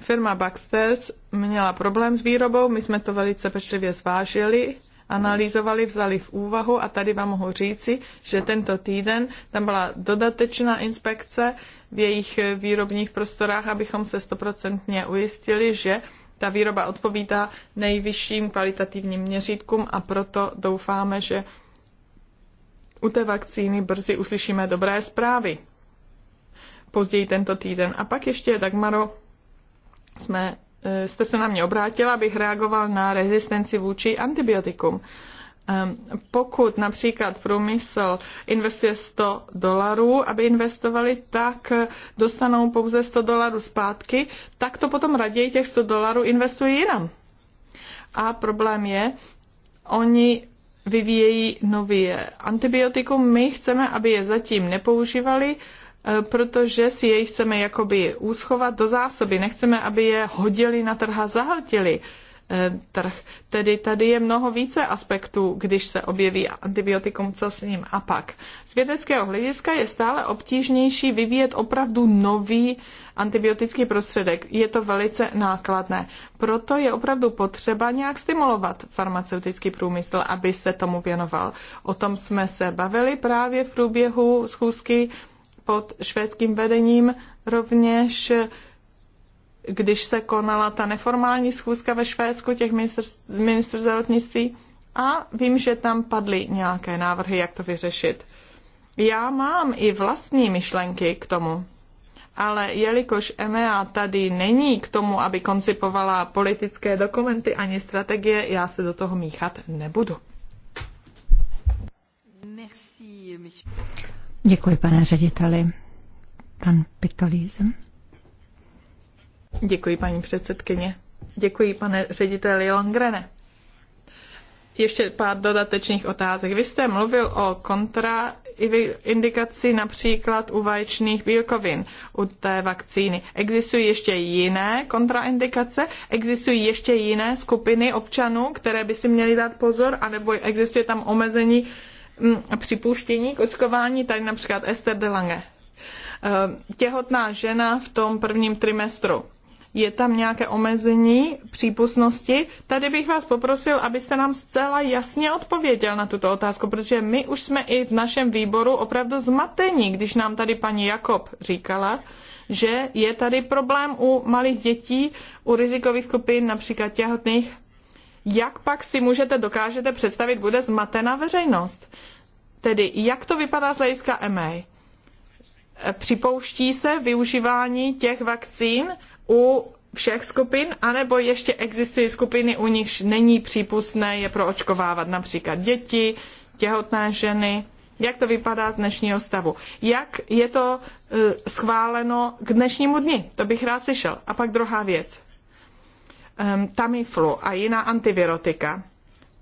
firma Baxters měla problém s výrobou, my jsme to velice pečlivě zvážili, analyzovali, vzali v úvahu a tady vám mohu říci, že tento týden tam byla dodatečná inspekce v jejich výrobních prostorách, abychom se stoprocentně ujistili, že ta výroba odpovídá nejvyšším kvalitativním měřítkům a proto doufáme, že u té vakcíny brzy uslyšíme dobré zprávy. Později tento týden. A pak ještě, Dagmaro, jsme, eh, jste se na mě obrátila, abych reagoval na rezistenci vůči antibiotikum. Ehm, pokud například průmysl investuje 100 dolarů, aby investovali, tak dostanou pouze 100 dolarů zpátky, tak to potom raději těch 100 dolarů investují jinam. A problém je, oni vyvíjejí nové antibiotikum, my chceme, aby je zatím nepoužívali, eh, protože si jej chceme jakoby úschovat do zásoby, nechceme, aby je hodili na trh a zahltili. Eh, trh. Tedy tady je mnoho více aspektů, když se objeví antibiotikum, co s ním a pak. Z vědeckého hlediska je stále obtížnější vyvíjet opravdu nový antibiotický prostředek. Je to velice nákladné. Proto je opravdu potřeba nějak stimulovat farmaceutický průmysl, aby se tomu věnoval. O tom jsme se bavili právě v průběhu schůzky pod švédským vedením rovněž když se konala ta neformální schůzka ve Švédsku těch ministr, ministr zdravotnictví a vím, že tam padly nějaké návrhy, jak to vyřešit. Já mám i vlastní myšlenky k tomu, ale jelikož EMEA tady není k tomu, aby koncipovala politické dokumenty ani strategie, já se do toho míchat nebudu. Děkuji, pane řediteli. Pan Pitolízem. Děkuji, paní předsedkyně. Děkuji, pane řediteli Longrene. Ještě pár dodatečných otázek. Vy jste mluvil o kontra indikaci například u vaječných bílkovin, u té vakcíny. Existují ještě jiné kontraindikace? Existují ještě jiné skupiny občanů, které by si měly dát pozor? A nebo existuje tam omezení m, mm, připuštění k očkování? Tady například Esther de Lange. Eh, těhotná žena v tom prvním trimestru je tam nějaké omezení přípustnosti. Tady bych vás poprosil, abyste nám zcela jasně odpověděl na tuto otázku, protože my už jsme i v našem výboru opravdu zmatení, když nám tady paní Jakob říkala, že je tady problém u malých dětí, u rizikových skupin, například těhotných. Jak pak si můžete, dokážete představit, bude zmatená veřejnost? Tedy, jak to vypadá z hlediska MA? Připouští se využívání těch vakcín u všech skupin, anebo ještě existují skupiny, u nichž není přípustné je proočkovávat, například děti, těhotné ženy. Jak to vypadá z dnešního stavu? Jak je to e, schváleno k dnešnímu dni? To bych rád slyšel. A pak druhá věc. Ehm, Tamiflu a jiná antivirotika.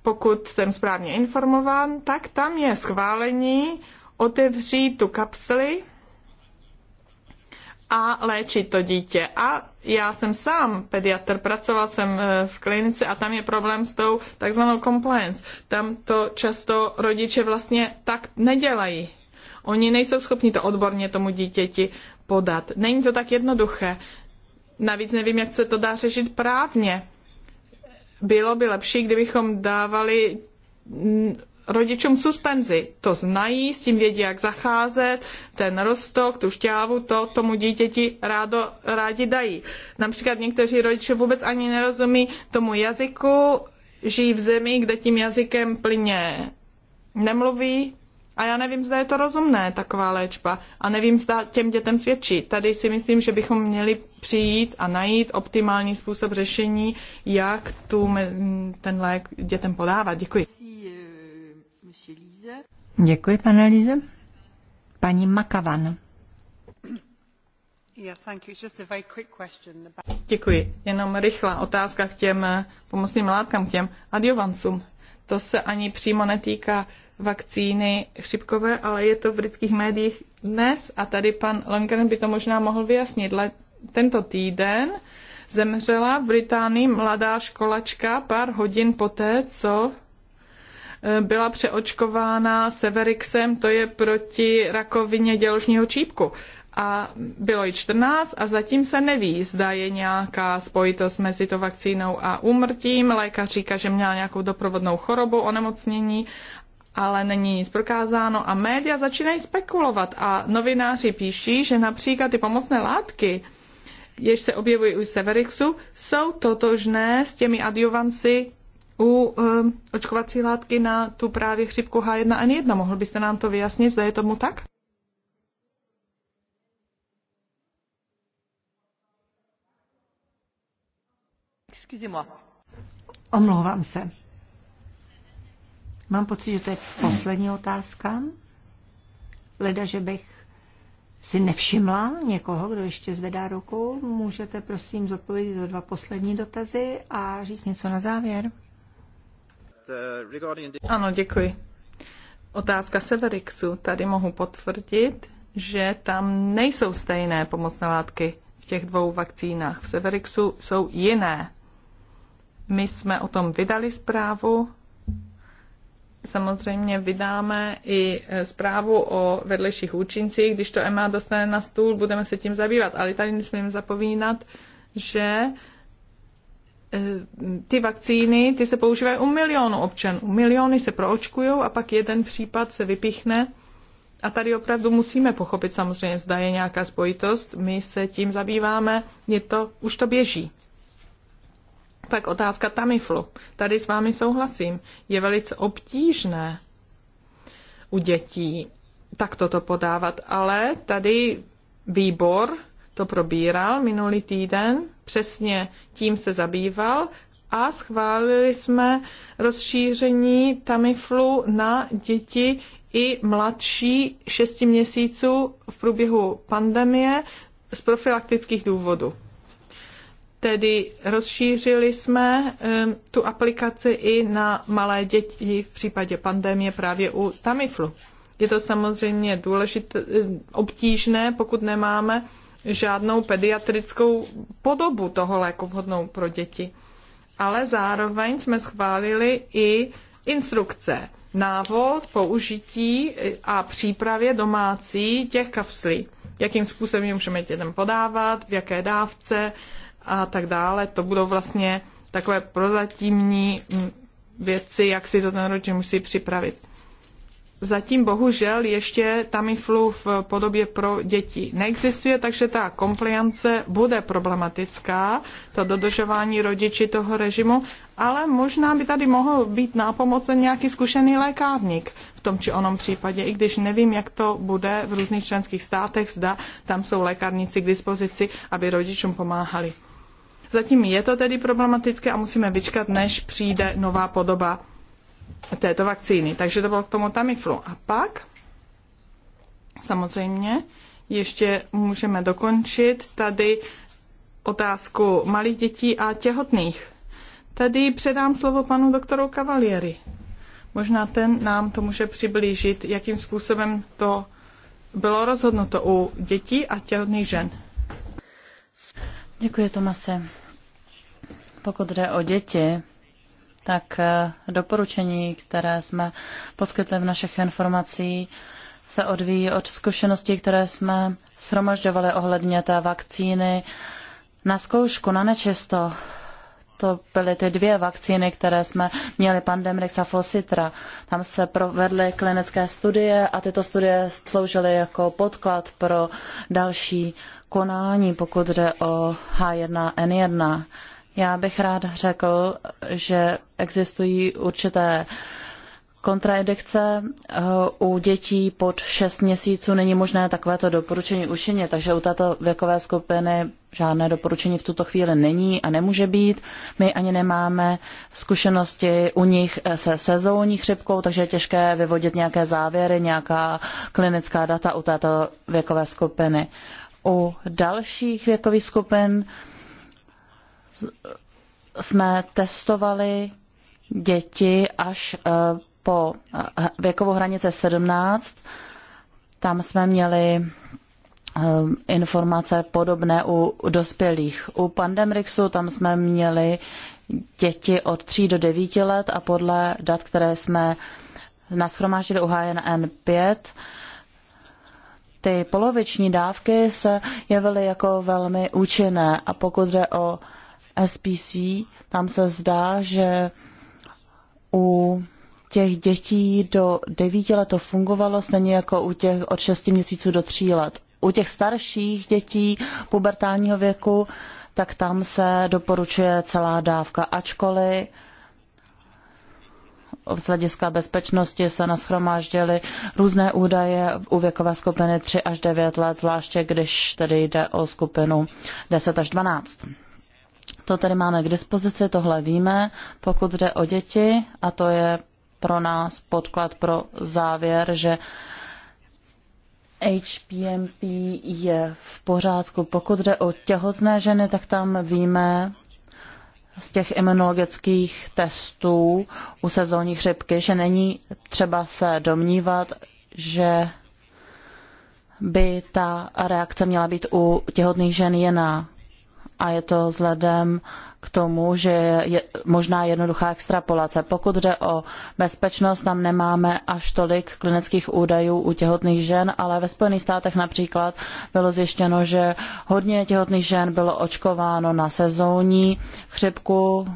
Pokud jsem správně informován, tak tam je schválení otevřít tu kapsli a léčit to dítě. A já jsem sám pediatr, pracoval jsem eh, v klinice a tam je problém s tou takzvanou compliance. Tam to často rodiče vlastně tak nedělají. Oni nejsou schopni to odborně tomu dítěti podat. Není to tak jednoduché. Navíc nevím, jak se to dá řešit právně. Bylo by lepší, kdybychom dávali mm, rodičům suspenzi. To znají, s tím vědí, jak zacházet, ten rostok, tu šťávu, to tomu dítěti rádo, rádi dají. Například někteří rodiče vůbec ani nerozumí tomu jazyku, žijí v zemi, kde tím jazykem plně nemluví, a já nevím, zda je to rozumné, taková léčba. A nevím, zda těm dětem svědčí. Tady si myslím, že bychom měli přijít a najít optimální způsob řešení, jak tu, ten lék dětem podávat. Děkuji. Děkuji, pane Líze. Paní Makavan. Děkuji. Jenom rychlá otázka k těm eh, pomocným látkám, k těm adjovancům. To se ani přímo netýká vakcíny chřipkové, ale je to v britských médiích dnes a tady pan Longren by to možná mohl vyjasnit. Le, tento týden zemřela v Británii mladá školačka pár hodin poté, co Eh, byla přeočkována Severixem, to je proti rakovině děložního čípku. A bylo ji 14 a zatím se neví, zda je nějaká spojitost mezi to vakcínou a úmrtím. Lékař říká, že měla nějakou doprovodnou chorobu, onemocnění, ale není nic prokázáno a média začínají spekulovat a novináři píší, že například ty pomocné látky, jež se objevují u Severixu, jsou totožné s těmi adjuvanci u um, očkovací látky na tu právě chřipku H1N1. Mohl byste nám to vyjasnit, zda je tomu tak? Omlouvám se. Mám pocit, že to je poslední otázka. Leda, že bych si nevšimla někoho, kdo ještě zvedá ruku. Můžete prosím zodpovědět za dva poslední dotazy a říct něco na závěr. Uh, ano, děkuji. Otázka Severixu. Tady mohu potvrdit, že tam nejsou stejné pomocné látky v těch dvou vakcínách. V Severixu jsou jiné. My jsme o tom vydali zprávu. Samozřejmě vydáme i eh, zprávu o vedlejších účincích. Když to EMA dostane na stůl, budeme se tím zabývat. Ale tady nesmím zapomínat, že Eh, ty vakcíny, ty se používají u milionu občanů. Miliony se proočkují a pak jeden případ se vypichne. A tady opravdu musíme pochopit samozřejmě, zda je nějaká spojitost. My se tím zabýváme, je to, už to běží. Pak otázka Tamiflu. Tady s vámi souhlasím. Je velice obtížné u dětí tak toto podávat, ale tady výbor to probíral minulý týden, přesně tím se zabýval a schválili jsme rozšíření Tamiflu na děti i mladší 6 měsíců v průběhu pandemie z profilaktických důvodů. Tedy rozšířili jsme um, tu aplikaci i na malé děti v případě pandemie právě u Tamiflu. Je to samozřejmě důležité, obtížné, pokud nemáme žádnou pediatrickou podobu toho léku vhodnou pro děti. Ale zároveň jsme schválili i instrukce, návod použití a přípravě domácí těch kapslí. Jakým způsobem je můžeme dětem podávat, v jaké dávce a tak dále. To budou vlastně takové prozatímní věci, jak si to ten rodič musí připravit zatím bohužel ještě Tamiflu v podobě pro děti neexistuje, takže ta kompliance bude problematická, to dodržování rodiči toho režimu, ale možná by tady mohl být nápomocen nějaký zkušený lékárník v tom či onom případě, i když nevím, jak to bude v různých členských státech, zda tam jsou lékárníci k dispozici, aby rodičům pomáhali. Zatím je to tedy problematické a musíme vyčkat, než přijde nová podoba této vakcíny. Takže to bylo k tomu Tamiflu. A pak samozřejmě ještě můžeme dokončit tady otázku malých dětí a těhotných. Tady předám slovo panu doktoru Cavalieri. Možná ten nám to může přiblížit, jakým způsobem to bylo rozhodnuto u dětí a těhotných žen. Děkuji, Tomase. Pokud jde o děti, tak eh, doporučení, které jsme poskytli v našich informací, se odvíjí od zkušeností, které jsme shromažďovali ohledně té vakcíny na zkoušku, na nečisto. To byly ty dvě vakcíny, které jsme měli, Pandemrix a Fositra. Tam se provedly klinické studie a tyto studie sloužily jako podklad pro další konání, pokud jde o H1N1. Já bych rád řekl, že existují určité kontradikce eh, u dětí pod 6 měsíců není možné takovéto doporučení učinit, takže u této věkové skupiny žádné doporučení v tuto chvíli není a nemůže být. My ani nemáme zkušenosti u nich se sezónní chřipkou, takže je těžké vyvodit nějaké závěry, nějaká klinická data u této věkové skupiny. U dalších věkových skupin jsme testovali děti až eh, po eh, věkovou hranice 17. Tam jsme měli eh, informace podobné u dospělých. U Pandemrixu tam jsme měli děti od 3 do 9 let a podle dat, které jsme nashromáždili u HNN5, ty poloviční dávky se jevily jako velmi účinné. A pokud jde o SPC, tam se zdá, že u těch dětí do 9 let to fungovalo stejně jako u těch od 6 měsíců do 3 let. U těch starších dětí pubertálního věku, tak tam se doporučuje celá dávka, ačkoliv z hlediska bezpečnosti se nashromáždily různé údaje u věkové skupiny 3 až 9 let, zvláště když tedy jde o skupinu 10 až 12. To tady máme k dispozici, tohle víme. Pokud jde o děti, a to je pro nás podklad pro závěr, že HPMP je v pořádku. Pokud jde o těhotné ženy, tak tam víme z těch imunologických testů u sezónní chřipky, že není třeba se domnívat, že by ta reakce měla být u těhotných žen jiná a je to vzhledem k tomu, že je možná jednoduchá extrapolace. Pokud jde o bezpečnost, tam nemáme až tolik klinických údajů u těhotných žen, ale ve Spojených státech například bylo zjištěno, že hodně těhotných žen bylo očkováno na sezónní chřipku.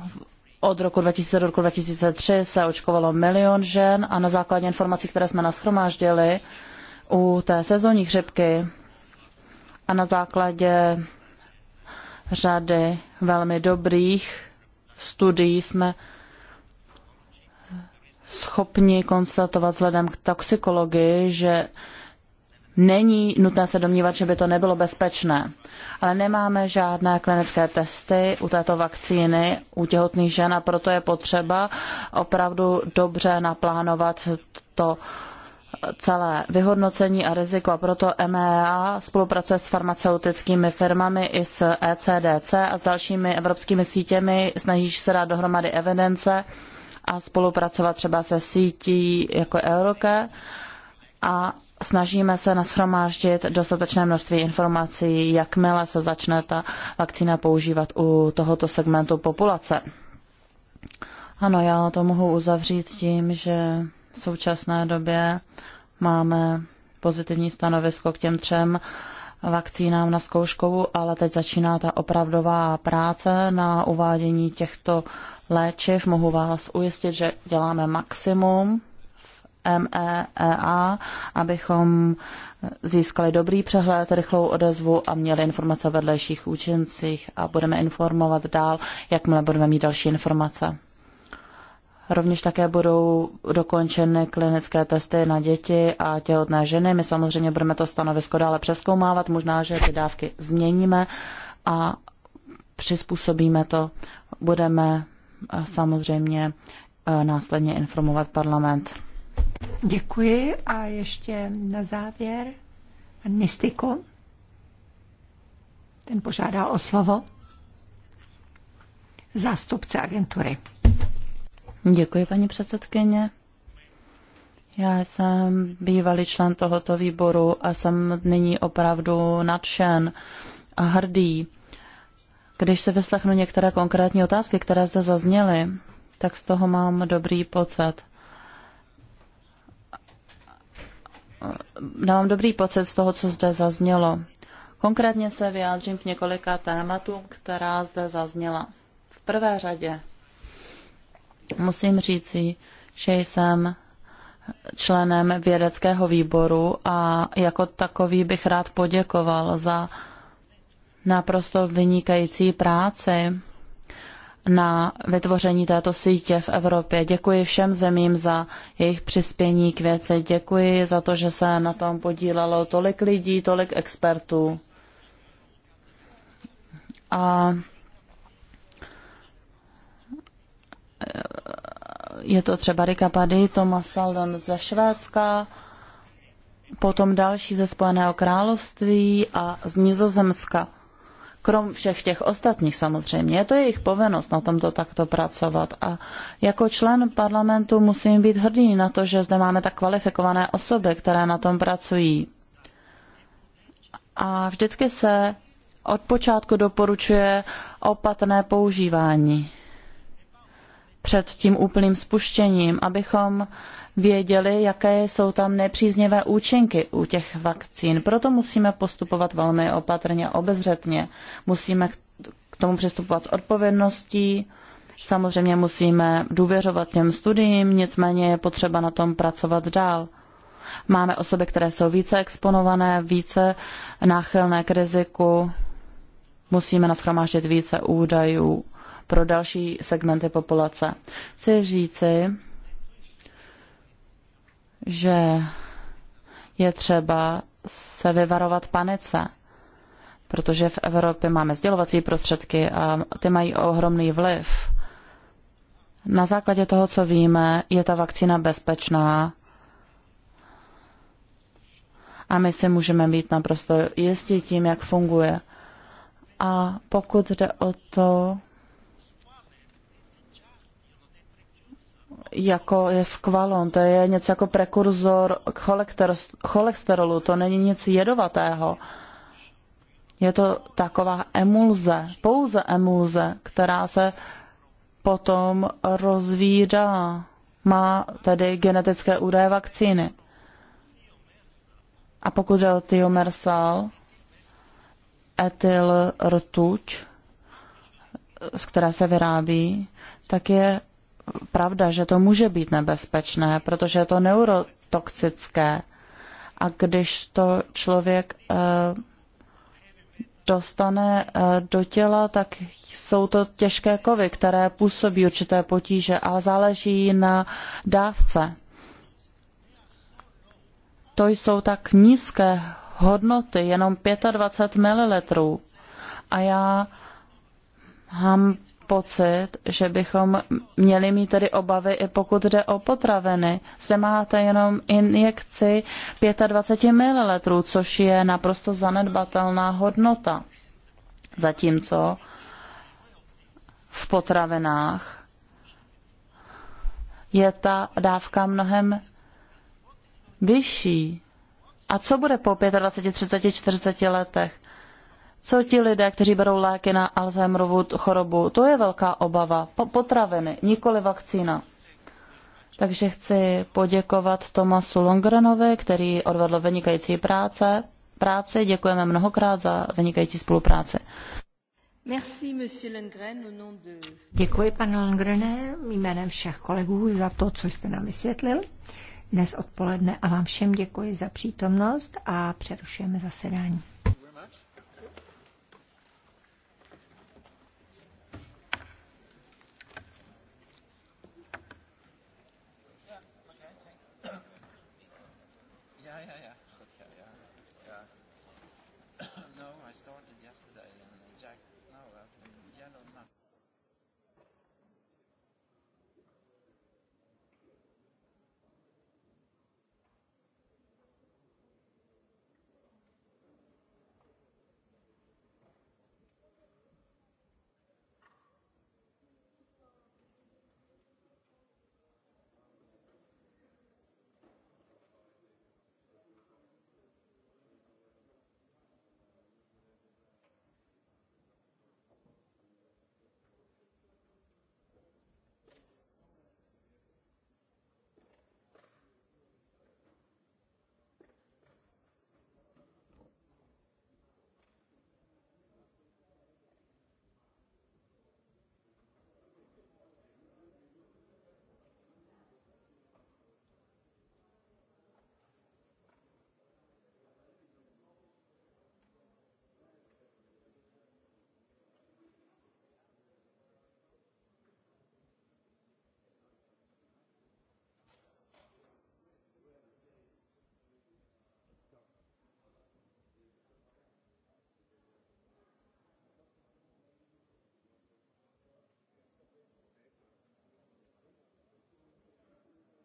Od roku 2000 do roku 2003 se očkovalo milion žen a na základě informací, které jsme nashromáždili u té sezónní chřipky a na základě řady velmi dobrých studií jsme schopni konstatovat vzhledem k toxikologii, že není nutné se domnívat, že by to nebylo bezpečné. Ale nemáme žádné klinické testy u této vakcíny u těhotných žen a proto je potřeba opravdu dobře naplánovat to celé vyhodnocení a riziko. Proto MEA spolupracuje s farmaceutickými firmami i s ECDC a s dalšími evropskými sítěmi. Snaží se dát dohromady evidence a spolupracovat třeba se sítí jako Euroke a snažíme se nashromáždit dostatečné množství informací, jakmile se začne ta vakcína používat u tohoto segmentu populace. Ano, já to mohu uzavřít tím, že v současné době máme pozitivní stanovisko k těm třem vakcínám na zkouškovou, ale teď začíná ta opravdová práce na uvádění těchto léčiv. Mohu vás ujistit, že děláme maximum v MEEA, abychom získali dobrý přehled, rychlou odezvu a měli informace o vedlejších účincích a budeme informovat dál, jakmile budeme mít další informace. Rovněž také budou dokončeny klinické testy na děti a těhotné ženy. My samozřejmě budeme to stanovisko dále přeskoumávat, možná, že ty dávky změníme a přizpůsobíme to. Budeme eh, samozřejmě eh, následně informovat parlament. Děkuji a ještě na závěr pan Nistiko. Ten požádal o slovo. Zástupce agentury. Děkuji, paní předsedkyně. Já jsem bývalý člen tohoto výboru a jsem nyní opravdu nadšen a hrdý. Když se vyslechnu některé konkrétní otázky, které zde zazněly, tak z toho mám dobrý pocit. Mám dobrý pocit z toho, co zde zaznělo. Konkrétně se vyjádřím k několika tématům, která zde zazněla. V prvé řadě Musím říci, že jsem členem vědeckého výboru a jako takový bych rád poděkoval za naprosto vynikající práci na vytvoření této sítě v Evropě. Děkuji všem zemím za jejich přispění k věci. Děkuji za to, že se na tom podílelo tolik lidí, tolik expertů. A Eh, je to třeba Rika Pady, Thomas Saldon ze Švédska, potom další ze Spojeného království a z Nizozemska. Krom všech těch ostatních samozřejmě. Je to jejich povinnost na tomto takto pracovat. A jako člen parlamentu musím být hrdý na to, že zde máme tak kvalifikované osoby, které na tom pracují. A vždycky se od počátku doporučuje opatrné používání před tím úplným spuštěním, abychom věděli, jaké jsou tam nepříznivé účinky u těch vakcín. Proto musíme postupovat velmi opatrně obezřetně. Musíme k tomu přistupovat s odpovědností. Samozřejmě musíme důvěřovat těm studiím, nicméně je potřeba na tom pracovat dál. Máme osoby, které jsou více exponované, více náchylné k riziku. Musíme naschromáždit více údajů pro další segmenty populace. Chci říci, že je třeba se vyvarovat panice, protože v Evropě máme sdělovací prostředky a ty mají ohromný vliv. Na základě toho, co víme, je ta vakcína bezpečná a my si můžeme být naprosto jistí tím, jak funguje. A pokud jde o to, jako je skvalon, to je něco jako prekurzor cholesterolu, to není nic jedovatého. Je to taková emulze, pouze emulze, která se potom rozvídá. Má tedy genetické údaje vakcíny. A pokud je o tiomersal, etyl rtuť, z které se vyrábí, tak je pravda, že to může být nebezpečné, protože je to neurotoxické. A když to člověk eh, dostane eh, do těla, tak jsou to těžké kovy, které působí určité potíže, ale záleží na dávce. To jsou tak nízké hodnoty, jenom 25 ml. A já mám pocit, že bychom měli mít tedy obavy i pokud jde o potraveny. Zde máte jenom injekci 25 ml, což je naprosto zanedbatelná hodnota. Zatímco v potravinách je ta dávka mnohem vyšší. A co bude po 25, 30, 40 letech? co ti lidé, kteří berou léky na Alzheimerovu chorobu, to je velká obava. Potraviny, nikoli vakcína. Takže chci poděkovat Tomasu Longrenovi, který odvedl vynikající práce. práci. Děkujeme mnohokrát za vynikající spolupráci. Děkuji, pane Longrene, jménem všech kolegů za to, co jste nám vysvětlil dnes odpoledne a vám všem děkuji za přítomnost a přerušujeme zasedání.